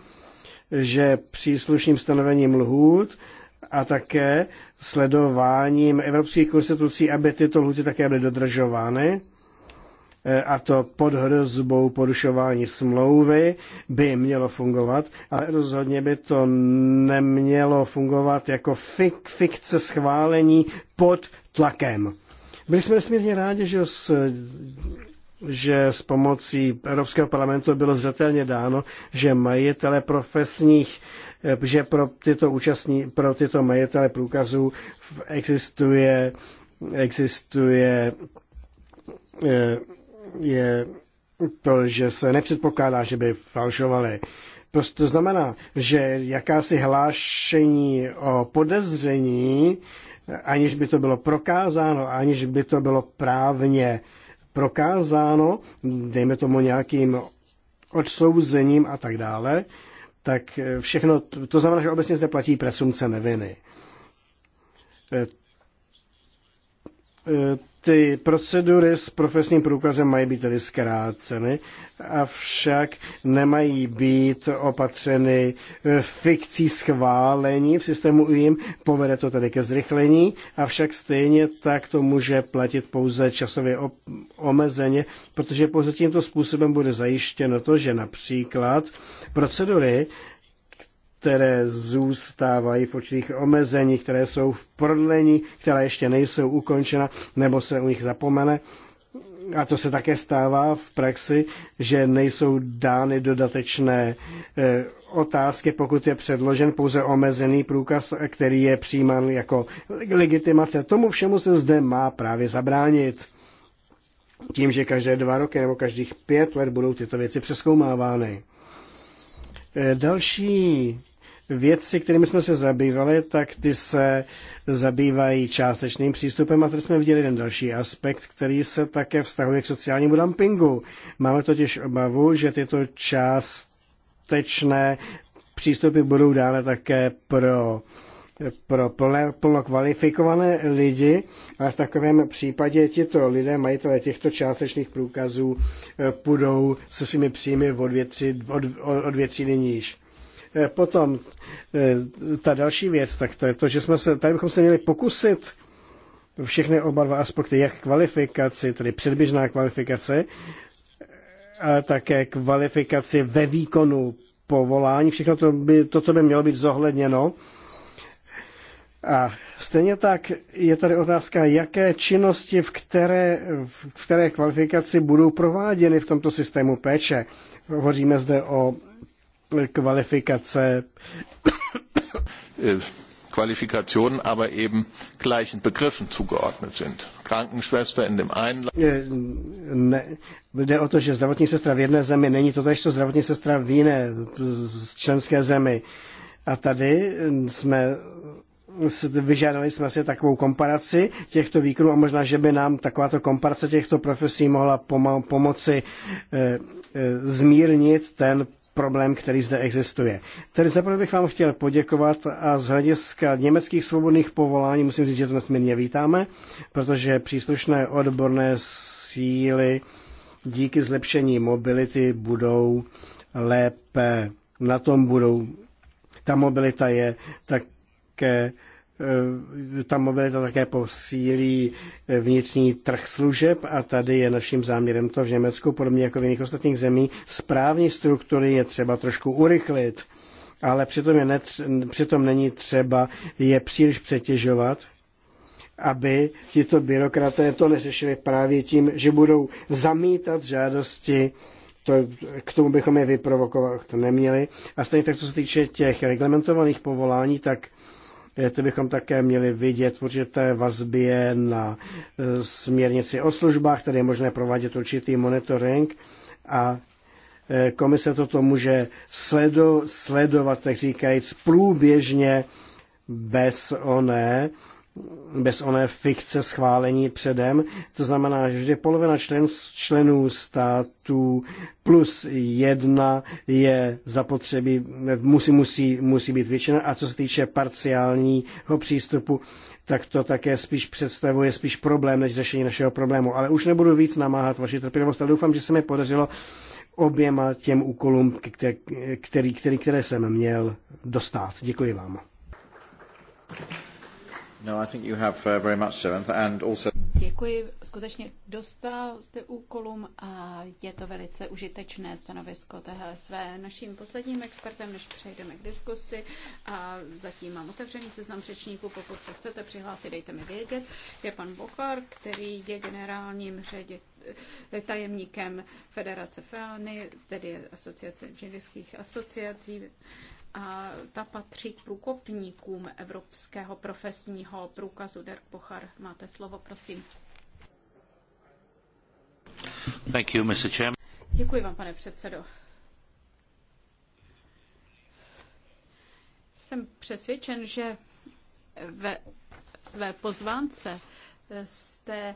že příslušným stanovením lhůt a také sledováním evropských konstitucí, aby tyto lhůty také byly dodržovány, E, a to pod hrozbou porušování smlouvy by mělo fungovat, ale rozhodně by to nemělo fungovat jako fik- fikce schválení pod tlakem. Byli jsme nesmírně rádi, že s, že s pomocí Evropského parlamentu bylo zřetelně dáno, že majitele profesních e, že pro tyto, účastní, pro tyto majitele průkazů existuje, existuje e, je to, že se nepředpokládá, že by falšovali. Prostě to znamená, že jakási hlášení o podezření, aniž by to bylo prokázáno, aniž by to bylo právně prokázáno, dejme tomu nějakým odsouzením a tak dále, tak všechno, to znamená, že obecně zde platí presumce neviny ty procedury s profesním průkazem mají být tedy zkráceny, avšak nemají být opatřeny eh, fikcí schválení v systému UIM. Povede to tedy ke zrychlení, avšak stejně tak to může platit pouze časově omezeně, protože pouze tímto způsobem bude zajištěno to, že například procedury které zůstávají v určitých omezeních, které jsou v prodlení, která ještě nejsou ukončena, nebo se u nich zapomene. A to se také stává v praxi, že nejsou dány dodatečné eh, otázky, pokud je předložen pouze omezený průkaz, který je přijímán jako legitimace. Tomu všemu se zde má právě zabránit. Tím, že každé dva roky nebo každých pět let budou tyto věci přeskoumávány. Eh, další věci, kterými jsme se zabývali, tak ty se zabývají částečným přístupem a tady jsme viděli jeden další aspekt, který se také vztahuje k sociálnímu dumpingu. Máme totiž obavu, že tyto částečné přístupy budou dále také pro pro plné, plno kvalifikované lidi, ale v takovém případě tito lidé, majitelé těchto částečných průkazů, eh, půjdou se svými příjmy o dvě, tři, o, o, o dvě třídy níž. Eh, potom eh, ta další věc, tak to je to, že jsme se, tady bychom se měli pokusit všechny oba dva aspekty, jak kvalifikaci, tedy předběžná kvalifikace, a také kvalifikaci ve výkonu povolání, všechno to by, toto by mělo být zohledněno. A stejně tak je tady otázka, jaké činnosti v které, v které kvalifikaci budou prováděny v tomto systému péče. Hovoříme zde o kvalifikace. Äh, Qualifikationen aber eben gleichen Begriffen zugeordnet sind. Krankenschwester in dem einen Land. Jde o to, že zdravotní sestra v jedné zemi není to co zdravotní sestra v jiné z členské zemi. A tady jsme vyžádali jsme si takovou komparaci těchto výkonů a možná, že by nám takováto komparace těchto profesí mohla pomo pomoci e, e, zmírnit ten problém, který zde existuje. Tedy zaprvé bych vám chtěl poděkovat a z hlediska německých svobodných povolání musím říct, že to nesmírně vítáme, protože příslušné odborné síly díky zlepšení mobility budou lépe, na tom budou, ta mobilita je také Eh, tam mobilita také posílí eh, vnitřní trh služeb a tady je naším záměrem to v Německu, podobně jako v jiných ostatních zemí, správní struktury je třeba trošku urychlit, ale přitom, je netř- přitom není třeba je příliš přetěžovat, aby tito byrokraté to neřešili právě tím, že budou zamítat žádosti to, k tomu bychom je vyprovokovat neměli. A stejně tak, co se týče těch reglementovaných povolání, tak Eh, Ty bychom také měli vidět v určité vazbě na eh, směrnici o službách, tady je možné provádět určitý monitoring a eh, komise toto může sledo, sledovat, tak říkajíc, průběžně bez oné bez oné fikce schválení předem. To znamená, že vždy polovina člen, členů států plus jedna je zapotřebí, musí, musí, musí být většina. A co se týče parciálního přístupu, tak to také spíš představuje spíš problém, než řešení našeho problému. Ale už nebudu víc namáhat vaši trpělivost, ale doufám, že se mi podařilo oběma těm úkolům, který, který, který, které jsem měl dostat. Děkuji vám. Děkuji, skutečně dostal jste úkolům a je to velice užitečné stanovisko své Naším posledním expertem, než přejdeme k diskusi a zatím mám otevřený seznam řečníků, pokud se chcete přihlásit, dejte mi vědět, je pan Bokar, který je generálním ředit, tajemníkem Federace FEANY, tedy Asociace inženýrských asociací a ta patří k průkopníkům Evropského profesního průkazu. Dirk Pochar, máte slovo, prosím. Thank you, Mr. Chairman. Děkuji vám, pane předsedo. Jsem přesvědčen, že ve své pozvánce jste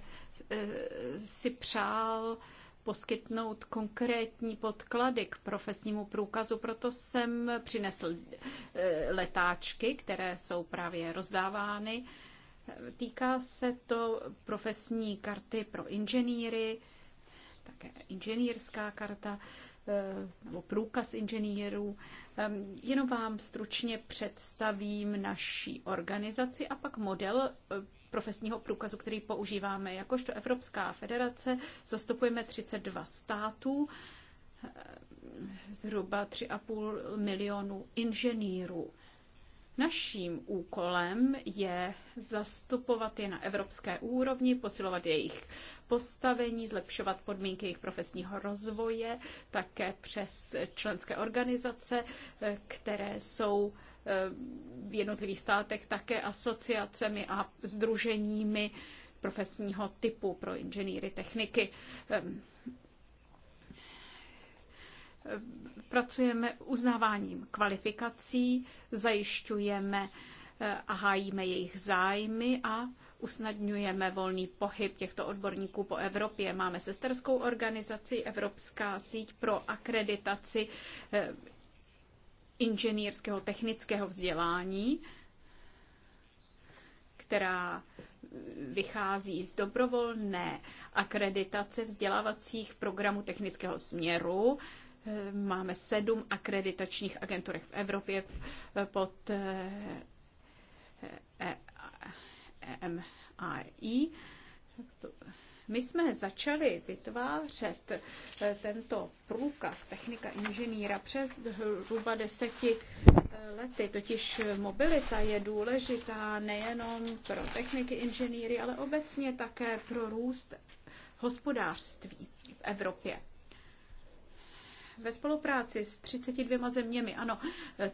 eh, si přál poskytnout konkrétní podklady k profesnímu průkazu, proto jsem přinesl eh, letáčky, které jsou právě rozdávány. Týká se to profesní karty pro inženýry, také inženýrská karta eh, nebo průkaz inženýrů. Ehm, jenom vám stručně představím naší organizaci a pak model eh, profesního průkazu, který používáme. Jakožto Evropská federace zastupujeme 32 států, eh, zhruba 3,5 milionu inženýrů. Naším úkolem je zastupovat je na evropské úrovni, posilovat jejich postavení, zlepšovat podmínky jejich profesního rozvoje, také přes členské organizace, eh, které jsou Eh, v jednotlivých státech také asociacemi a združeními profesního typu pro inženýry techniky. Ehm, eh, pracujeme uznáváním kvalifikací, zajišťujeme eh, a hájíme jejich zájmy a usnadňujeme volný pohyb těchto odborníků po Evropě. Máme sesterskou organizaci Evropská síť pro akreditaci inženýrského technického vzdělání, která vychází z dobrovolné akreditace vzdělávacích programů technického směru. Máme sedm akreditačních agenturek v Evropě pod EMAI. Eh, eh, e my jsme začali vytvářet eh, tento průkaz technika inženýra přes zhruba deseti eh, lety. Totiž mobilita je důležitá nejenom pro techniky inženýry, ale obecně také pro růst hospodářství v Evropě ve spolupráci s 32 zeměmi. Ano, eh,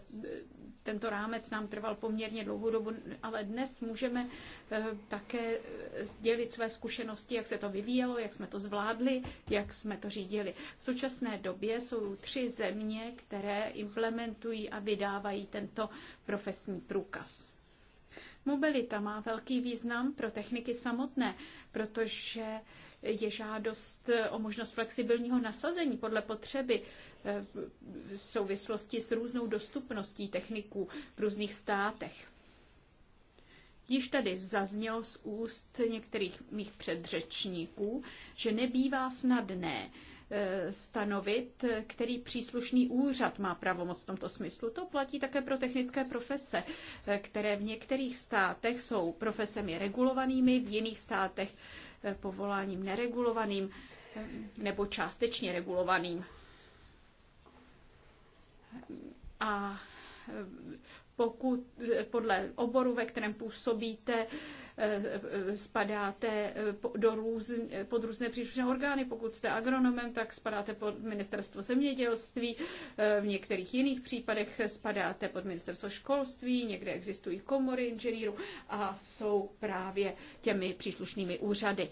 tento rámec nám trval poměrně dlouhou dobu, ale dnes můžeme eh, také eh, sdělit své zkušenosti, jak se to vyvíjelo, jak jsme to zvládli, jak jsme to řídili. V současné době jsou tři země, které implementují a vydávají tento profesní průkaz. Mobilita má velký význam pro techniky samotné, protože je žádost o možnost flexibilního nasazení podle potřeby eh, v souvislosti s různou dostupností techniků v různých státech. Již tady zaznělo z úst některých mých předřečníků, že nebývá snadné eh, stanovit, který příslušný úřad má pravomoc v tomto smyslu. To platí také pro technické profese, eh, které v některých státech jsou profesemi regulovanými, v jiných státech Eh, povoláním neregulovaným eh, nebo částečně regulovaným. A eh, pokud podle oboru, ve kterém působíte, Eh, spadáte eh, do různ, pod různé příslušné orgány. Pokud jste agronomem, tak spadáte pod ministerstvo zemědělství, eh, v některých jiných případech spadáte pod ministerstvo školství, někde existují komory inženýrů a jsou právě těmi příslušnými úřady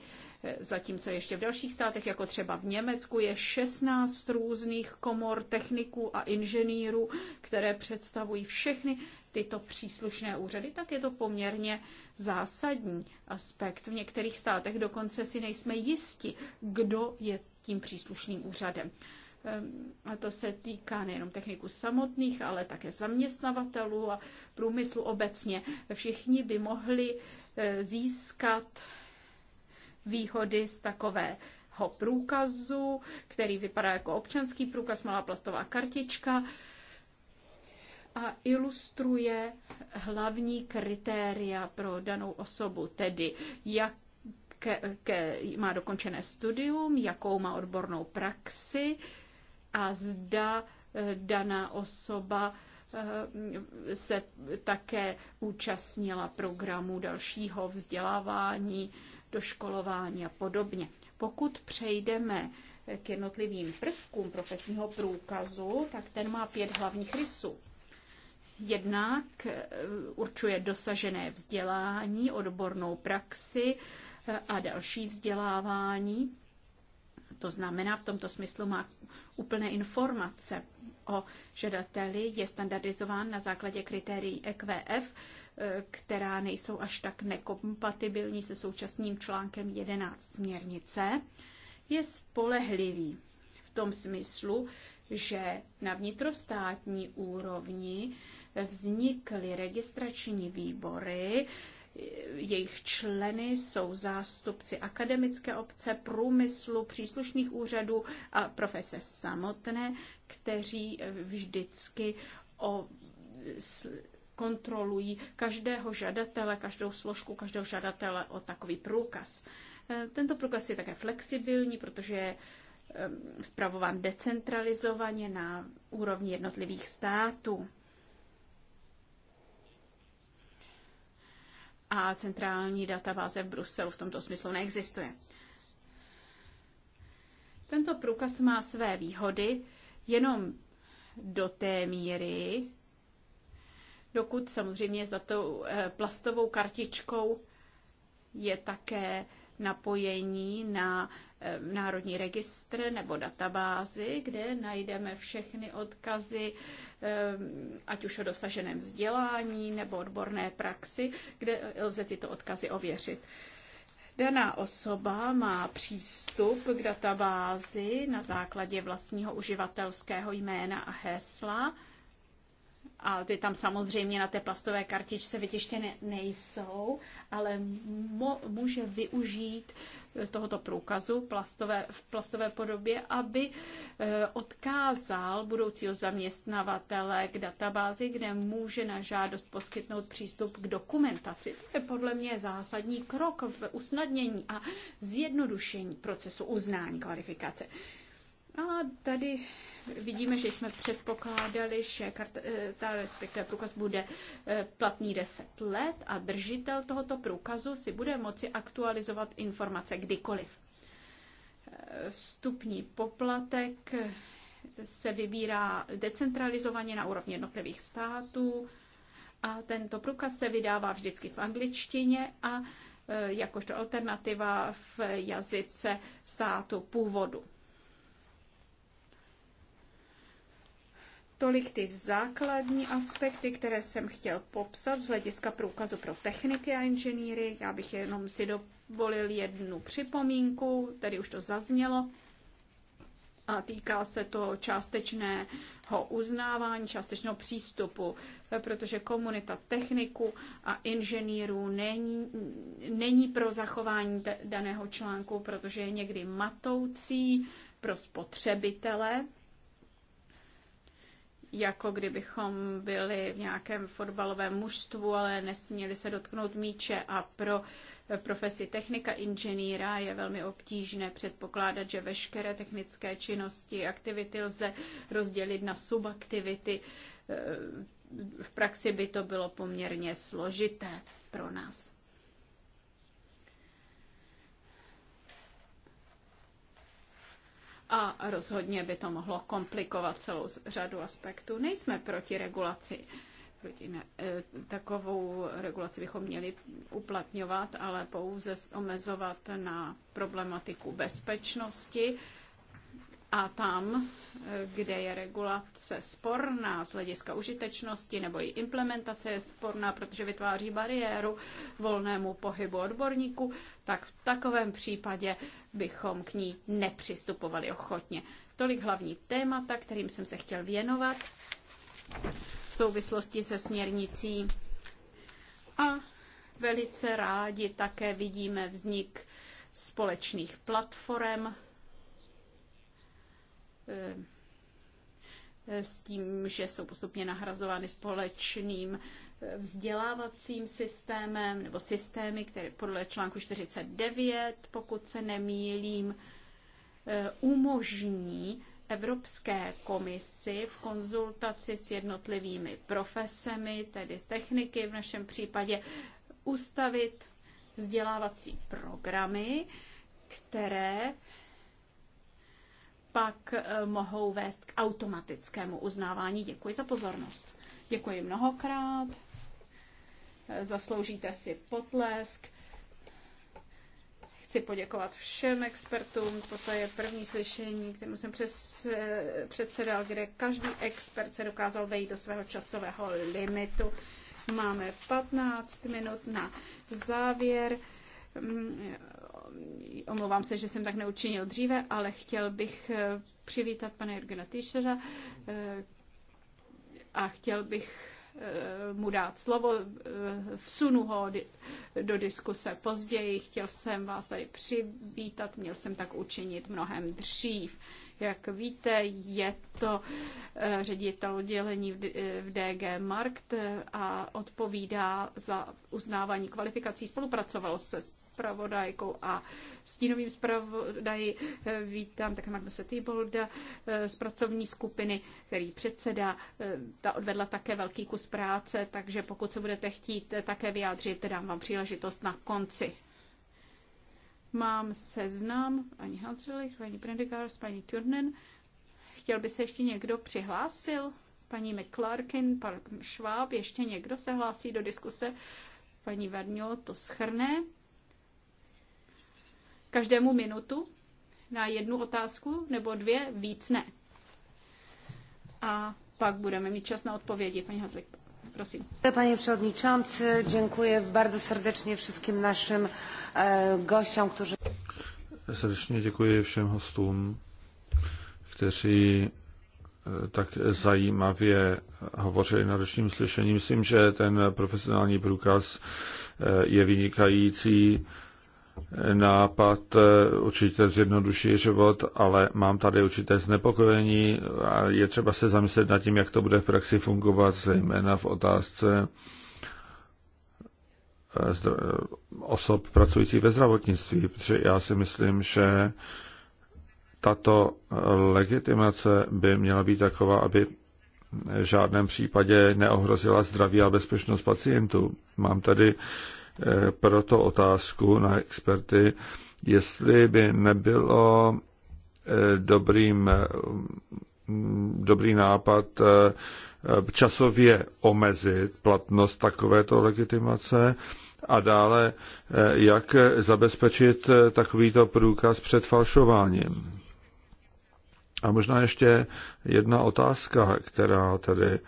zatímco ještě v dalších státech, jako třeba v Německu, je 16 různých komor techniků a inženýrů, které představují všechny tyto příslušné úřady, tak je to poměrně zásadní aspekt. V některých státech dokonce si nejsme jisti, kdo je tím příslušným úřadem. Ehm, a to se týká nejenom techniků samotných, ale také zaměstnavatelů a průmyslu obecně. Všichni by mohli e, získat výhody z takové průkazu, který vypadá jako občanský průkaz, malá plastová kartička, a ilustruje hlavní kritéria pro danou osobu, tedy jak ke, ke, má dokončené studium, jakou má odbornou praxi a zda eh, daná osoba eh, se také účastnila programu dalšího vzdělávání, doškolování a podobně. Pokud přejdeme k jednotlivým prvkům profesního průkazu, tak ten má pět hlavních rysů. Jednak eh, určuje dosažené vzdělání, odbornou praxi eh, a další vzdělávání. To znamená, v tomto smyslu má úplné informace o žadateli, je standardizován na základě kritérií EQF, eh, která nejsou až tak nekompatibilní se současným článkem 11 směrnice, je spolehlivý v tom smyslu, že na vnitrostátní úrovni vznikly registrační výbory, jejich členy jsou zástupci akademické obce, průmyslu, příslušných úřadů a profese samotné, kteří vždycky o kontrolují každého žadatele, každou složku každého žadatele o takový průkaz. E, tento průkaz je také flexibilní, protože je zpravován e, decentralizovaně na úrovni jednotlivých států. a centrální databáze v Bruselu v tomto smyslu neexistuje. Tento průkaz má své výhody jenom do té míry, dokud samozřejmě za tou eh, plastovou kartičkou je také napojení na eh, národní registr nebo databázi, kde najdeme všechny odkazy Eh, ať už o dosaženém vzdělání nebo odborné praxi, kde lze tyto odkazy ověřit. Daná osoba má přístup k databázi na základě vlastního uživatelského jména a hesla a ty tam samozřejmě na té plastové kartičce vytištěny nejsou, ale mo, může využít eh, tohoto průkazu plastové, v plastové podobě, aby eh, odkázal budoucího zaměstnavatele k databázi, kde může na žádost poskytnout přístup k dokumentaci. To je podle mě zásadní krok v usnadnění a zjednodušení procesu uznání kvalifikace. A tady vidíme, že jsme předpokládali, že karta, eh, respektive průkaz bude eh, platný 10 let a držitel tohoto průkazu si bude moci aktualizovat informace kdykoliv. Eh, vstupní poplatek se vybírá decentralizovaně na úrovni jednotlivých států a tento průkaz se vydává vždycky v angličtině a jakožto alternativa v jazyce státu původu. Tolik ty základní aspekty, které jsem chtěl popsat z hlediska průkazu pro techniky a inženýry. Já bych jenom si dovolil jednu připomínku, tady už to zaznělo. A týká se to částečného uznávání, částečného přístupu, protože komunita techniků a inženýrů není, není pro zachování daného článku, protože je někdy matoucí pro spotřebitele, jako kdybychom byli v nějakém fotbalovém mužstvu, ale nesměli se dotknout míče a pro eh, profesi technika inženýra je velmi obtížné předpokládat, že veškeré technické činnosti, aktivity lze rozdělit na subaktivity. Eh, v praxi by to bylo poměrně složité pro nás. a rozhodně by to mohlo komplikovat celou řadu aspektů. Nejsme proti regulaci. Proti ne, e, takovou regulaci bychom měli uplatňovat, ale pouze omezovat na problematiku bezpečnosti a tam, eh, kde je regulace sporná z hlediska užitečnosti nebo i implementace je sporná, protože vytváří bariéru volnému pohybu odborníku, tak v takovém případě bychom k ní nepřistupovali ochotně. Tolik hlavní témata, kterým jsem se chtěl věnovat v souvislosti se směrnicí. A velice rádi také vidíme vznik společných platform Eh, s tím, že jsou postupně nahrazovány společným eh, vzdělávacím systémem nebo systémy, které podle článku 49, pokud se nemýlím, eh, umožní Evropské komisi v konzultaci s jednotlivými profesemi, tedy z techniky v našem případě, ustavit vzdělávací programy, které pak eh, mohou vést k automatickému uznávání. Děkuji za pozornost. Děkuji mnohokrát. Zasloužíte si potlesk. Chci poděkovat všem expertům. Toto je první slyšení, kterému jsem přes, eh, předsedal, kde každý expert se dokázal vejít do svého časového limitu. Máme 15 minut na závěr mm, omlouvám se, že jsem tak neučinil dříve, ale chtěl bych eh, přivítat pana Jurgena Týšera eh, a chtěl bych eh, mu dát slovo, vsunu ho do diskuse později. Chtěl jsem vás tady přivítat, měl jsem tak učinit mnohem dřív. Jak víte, je to ředitel oddělení v DG Markt a odpovídá za uznávání kvalifikací. Spolupracoval se s zpravodajkou a stínovým zpravodaji. Eh, vítám také Magnuse Týbolda eh, z pracovní skupiny, který předseda. Eh, ta odvedla také velký kus práce, takže pokud se budete chtít také vyjádřit, dám vám příležitost na konci. Mám seznam paní Hanzelich, paní Prendegars, paní Turnen. Chtěl by se ještě někdo přihlásil? Paní McClarkin, pan Schwab, ještě někdo se hlásí do diskuse? Paní Verňo to schrne každému minutu na jednu otázku nebo dvě, víc ne. A pak budeme mít čas na odpovědi, paní Hazlik. Prosím. Panie Przewodniczący, dziękuję bardzo serdecznie wszystkim naszym e, gościom, którzy... Srdečně děkuji všem hostům, kteří tak zajímavě hovořili na ročním slyšení. Myslím, že ten profesionální průkaz e, je vynikající nápad eh, určitě zjednoduší život, ale mám tady určité znepokojení a je třeba se zamyslet nad tím, jak to bude v praxi fungovat, zejména v otázce eh, osob pracující ve zdravotnictví, protože já si myslím, že tato legitimace by měla být taková, aby v žádném případě neohrozila zdraví a bezpečnost pacientů. Mám tady Eh, proto otázku na experty, jestli by nebylo eh, dobrým, mm, dobrý nápad eh, časově omezit platnost takovéto legitimace a dále, jak zabezpečit takovýto průkaz před falšováním. A možná ještě jedna otázka, která tady eh,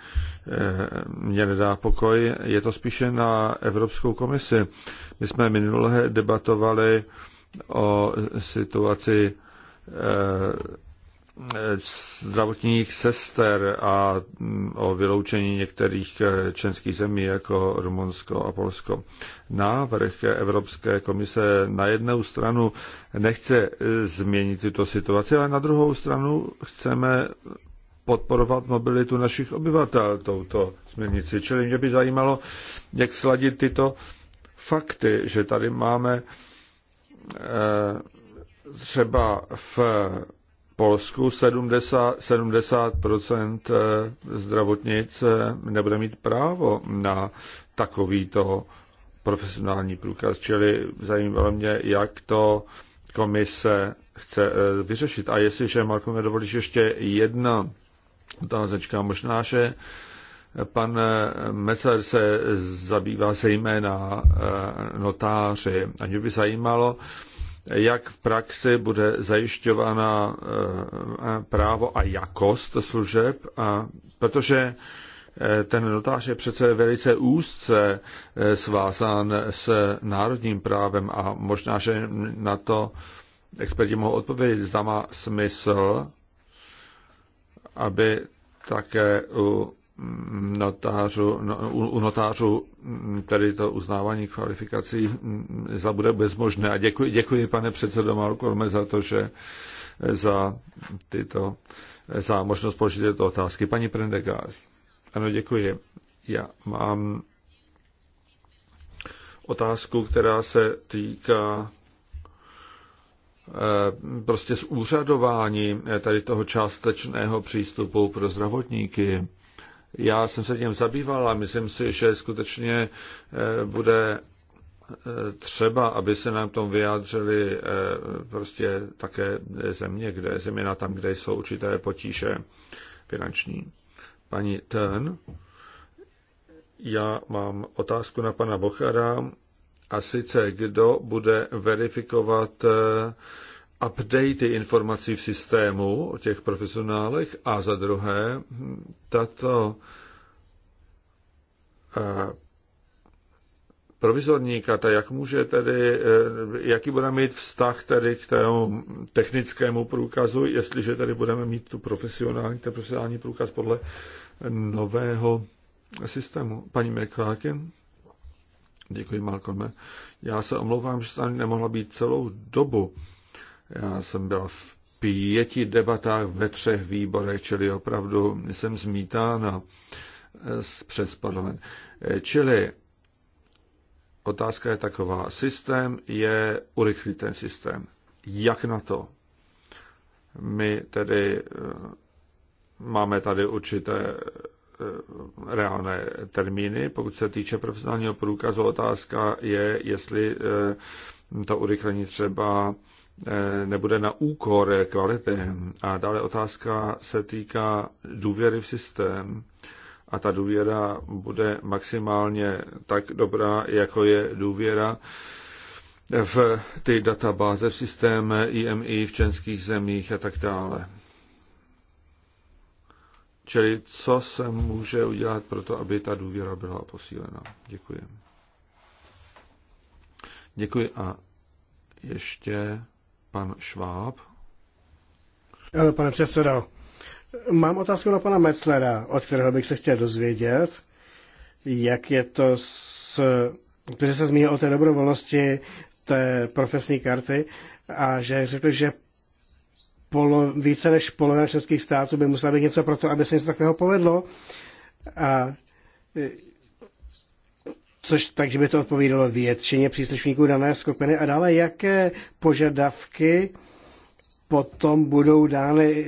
mě nedá pokoj. Je to spíše na Evropskou komisi. My jsme minulé debatovali o situaci eh, zdravotních sester a mm, o vyloučení některých eh, členských zemí jako Rumunsko a Polsko. Návrh Evropské komise na jednu stranu nechce eh, změnit tuto situaci, ale na druhou stranu chceme podporovat mobilitu našich obyvatel touto směrnici. Čili mě by zajímalo, jak sladit tyto fakty, že tady máme eh, třeba v Polsku 70, 70% eh, zdravotnic eh, nebude mít právo na takovýto profesionální průkaz. Čili zajímalo mě, jak to komise chce eh, vyřešit. A jestliže, Marko, mi dovolíš ještě jedna otázečka. Možná, že pan Mecer se zabývá zejména notáři. A mě by zajímalo, jak v praxi bude zajišťována eh, právo a jakost služeb, a protože eh, ten notář je přece velice úzce eh, svázán s národním právem a možná, že na to experti mohou odpovědět, zda má smysl, aby také u notářů, no, u notářů mm, tedy to uznávání kvalifikací mm, bude bezmožné. A děkuji, děkuji pane předsedo Malkorme za to, že eh, za tyto, eh, za možnost položit tyto otázky. Paní Prendergast. Ano, děkuji. Já mám otázku, která se týká eh, prostě z úřadování tady toho částečného přístupu pro zdravotníky. Já jsem se tím zabýval a myslím si, že skutečně eh, bude eh, třeba, aby se nám tom vyjádřili eh, prostě také země, kde zeměna tam, kde jsou určité potíže finanční. Paní Tern, já mám otázku na pana Bochara, a sice kdo bude verifikovat update informací v systému o těch profesionálech a za druhé tato eh, provizorníka, ta jak může tedy, eh, jaký bude mít vztah tedy k tému technickému průkazu, jestliže tedy budeme mít tu profesionální, ten profesionální průkaz podle nového systému. Paní McClarkin? Děkuji, Malcolme. Já se omlouvám, že jsem nemohla být celou dobu. Já jsem byl v pěti debatách ve třech výborech, čili opravdu jsem a eh, přes parlament. Eh, čili otázka je taková. Systém je urychlit ten systém. Jak na to? My tedy eh, máme tady určité reálné termíny. Pokud se týče profesionálního průkazu, otázka je, jestli to urychlení třeba Eh, nebude na úkor kvality. A dále otázka se týká důvěry v systém. A ta důvěra bude maximálně tak dobrá, jako je důvěra v ty databáze, v systém IMI v českých zemích a tak dále. Čili co se může udělat pro to, aby ta důvěra byla posílena? Děkuji. Děkuji a ještě Pan Šváb. Eh, pane předsedo, mám otázku na pana Metzlera, od kterého bych se chtěl dozvědět, jak je to s, protože se zmínil o té dobrovolnosti té profesní karty a že řekl, že polo, více než polovina českých států by musela být něco pro to, aby se něco takového povedlo. A eh, což takže by to odpovídalo většině příslušníků dané skupiny. A dále, jaké požadavky potom budou dány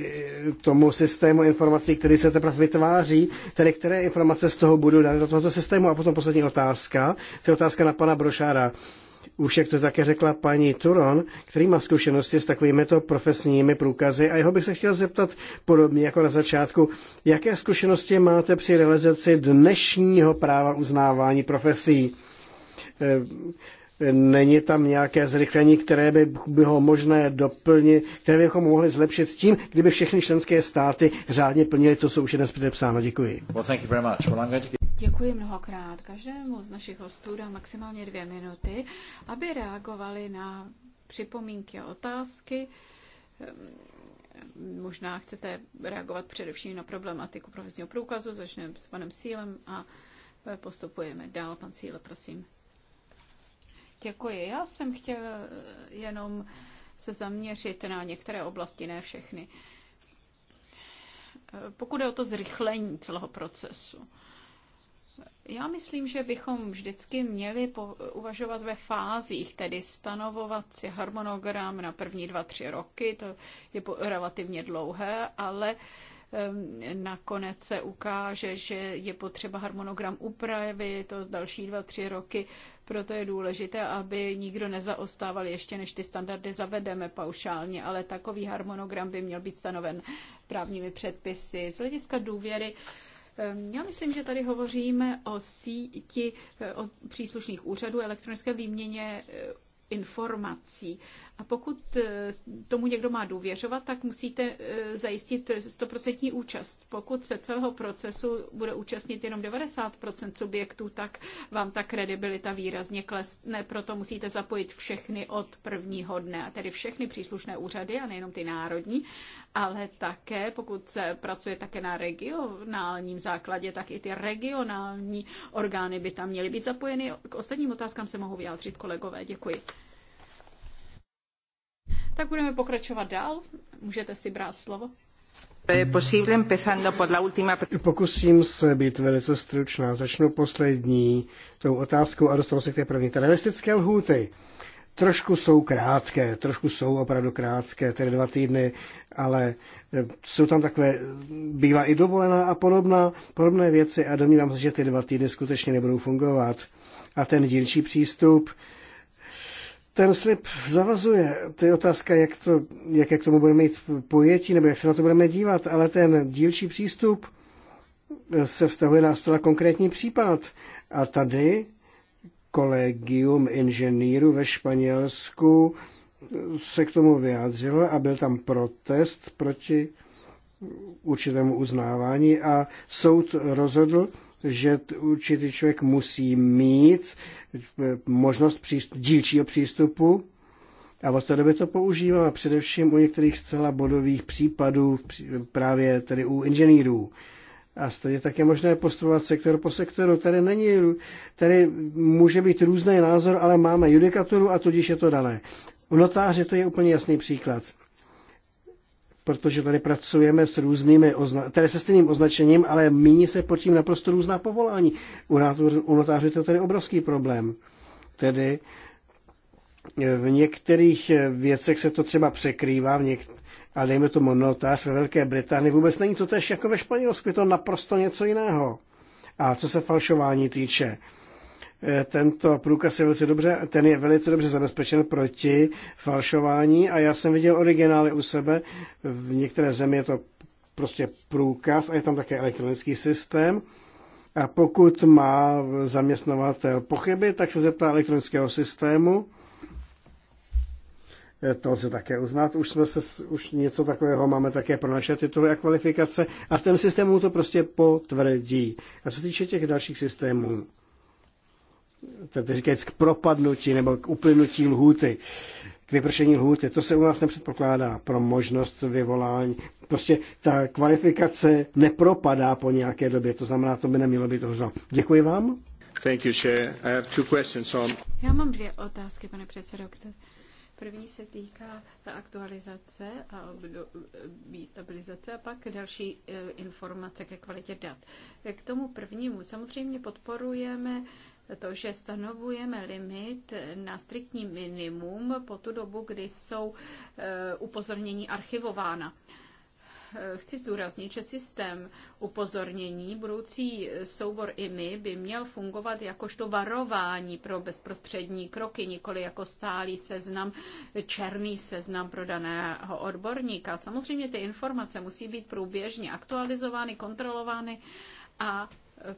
eh, tomu systému informací, který se teprve vytváří, tedy které informace z toho budou dány do tohoto systému. A potom poslední otázka, to je otázka na pana Brošára. Už jak to také řekla paní Turon, který má zkušenosti s takovýmito profesními průkazy a jeho bych se chtěl zeptat podobně jako na začátku, jaké zkušenosti máte při realizaci dnešního práva uznávání profesí? není tam nějaké zrychlení, které by bylo možné doplnit, které bychom mohli zlepšit tím, kdyby všechny členské státy řádně plnily to, co už je dnes předepsáno. Děkuji. Děkuji mnohokrát. Každému z našich hostů dám maximálně dvě minuty, aby reagovali na připomínky a otázky. Ehm, možná chcete reagovat především na problematiku profesního průkazu. Začneme s panem Sílem a postupujeme dál. Pan Síle, prosím. Děkuji. Já jsem chtěl jenom se zaměřit na některé oblasti, ne všechny. Pokud je o to zrychlení celého procesu, já myslím, že bychom vždycky měli po, uvažovat ve fázích, tedy stanovovat si harmonogram na první dva, tři roky, to je po, relativně dlouhé, ale uh, nakonec se ukáže, že je potřeba harmonogram upravy, to další dva, tři roky. Proto je důležité, aby nikdo nezaostával ještě, než ty standardy zavedeme paušálně, ale takový harmonogram by měl být stanoven právními předpisy. Z hlediska důvěry já myslím, že tady hovoříme o síti e, o příslušných úřadů, elektronické výměně e, informací. A pokud eh, tomu někdo má důvěřovat, tak musíte eh, zajistit 100% účast. Pokud se celého procesu bude účastnit jenom 90% subjektů, tak vám ta kredibilita výrazně klesne. Proto musíte zapojit všechny od prvního dne, a tedy všechny příslušné úřady, a nejenom ty národní, ale také, pokud se pracuje také na regionálním základě, tak i ty regionální orgány by tam měly být zapojeny. K ostatním otázkám se mohou vyjádřit kolegové. Děkuji. Tak budeme pokračovat dál. Můžete si brát slovo. Eh, Pokusím se být velice stručná. Začnu poslední tou otázkou a dostanu se k té první. Teroristické lhůty trošku jsou krátké, trošku jsou opravdu krátké, tedy dva týdny, ale eh, jsou tam takové, bývá i dovolená a podobná, podobné věci a domnívám se, že ty dva týdny skutečně nebudou fungovat. A ten dílčí přístup, ten slib zavazuje. To je otázka, jak, to, jak, jak tomu budeme mít pojetí, nebo jak se na to budeme dívat, ale ten dílčí přístup se vztahuje na zcela konkrétní případ. A tady kolegium inženýrů ve Španělsku se k tomu vyjádřilo a byl tam protest proti určitému uznávání a soud rozhodl, že určitý člověk musí mít eh, možnost přístup, dílčího přístupu a od té doby to používám především u některých zcela bodových případů, právě tedy u inženýrů. A stejně tak je možné postupovat sektor po sektoru. Tady, není, tady může být různý názor, ale máme judikaturu a tudíž je to dané. U notáře to je úplně jasný příklad protože tady pracujeme s různými, ozna- se stejným označením, ale míní se pod tím naprosto různá povolání. U, nátoř, u notářů je to tedy obrovský problém. Tedy eh, v některých eh, věcech se to třeba překrývá, v něk- ale dejme tomu notář ve Velké Británii vůbec není to tež jako ve Španělsku, je to naprosto něco jiného. A co se falšování týče, Eh, tento průkaz je velice dobře, ten je velice dobře zabezpečen proti falšování a já jsem viděl originály u sebe. V některé zemi je to prostě průkaz a je tam také elektronický systém. A pokud má zaměstnavatel pochyby, tak se zeptá elektronického systému. Eh, to se také uznat. Už, jsme se, už něco takového máme také pro naše tituly a kvalifikace. A ten systém mu to prostě potvrdí. A co týče těch dalších systémů, to říkat, k propadnutí nebo k uplynutí lhůty, k vypršení lhůty. To se u nás nepředpokládá pro možnost vyvolání. Prostě ta kvalifikace nepropadá po nějaké době, to znamená, to by nemělo být hrozno. Děkuji vám. Thank you, Chair. I have two questions on... Já mám dvě otázky, pane předsedo. První se týká aktualizace a období stabilizace a pak další eh, informace ke kvalitě dat. K tomu prvnímu samozřejmě podporujeme to, že stanovujeme limit na striktní minimum po tu dobu, kdy jsou e, upozornění archivována e, chci zdůraznit, že systém upozornění, budoucí soubor IMI, by měl fungovat jakožto varování pro bezprostřední kroky, nikoli jako stálý seznam, černý seznam pro daného odborníka. Samozřejmě ty informace musí být průběžně aktualizovány, kontrolovány a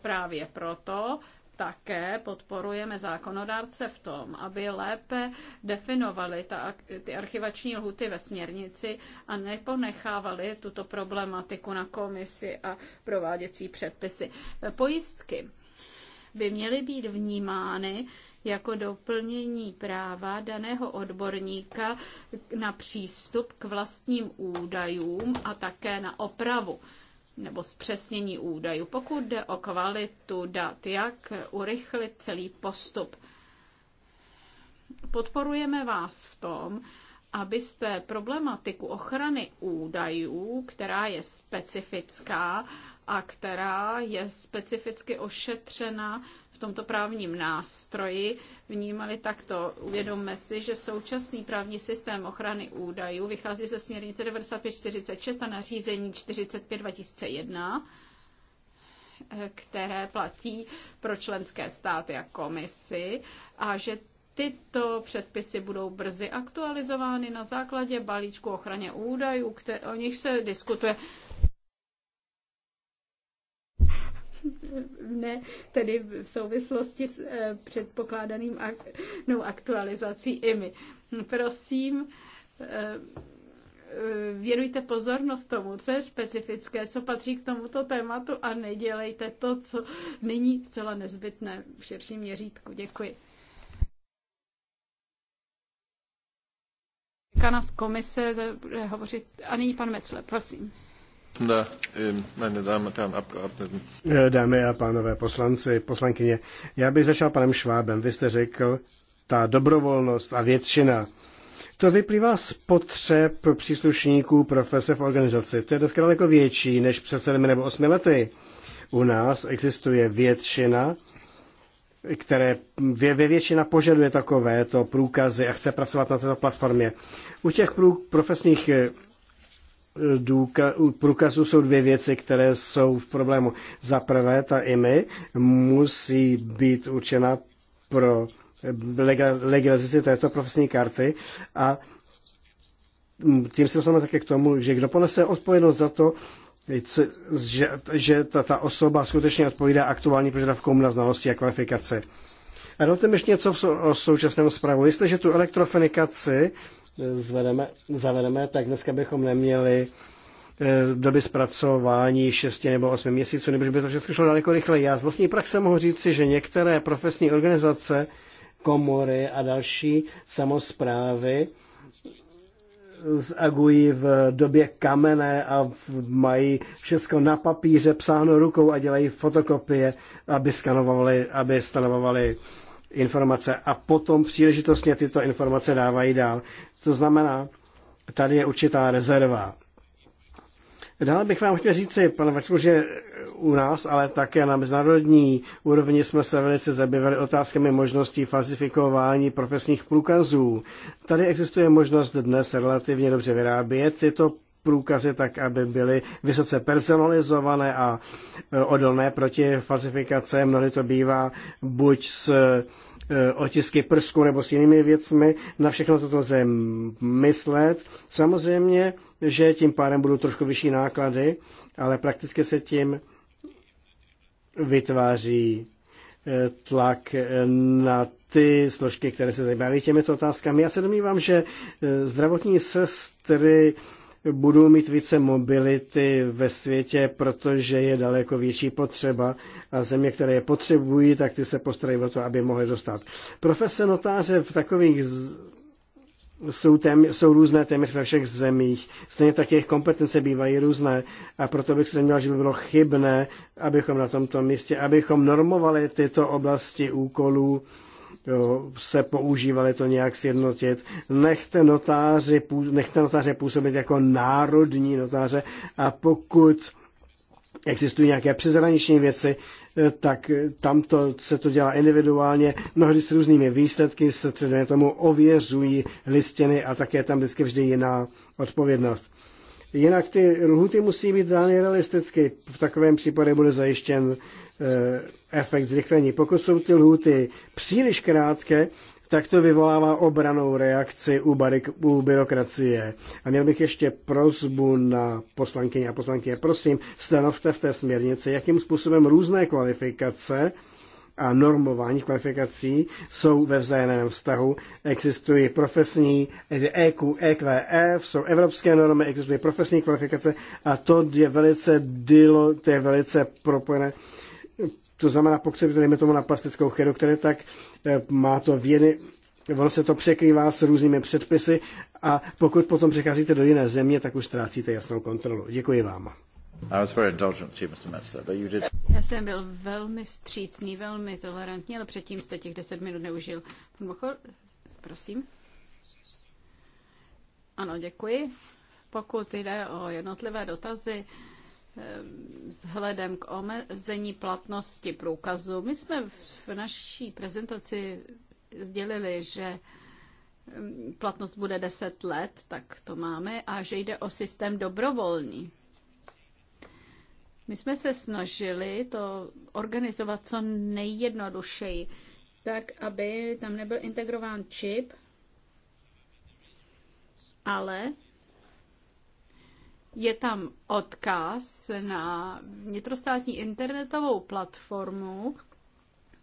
právě proto také podporujeme zákonodárce v tom, aby lépe definovali ta, ty archivační lhuty ve směrnici a neponechávali tuto problematiku na komisi a prováděcí předpisy. Pojistky by měly být vnímány jako doplnění práva daného odborníka na přístup k vlastním údajům a také na opravu nebo zpřesnění údajů. Pokud jde o kvalitu dat, jak urychlit celý postup, podporujeme vás v tom, abyste problematiku ochrany údajů, která je specifická a která je specificky ošetřena v tomto právním nástroji, vnímali takto. Uvědomme si, že současný právní systém ochrany údajů vychází ze směrnice 9546 a nařízení 45 2001 které platí pro členské státy a komisy, a že tyto předpisy budou brzy aktualizovány na základě balíčku ochraně údajů, o nich se diskutuje ne tedy v souvislosti s eh, předpokládaným ak, no, aktualizací IMI. Prosím, eh, věnujte pozornost tomu, co je specifické, co patří k tomuto tématu a nedělejte to, co není zcela nezbytné v širším měřítku. Děkuji. Kana z komise eh, bude hovořit, a nyní pan Mecle, prosím. Ähm, eh, dámy a pánové poslanci, poslankyně, já bych začal panem Švábem. Vy jste řekl, ta dobrovolnost a většina. To vyplývá z potřeb příslušníků profese v organizaci. To je dneska daleko větší než před sedmi nebo osmi lety. U nás existuje většina, které vě, většina požaduje takovéto průkazy a chce pracovat na této platformě. U těch prů, profesních eh, důka, průkazu jsou dvě věci, které jsou v problému. Za prvé, ta IMI musí být určena pro legalizaci této profesní karty a tím se dostaneme také k tomu, že kdo ponese odpovědnost za to, že, že ta, ta osoba skutečně odpovídá aktuální požadavkům na znalosti a kvalifikace. A dovolte mi ještě něco o současném zprávu. Jestliže tu elektrofenikaci zvedeme, zavedeme, tak dneska bychom neměli eh, doby zpracování 6 nebo 8 měsíců, nebo že by to všechno šlo daleko rychleji. Já z vlastní praxe mohu říci, že některé profesní organizace, komory a další samozprávy zagují v době kamene a mají všechno na papíře psáno rukou a dělají fotokopie, aby, skanovali, aby stanovovali informace a potom příležitostně tyto informace dávají dál. To znamená, tady je určitá rezerva. Dále bych vám chtěl říct, pane Vačku, že u nás, ale také na mezinárodní úrovni jsme se velice zabývali otázkami možností falsifikování profesních průkazů. Tady existuje možnost dnes relativně dobře vyrábět tyto průkazy tak, aby byly vysoce personalizované a e, odolné proti falsifikace. Mnohdy to bývá buď s e, otisky prsku nebo s jinými věcmi, na všechno toto lze myslet. Samozřejmě, že tím pádem budou trošku vyšší náklady, ale prakticky se tím vytváří e, tlak na ty složky, které se zajímají těmito otázkami. Já se domnívám, že zdravotní sestry budou mít více mobility ve světě, protože je daleko větší potřeba a země, které je potřebují, tak ty se postarají o to, aby mohly dostat. Profese notáře v takových z... jsou, tém, jsou různé téměř ve všech zemích. Stejně tak jejich kompetence bývají různé a proto bych se neměl, že by bylo chybné, abychom na tomto místě, abychom normovali tyto oblasti úkolů, se používali to nějak sjednotit. Nechte, notáři, nechte notáře působit jako národní notáře a pokud existují nějaké přezraniční věci, eh, tak tam to, se to dělá individuálně, mnohdy s různými výsledky se třeba tomu ověřují listiny a také tam vždycky vždy jiná odpovědnost. Jinak ty lhuty musí být dány realisticky. V takovém případě bude zajištěn Eh, efekt zrychlení. Pokud jsou ty lhuty příliš krátké, tak to vyvolává obranou reakci u, barik, u byrokracie. A měl bych ještě prozbu na poslankyně a poslankyně. Prosím, stanovte v té směrnici, jakým způsobem různé kvalifikace a normování kvalifikací jsou ve vzájemném vztahu. Existují profesní EQ, eh, e EQF, e jsou evropské normy, existují profesní kvalifikace a to je velice dilo, to je velice propojené to znamená, pokud se dejme tomu na plastickou chirurgii, tak eh, má to věny, ono se to překrývá s různými předpisy a pokud potom přecházíte do jiné země, tak už ztrácíte jasnou kontrolu. Děkuji vám. Já jsem byl velmi střícný, velmi tolerantní, ale předtím jste těch deset minut neužil. Pan Bochor, prosím. Ano, děkuji. Pokud jde o jednotlivé dotazy, Eh, vzhledem k omezení platnosti průkazu. My jsme v naší prezentaci sdělili, že eh, platnost bude 10 let, tak to máme, a že jde o systém dobrovolný. My jsme se snažili to organizovat co nejjednodušeji, tak aby tam nebyl integrován čip, ale je tam odkaz na vnitrostátní internetovou platformu,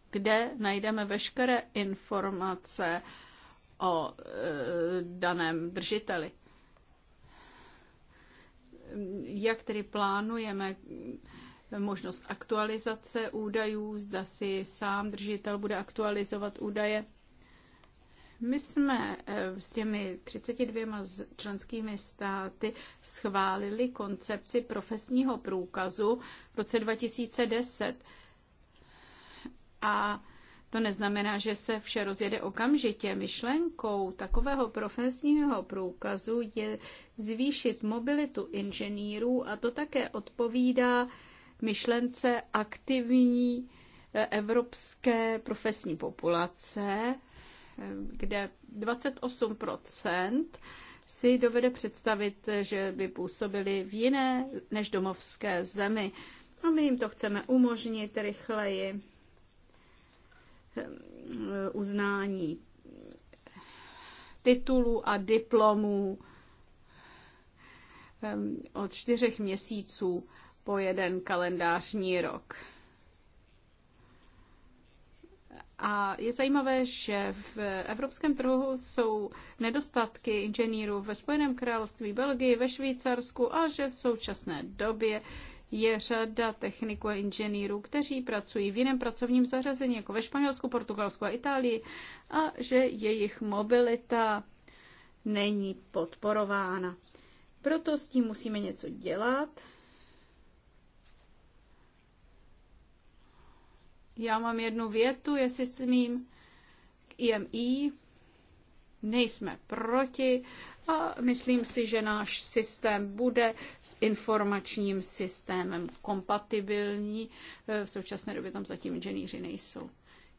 kde najdeme veškeré informace o e, daném držiteli. Jak tedy plánujeme možnost aktualizace údajů, zda si sám držitel bude aktualizovat údaje my jsme eh, s těmi 32 členskými státy schválili koncepci profesního průkazu v roce 2010. A to neznamená, že se vše rozjede okamžitě. Myšlenkou takového profesního průkazu je zvýšit mobilitu inženýrů a to také odpovídá myšlence aktivní eh, evropské profesní populace, kde 28% si dovede představit, že by působili v jiné než domovské zemi. A my jim to chceme umožnit rychleji eh, uznání titulů a diplomů eh, od čtyřech měsíců po jeden kalendářní rok. A je zajímavé, že v evropském trhu jsou nedostatky inženýrů ve Spojeném království, Belgii, ve Švýcarsku a že v současné době je řada techniků a inženýrů, kteří pracují v jiném pracovním zařazení, jako ve Španělsku, Portugalsku a Itálii, a že jejich mobilita není podporována. Proto s tím musíme něco dělat Já mám jednu větu, jestli smím, k IMI. Nejsme proti a myslím si, že náš systém bude s informačním systémem kompatibilní. E, v současné době tam zatím inženýři nejsou.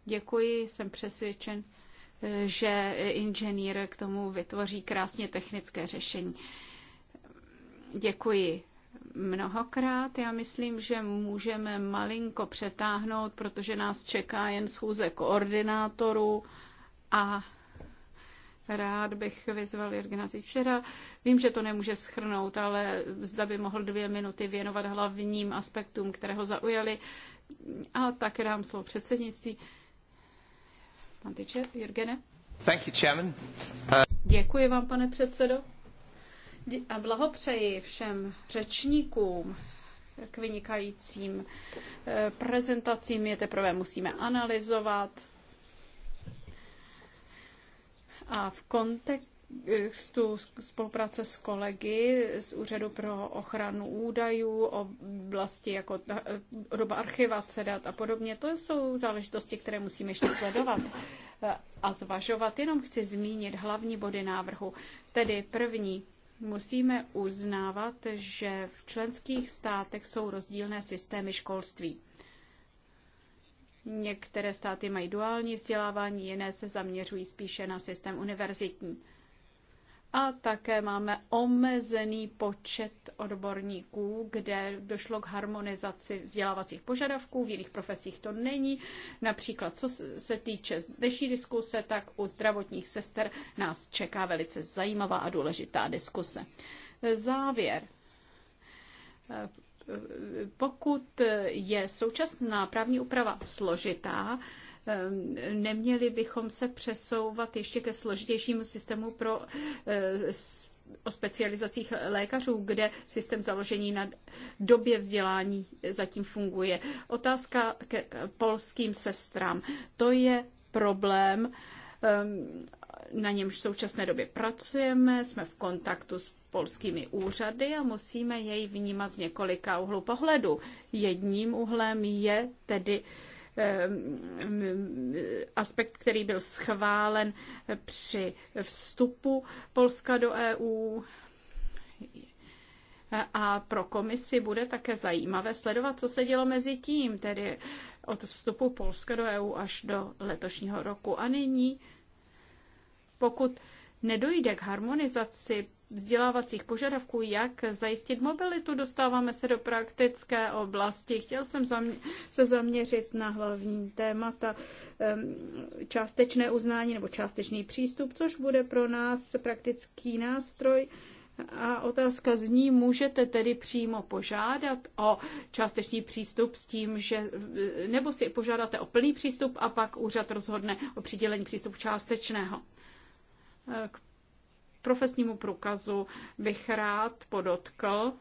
Děkuji, jsem přesvědčen, e, že inženýr k tomu vytvoří krásně technické řešení. Děkuji mnohokrát. Já myslím, že můžeme malinko přetáhnout, protože nás čeká jen schůze koordinátorů a rád bych vyzval Jirgina Tyčera. Vím, že to nemůže schrnout, ale zda by mohl dvě minuty věnovat hlavním aspektům, které ho zaujaly. A také dám slovo předsednictví. Pan Tyčer, Jirgene. Thank you, chairman. Uh... Děkuji vám, pane předsedo a blahopřeji všem řečníkům k vynikajícím eh, prezentacím. Je teprve musíme analyzovat a v kontextu spolupráce s kolegy z Úřadu pro ochranu údajů, oblasti jako ta, eh, doba archivace dat a podobně, to jsou záležitosti, které musíme ještě sledovat eh, a zvažovat. Jenom chci zmínit hlavní body návrhu. Tedy první, musíme uznávat, že v členských státech jsou rozdílné systémy školství. Některé státy mají duální vzdělávání, jiné se zaměřují spíše na systém univerzitní a také máme omezený počet odborníků, kde došlo k harmonizaci vzdělávacích požadavků, v jiných profesích to není. Například, co se týče dnešní diskuse, tak u zdravotních sester nás čeká velice zajímavá a důležitá diskuse. Závěr. Pokud je současná právní úprava složitá, Ehm, neměli bychom se přesouvat ještě ke složitějšímu systému pro eh, o specializacích lékařů, kde systém založení na době vzdělání zatím funguje. Otázka k polským sestrám. To je problém, ehm, na němž v současné době pracujeme, jsme v kontaktu s polskými úřady a musíme jej vnímat z několika úhlů pohledu. Jedním úhlem je tedy uh, Ehm, ehm, aspekt, který byl schválen při vstupu Polska do EU. A pro komisi bude také zajímavé sledovat, co se dělo mezi tím, tedy od vstupu Polska do EU až do letošního roku. A nyní, pokud nedojde k harmonizaci vzdělávacích požadavků, jak zajistit mobilitu, dostáváme se do praktické oblasti. Chtěl jsem se zaměřit na hlavní témata částečné uznání nebo částečný přístup, což bude pro nás praktický nástroj. A otázka zní, můžete tedy přímo požádat o částečný přístup s tím, že nebo si požádáte o plný přístup a pak úřad rozhodne o přidělení přístupu částečného. K profesnímu průkazu bych rád podotkl,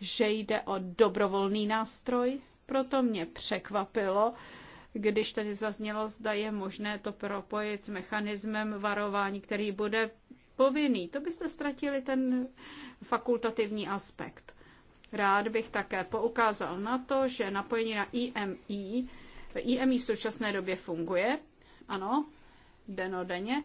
že jde o dobrovolný nástroj, proto mě překvapilo, když tady zaznělo, zda je možné to propojit s mechanismem varování, který bude povinný. To byste ztratili ten fakultativní aspekt. Rád bych také poukázal na to, že napojení na IMI, IMI v současné době funguje, ano, denodenně,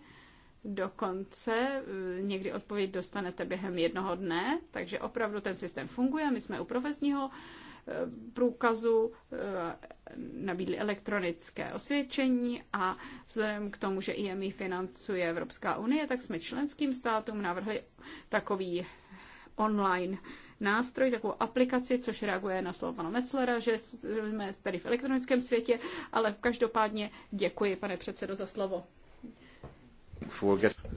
Dokonce eh, někdy odpověď dostanete během jednoho dne, takže opravdu ten systém funguje. My jsme u profesního eh, průkazu eh, nabídli elektronické osvědčení a vzhledem k tomu, že IMI financuje Evropská unie, tak jsme členským státům navrhli takový online nástroj, takovou aplikaci, což reaguje na slovo pana Metzlera, že jsme tady v elektronickém světě, ale každopádně děkuji, pane předsedo, za slovo.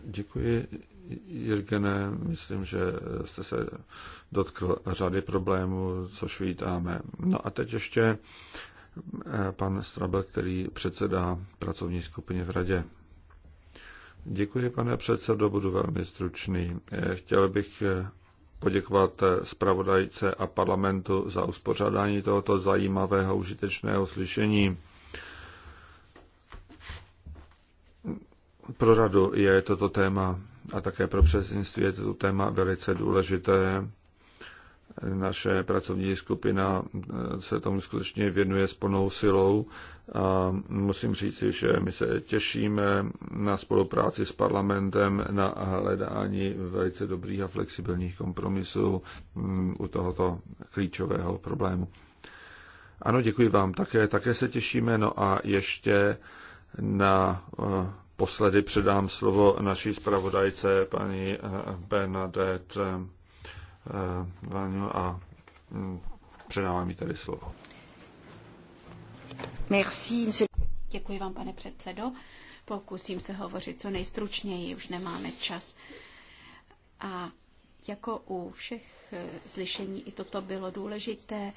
Děkuji, Jirgene. Myslím, že jste se dotkl řady problémů, což vítáme. No a teď ještě eh, pan Strabel, který předsedá pracovní skupině v radě. Děkuji, pane předsedo, budu velmi stručný. Eh, chtěl bych eh, poděkovat zpravodajce a parlamentu za uspořádání tohoto zajímavého užitečného slyšení. Pro radu je toto téma a také pro předsednictví je toto téma velice důležité. Naše pracovní skupina se tomu skutečně věnuje s plnou silou a musím říct, že my se těšíme na spolupráci s parlamentem, na hledání velice dobrých a flexibilních kompromisů mm, u tohoto klíčového problému. Ano, děkuji vám také. Také se těšíme. No a ještě na eh, Posledy předám slovo naší zpravodajce paní eh, Bernadette eh, Vanil a hm, předávám jí tady slovo. Merci, Děkuji vám, pane předsedo. Pokusím se hovořit co nejstručněji, už nemáme čas. A jako u všech eh, slyšení i toto bylo důležité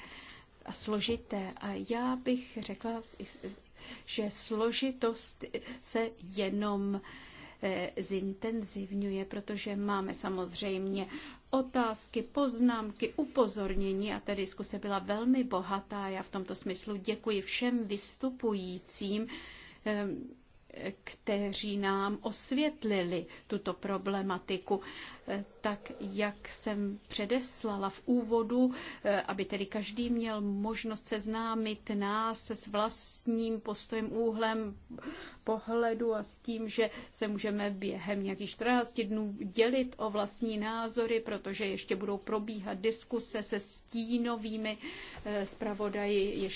a složité. A já bych řekla že složitost se jenom eh, zintenzivňuje, protože máme samozřejmě otázky, poznámky, upozornění a ta diskuse byla velmi bohatá. Já v tomto smyslu děkuji všem vystupujícím eh, kteří nám osvětlili tuto problematiku. Eh, tak jak jsem předeslala v úvodu, eh, aby tedy každý měl možnost seznámit nás s vlastním postojem, úhlem pohledu a s tím, že se můžeme během nějakých 14 dnů dělit o vlastní názory, protože ještě budou probíhat diskuse se stínovými eh, zpravodaji ještě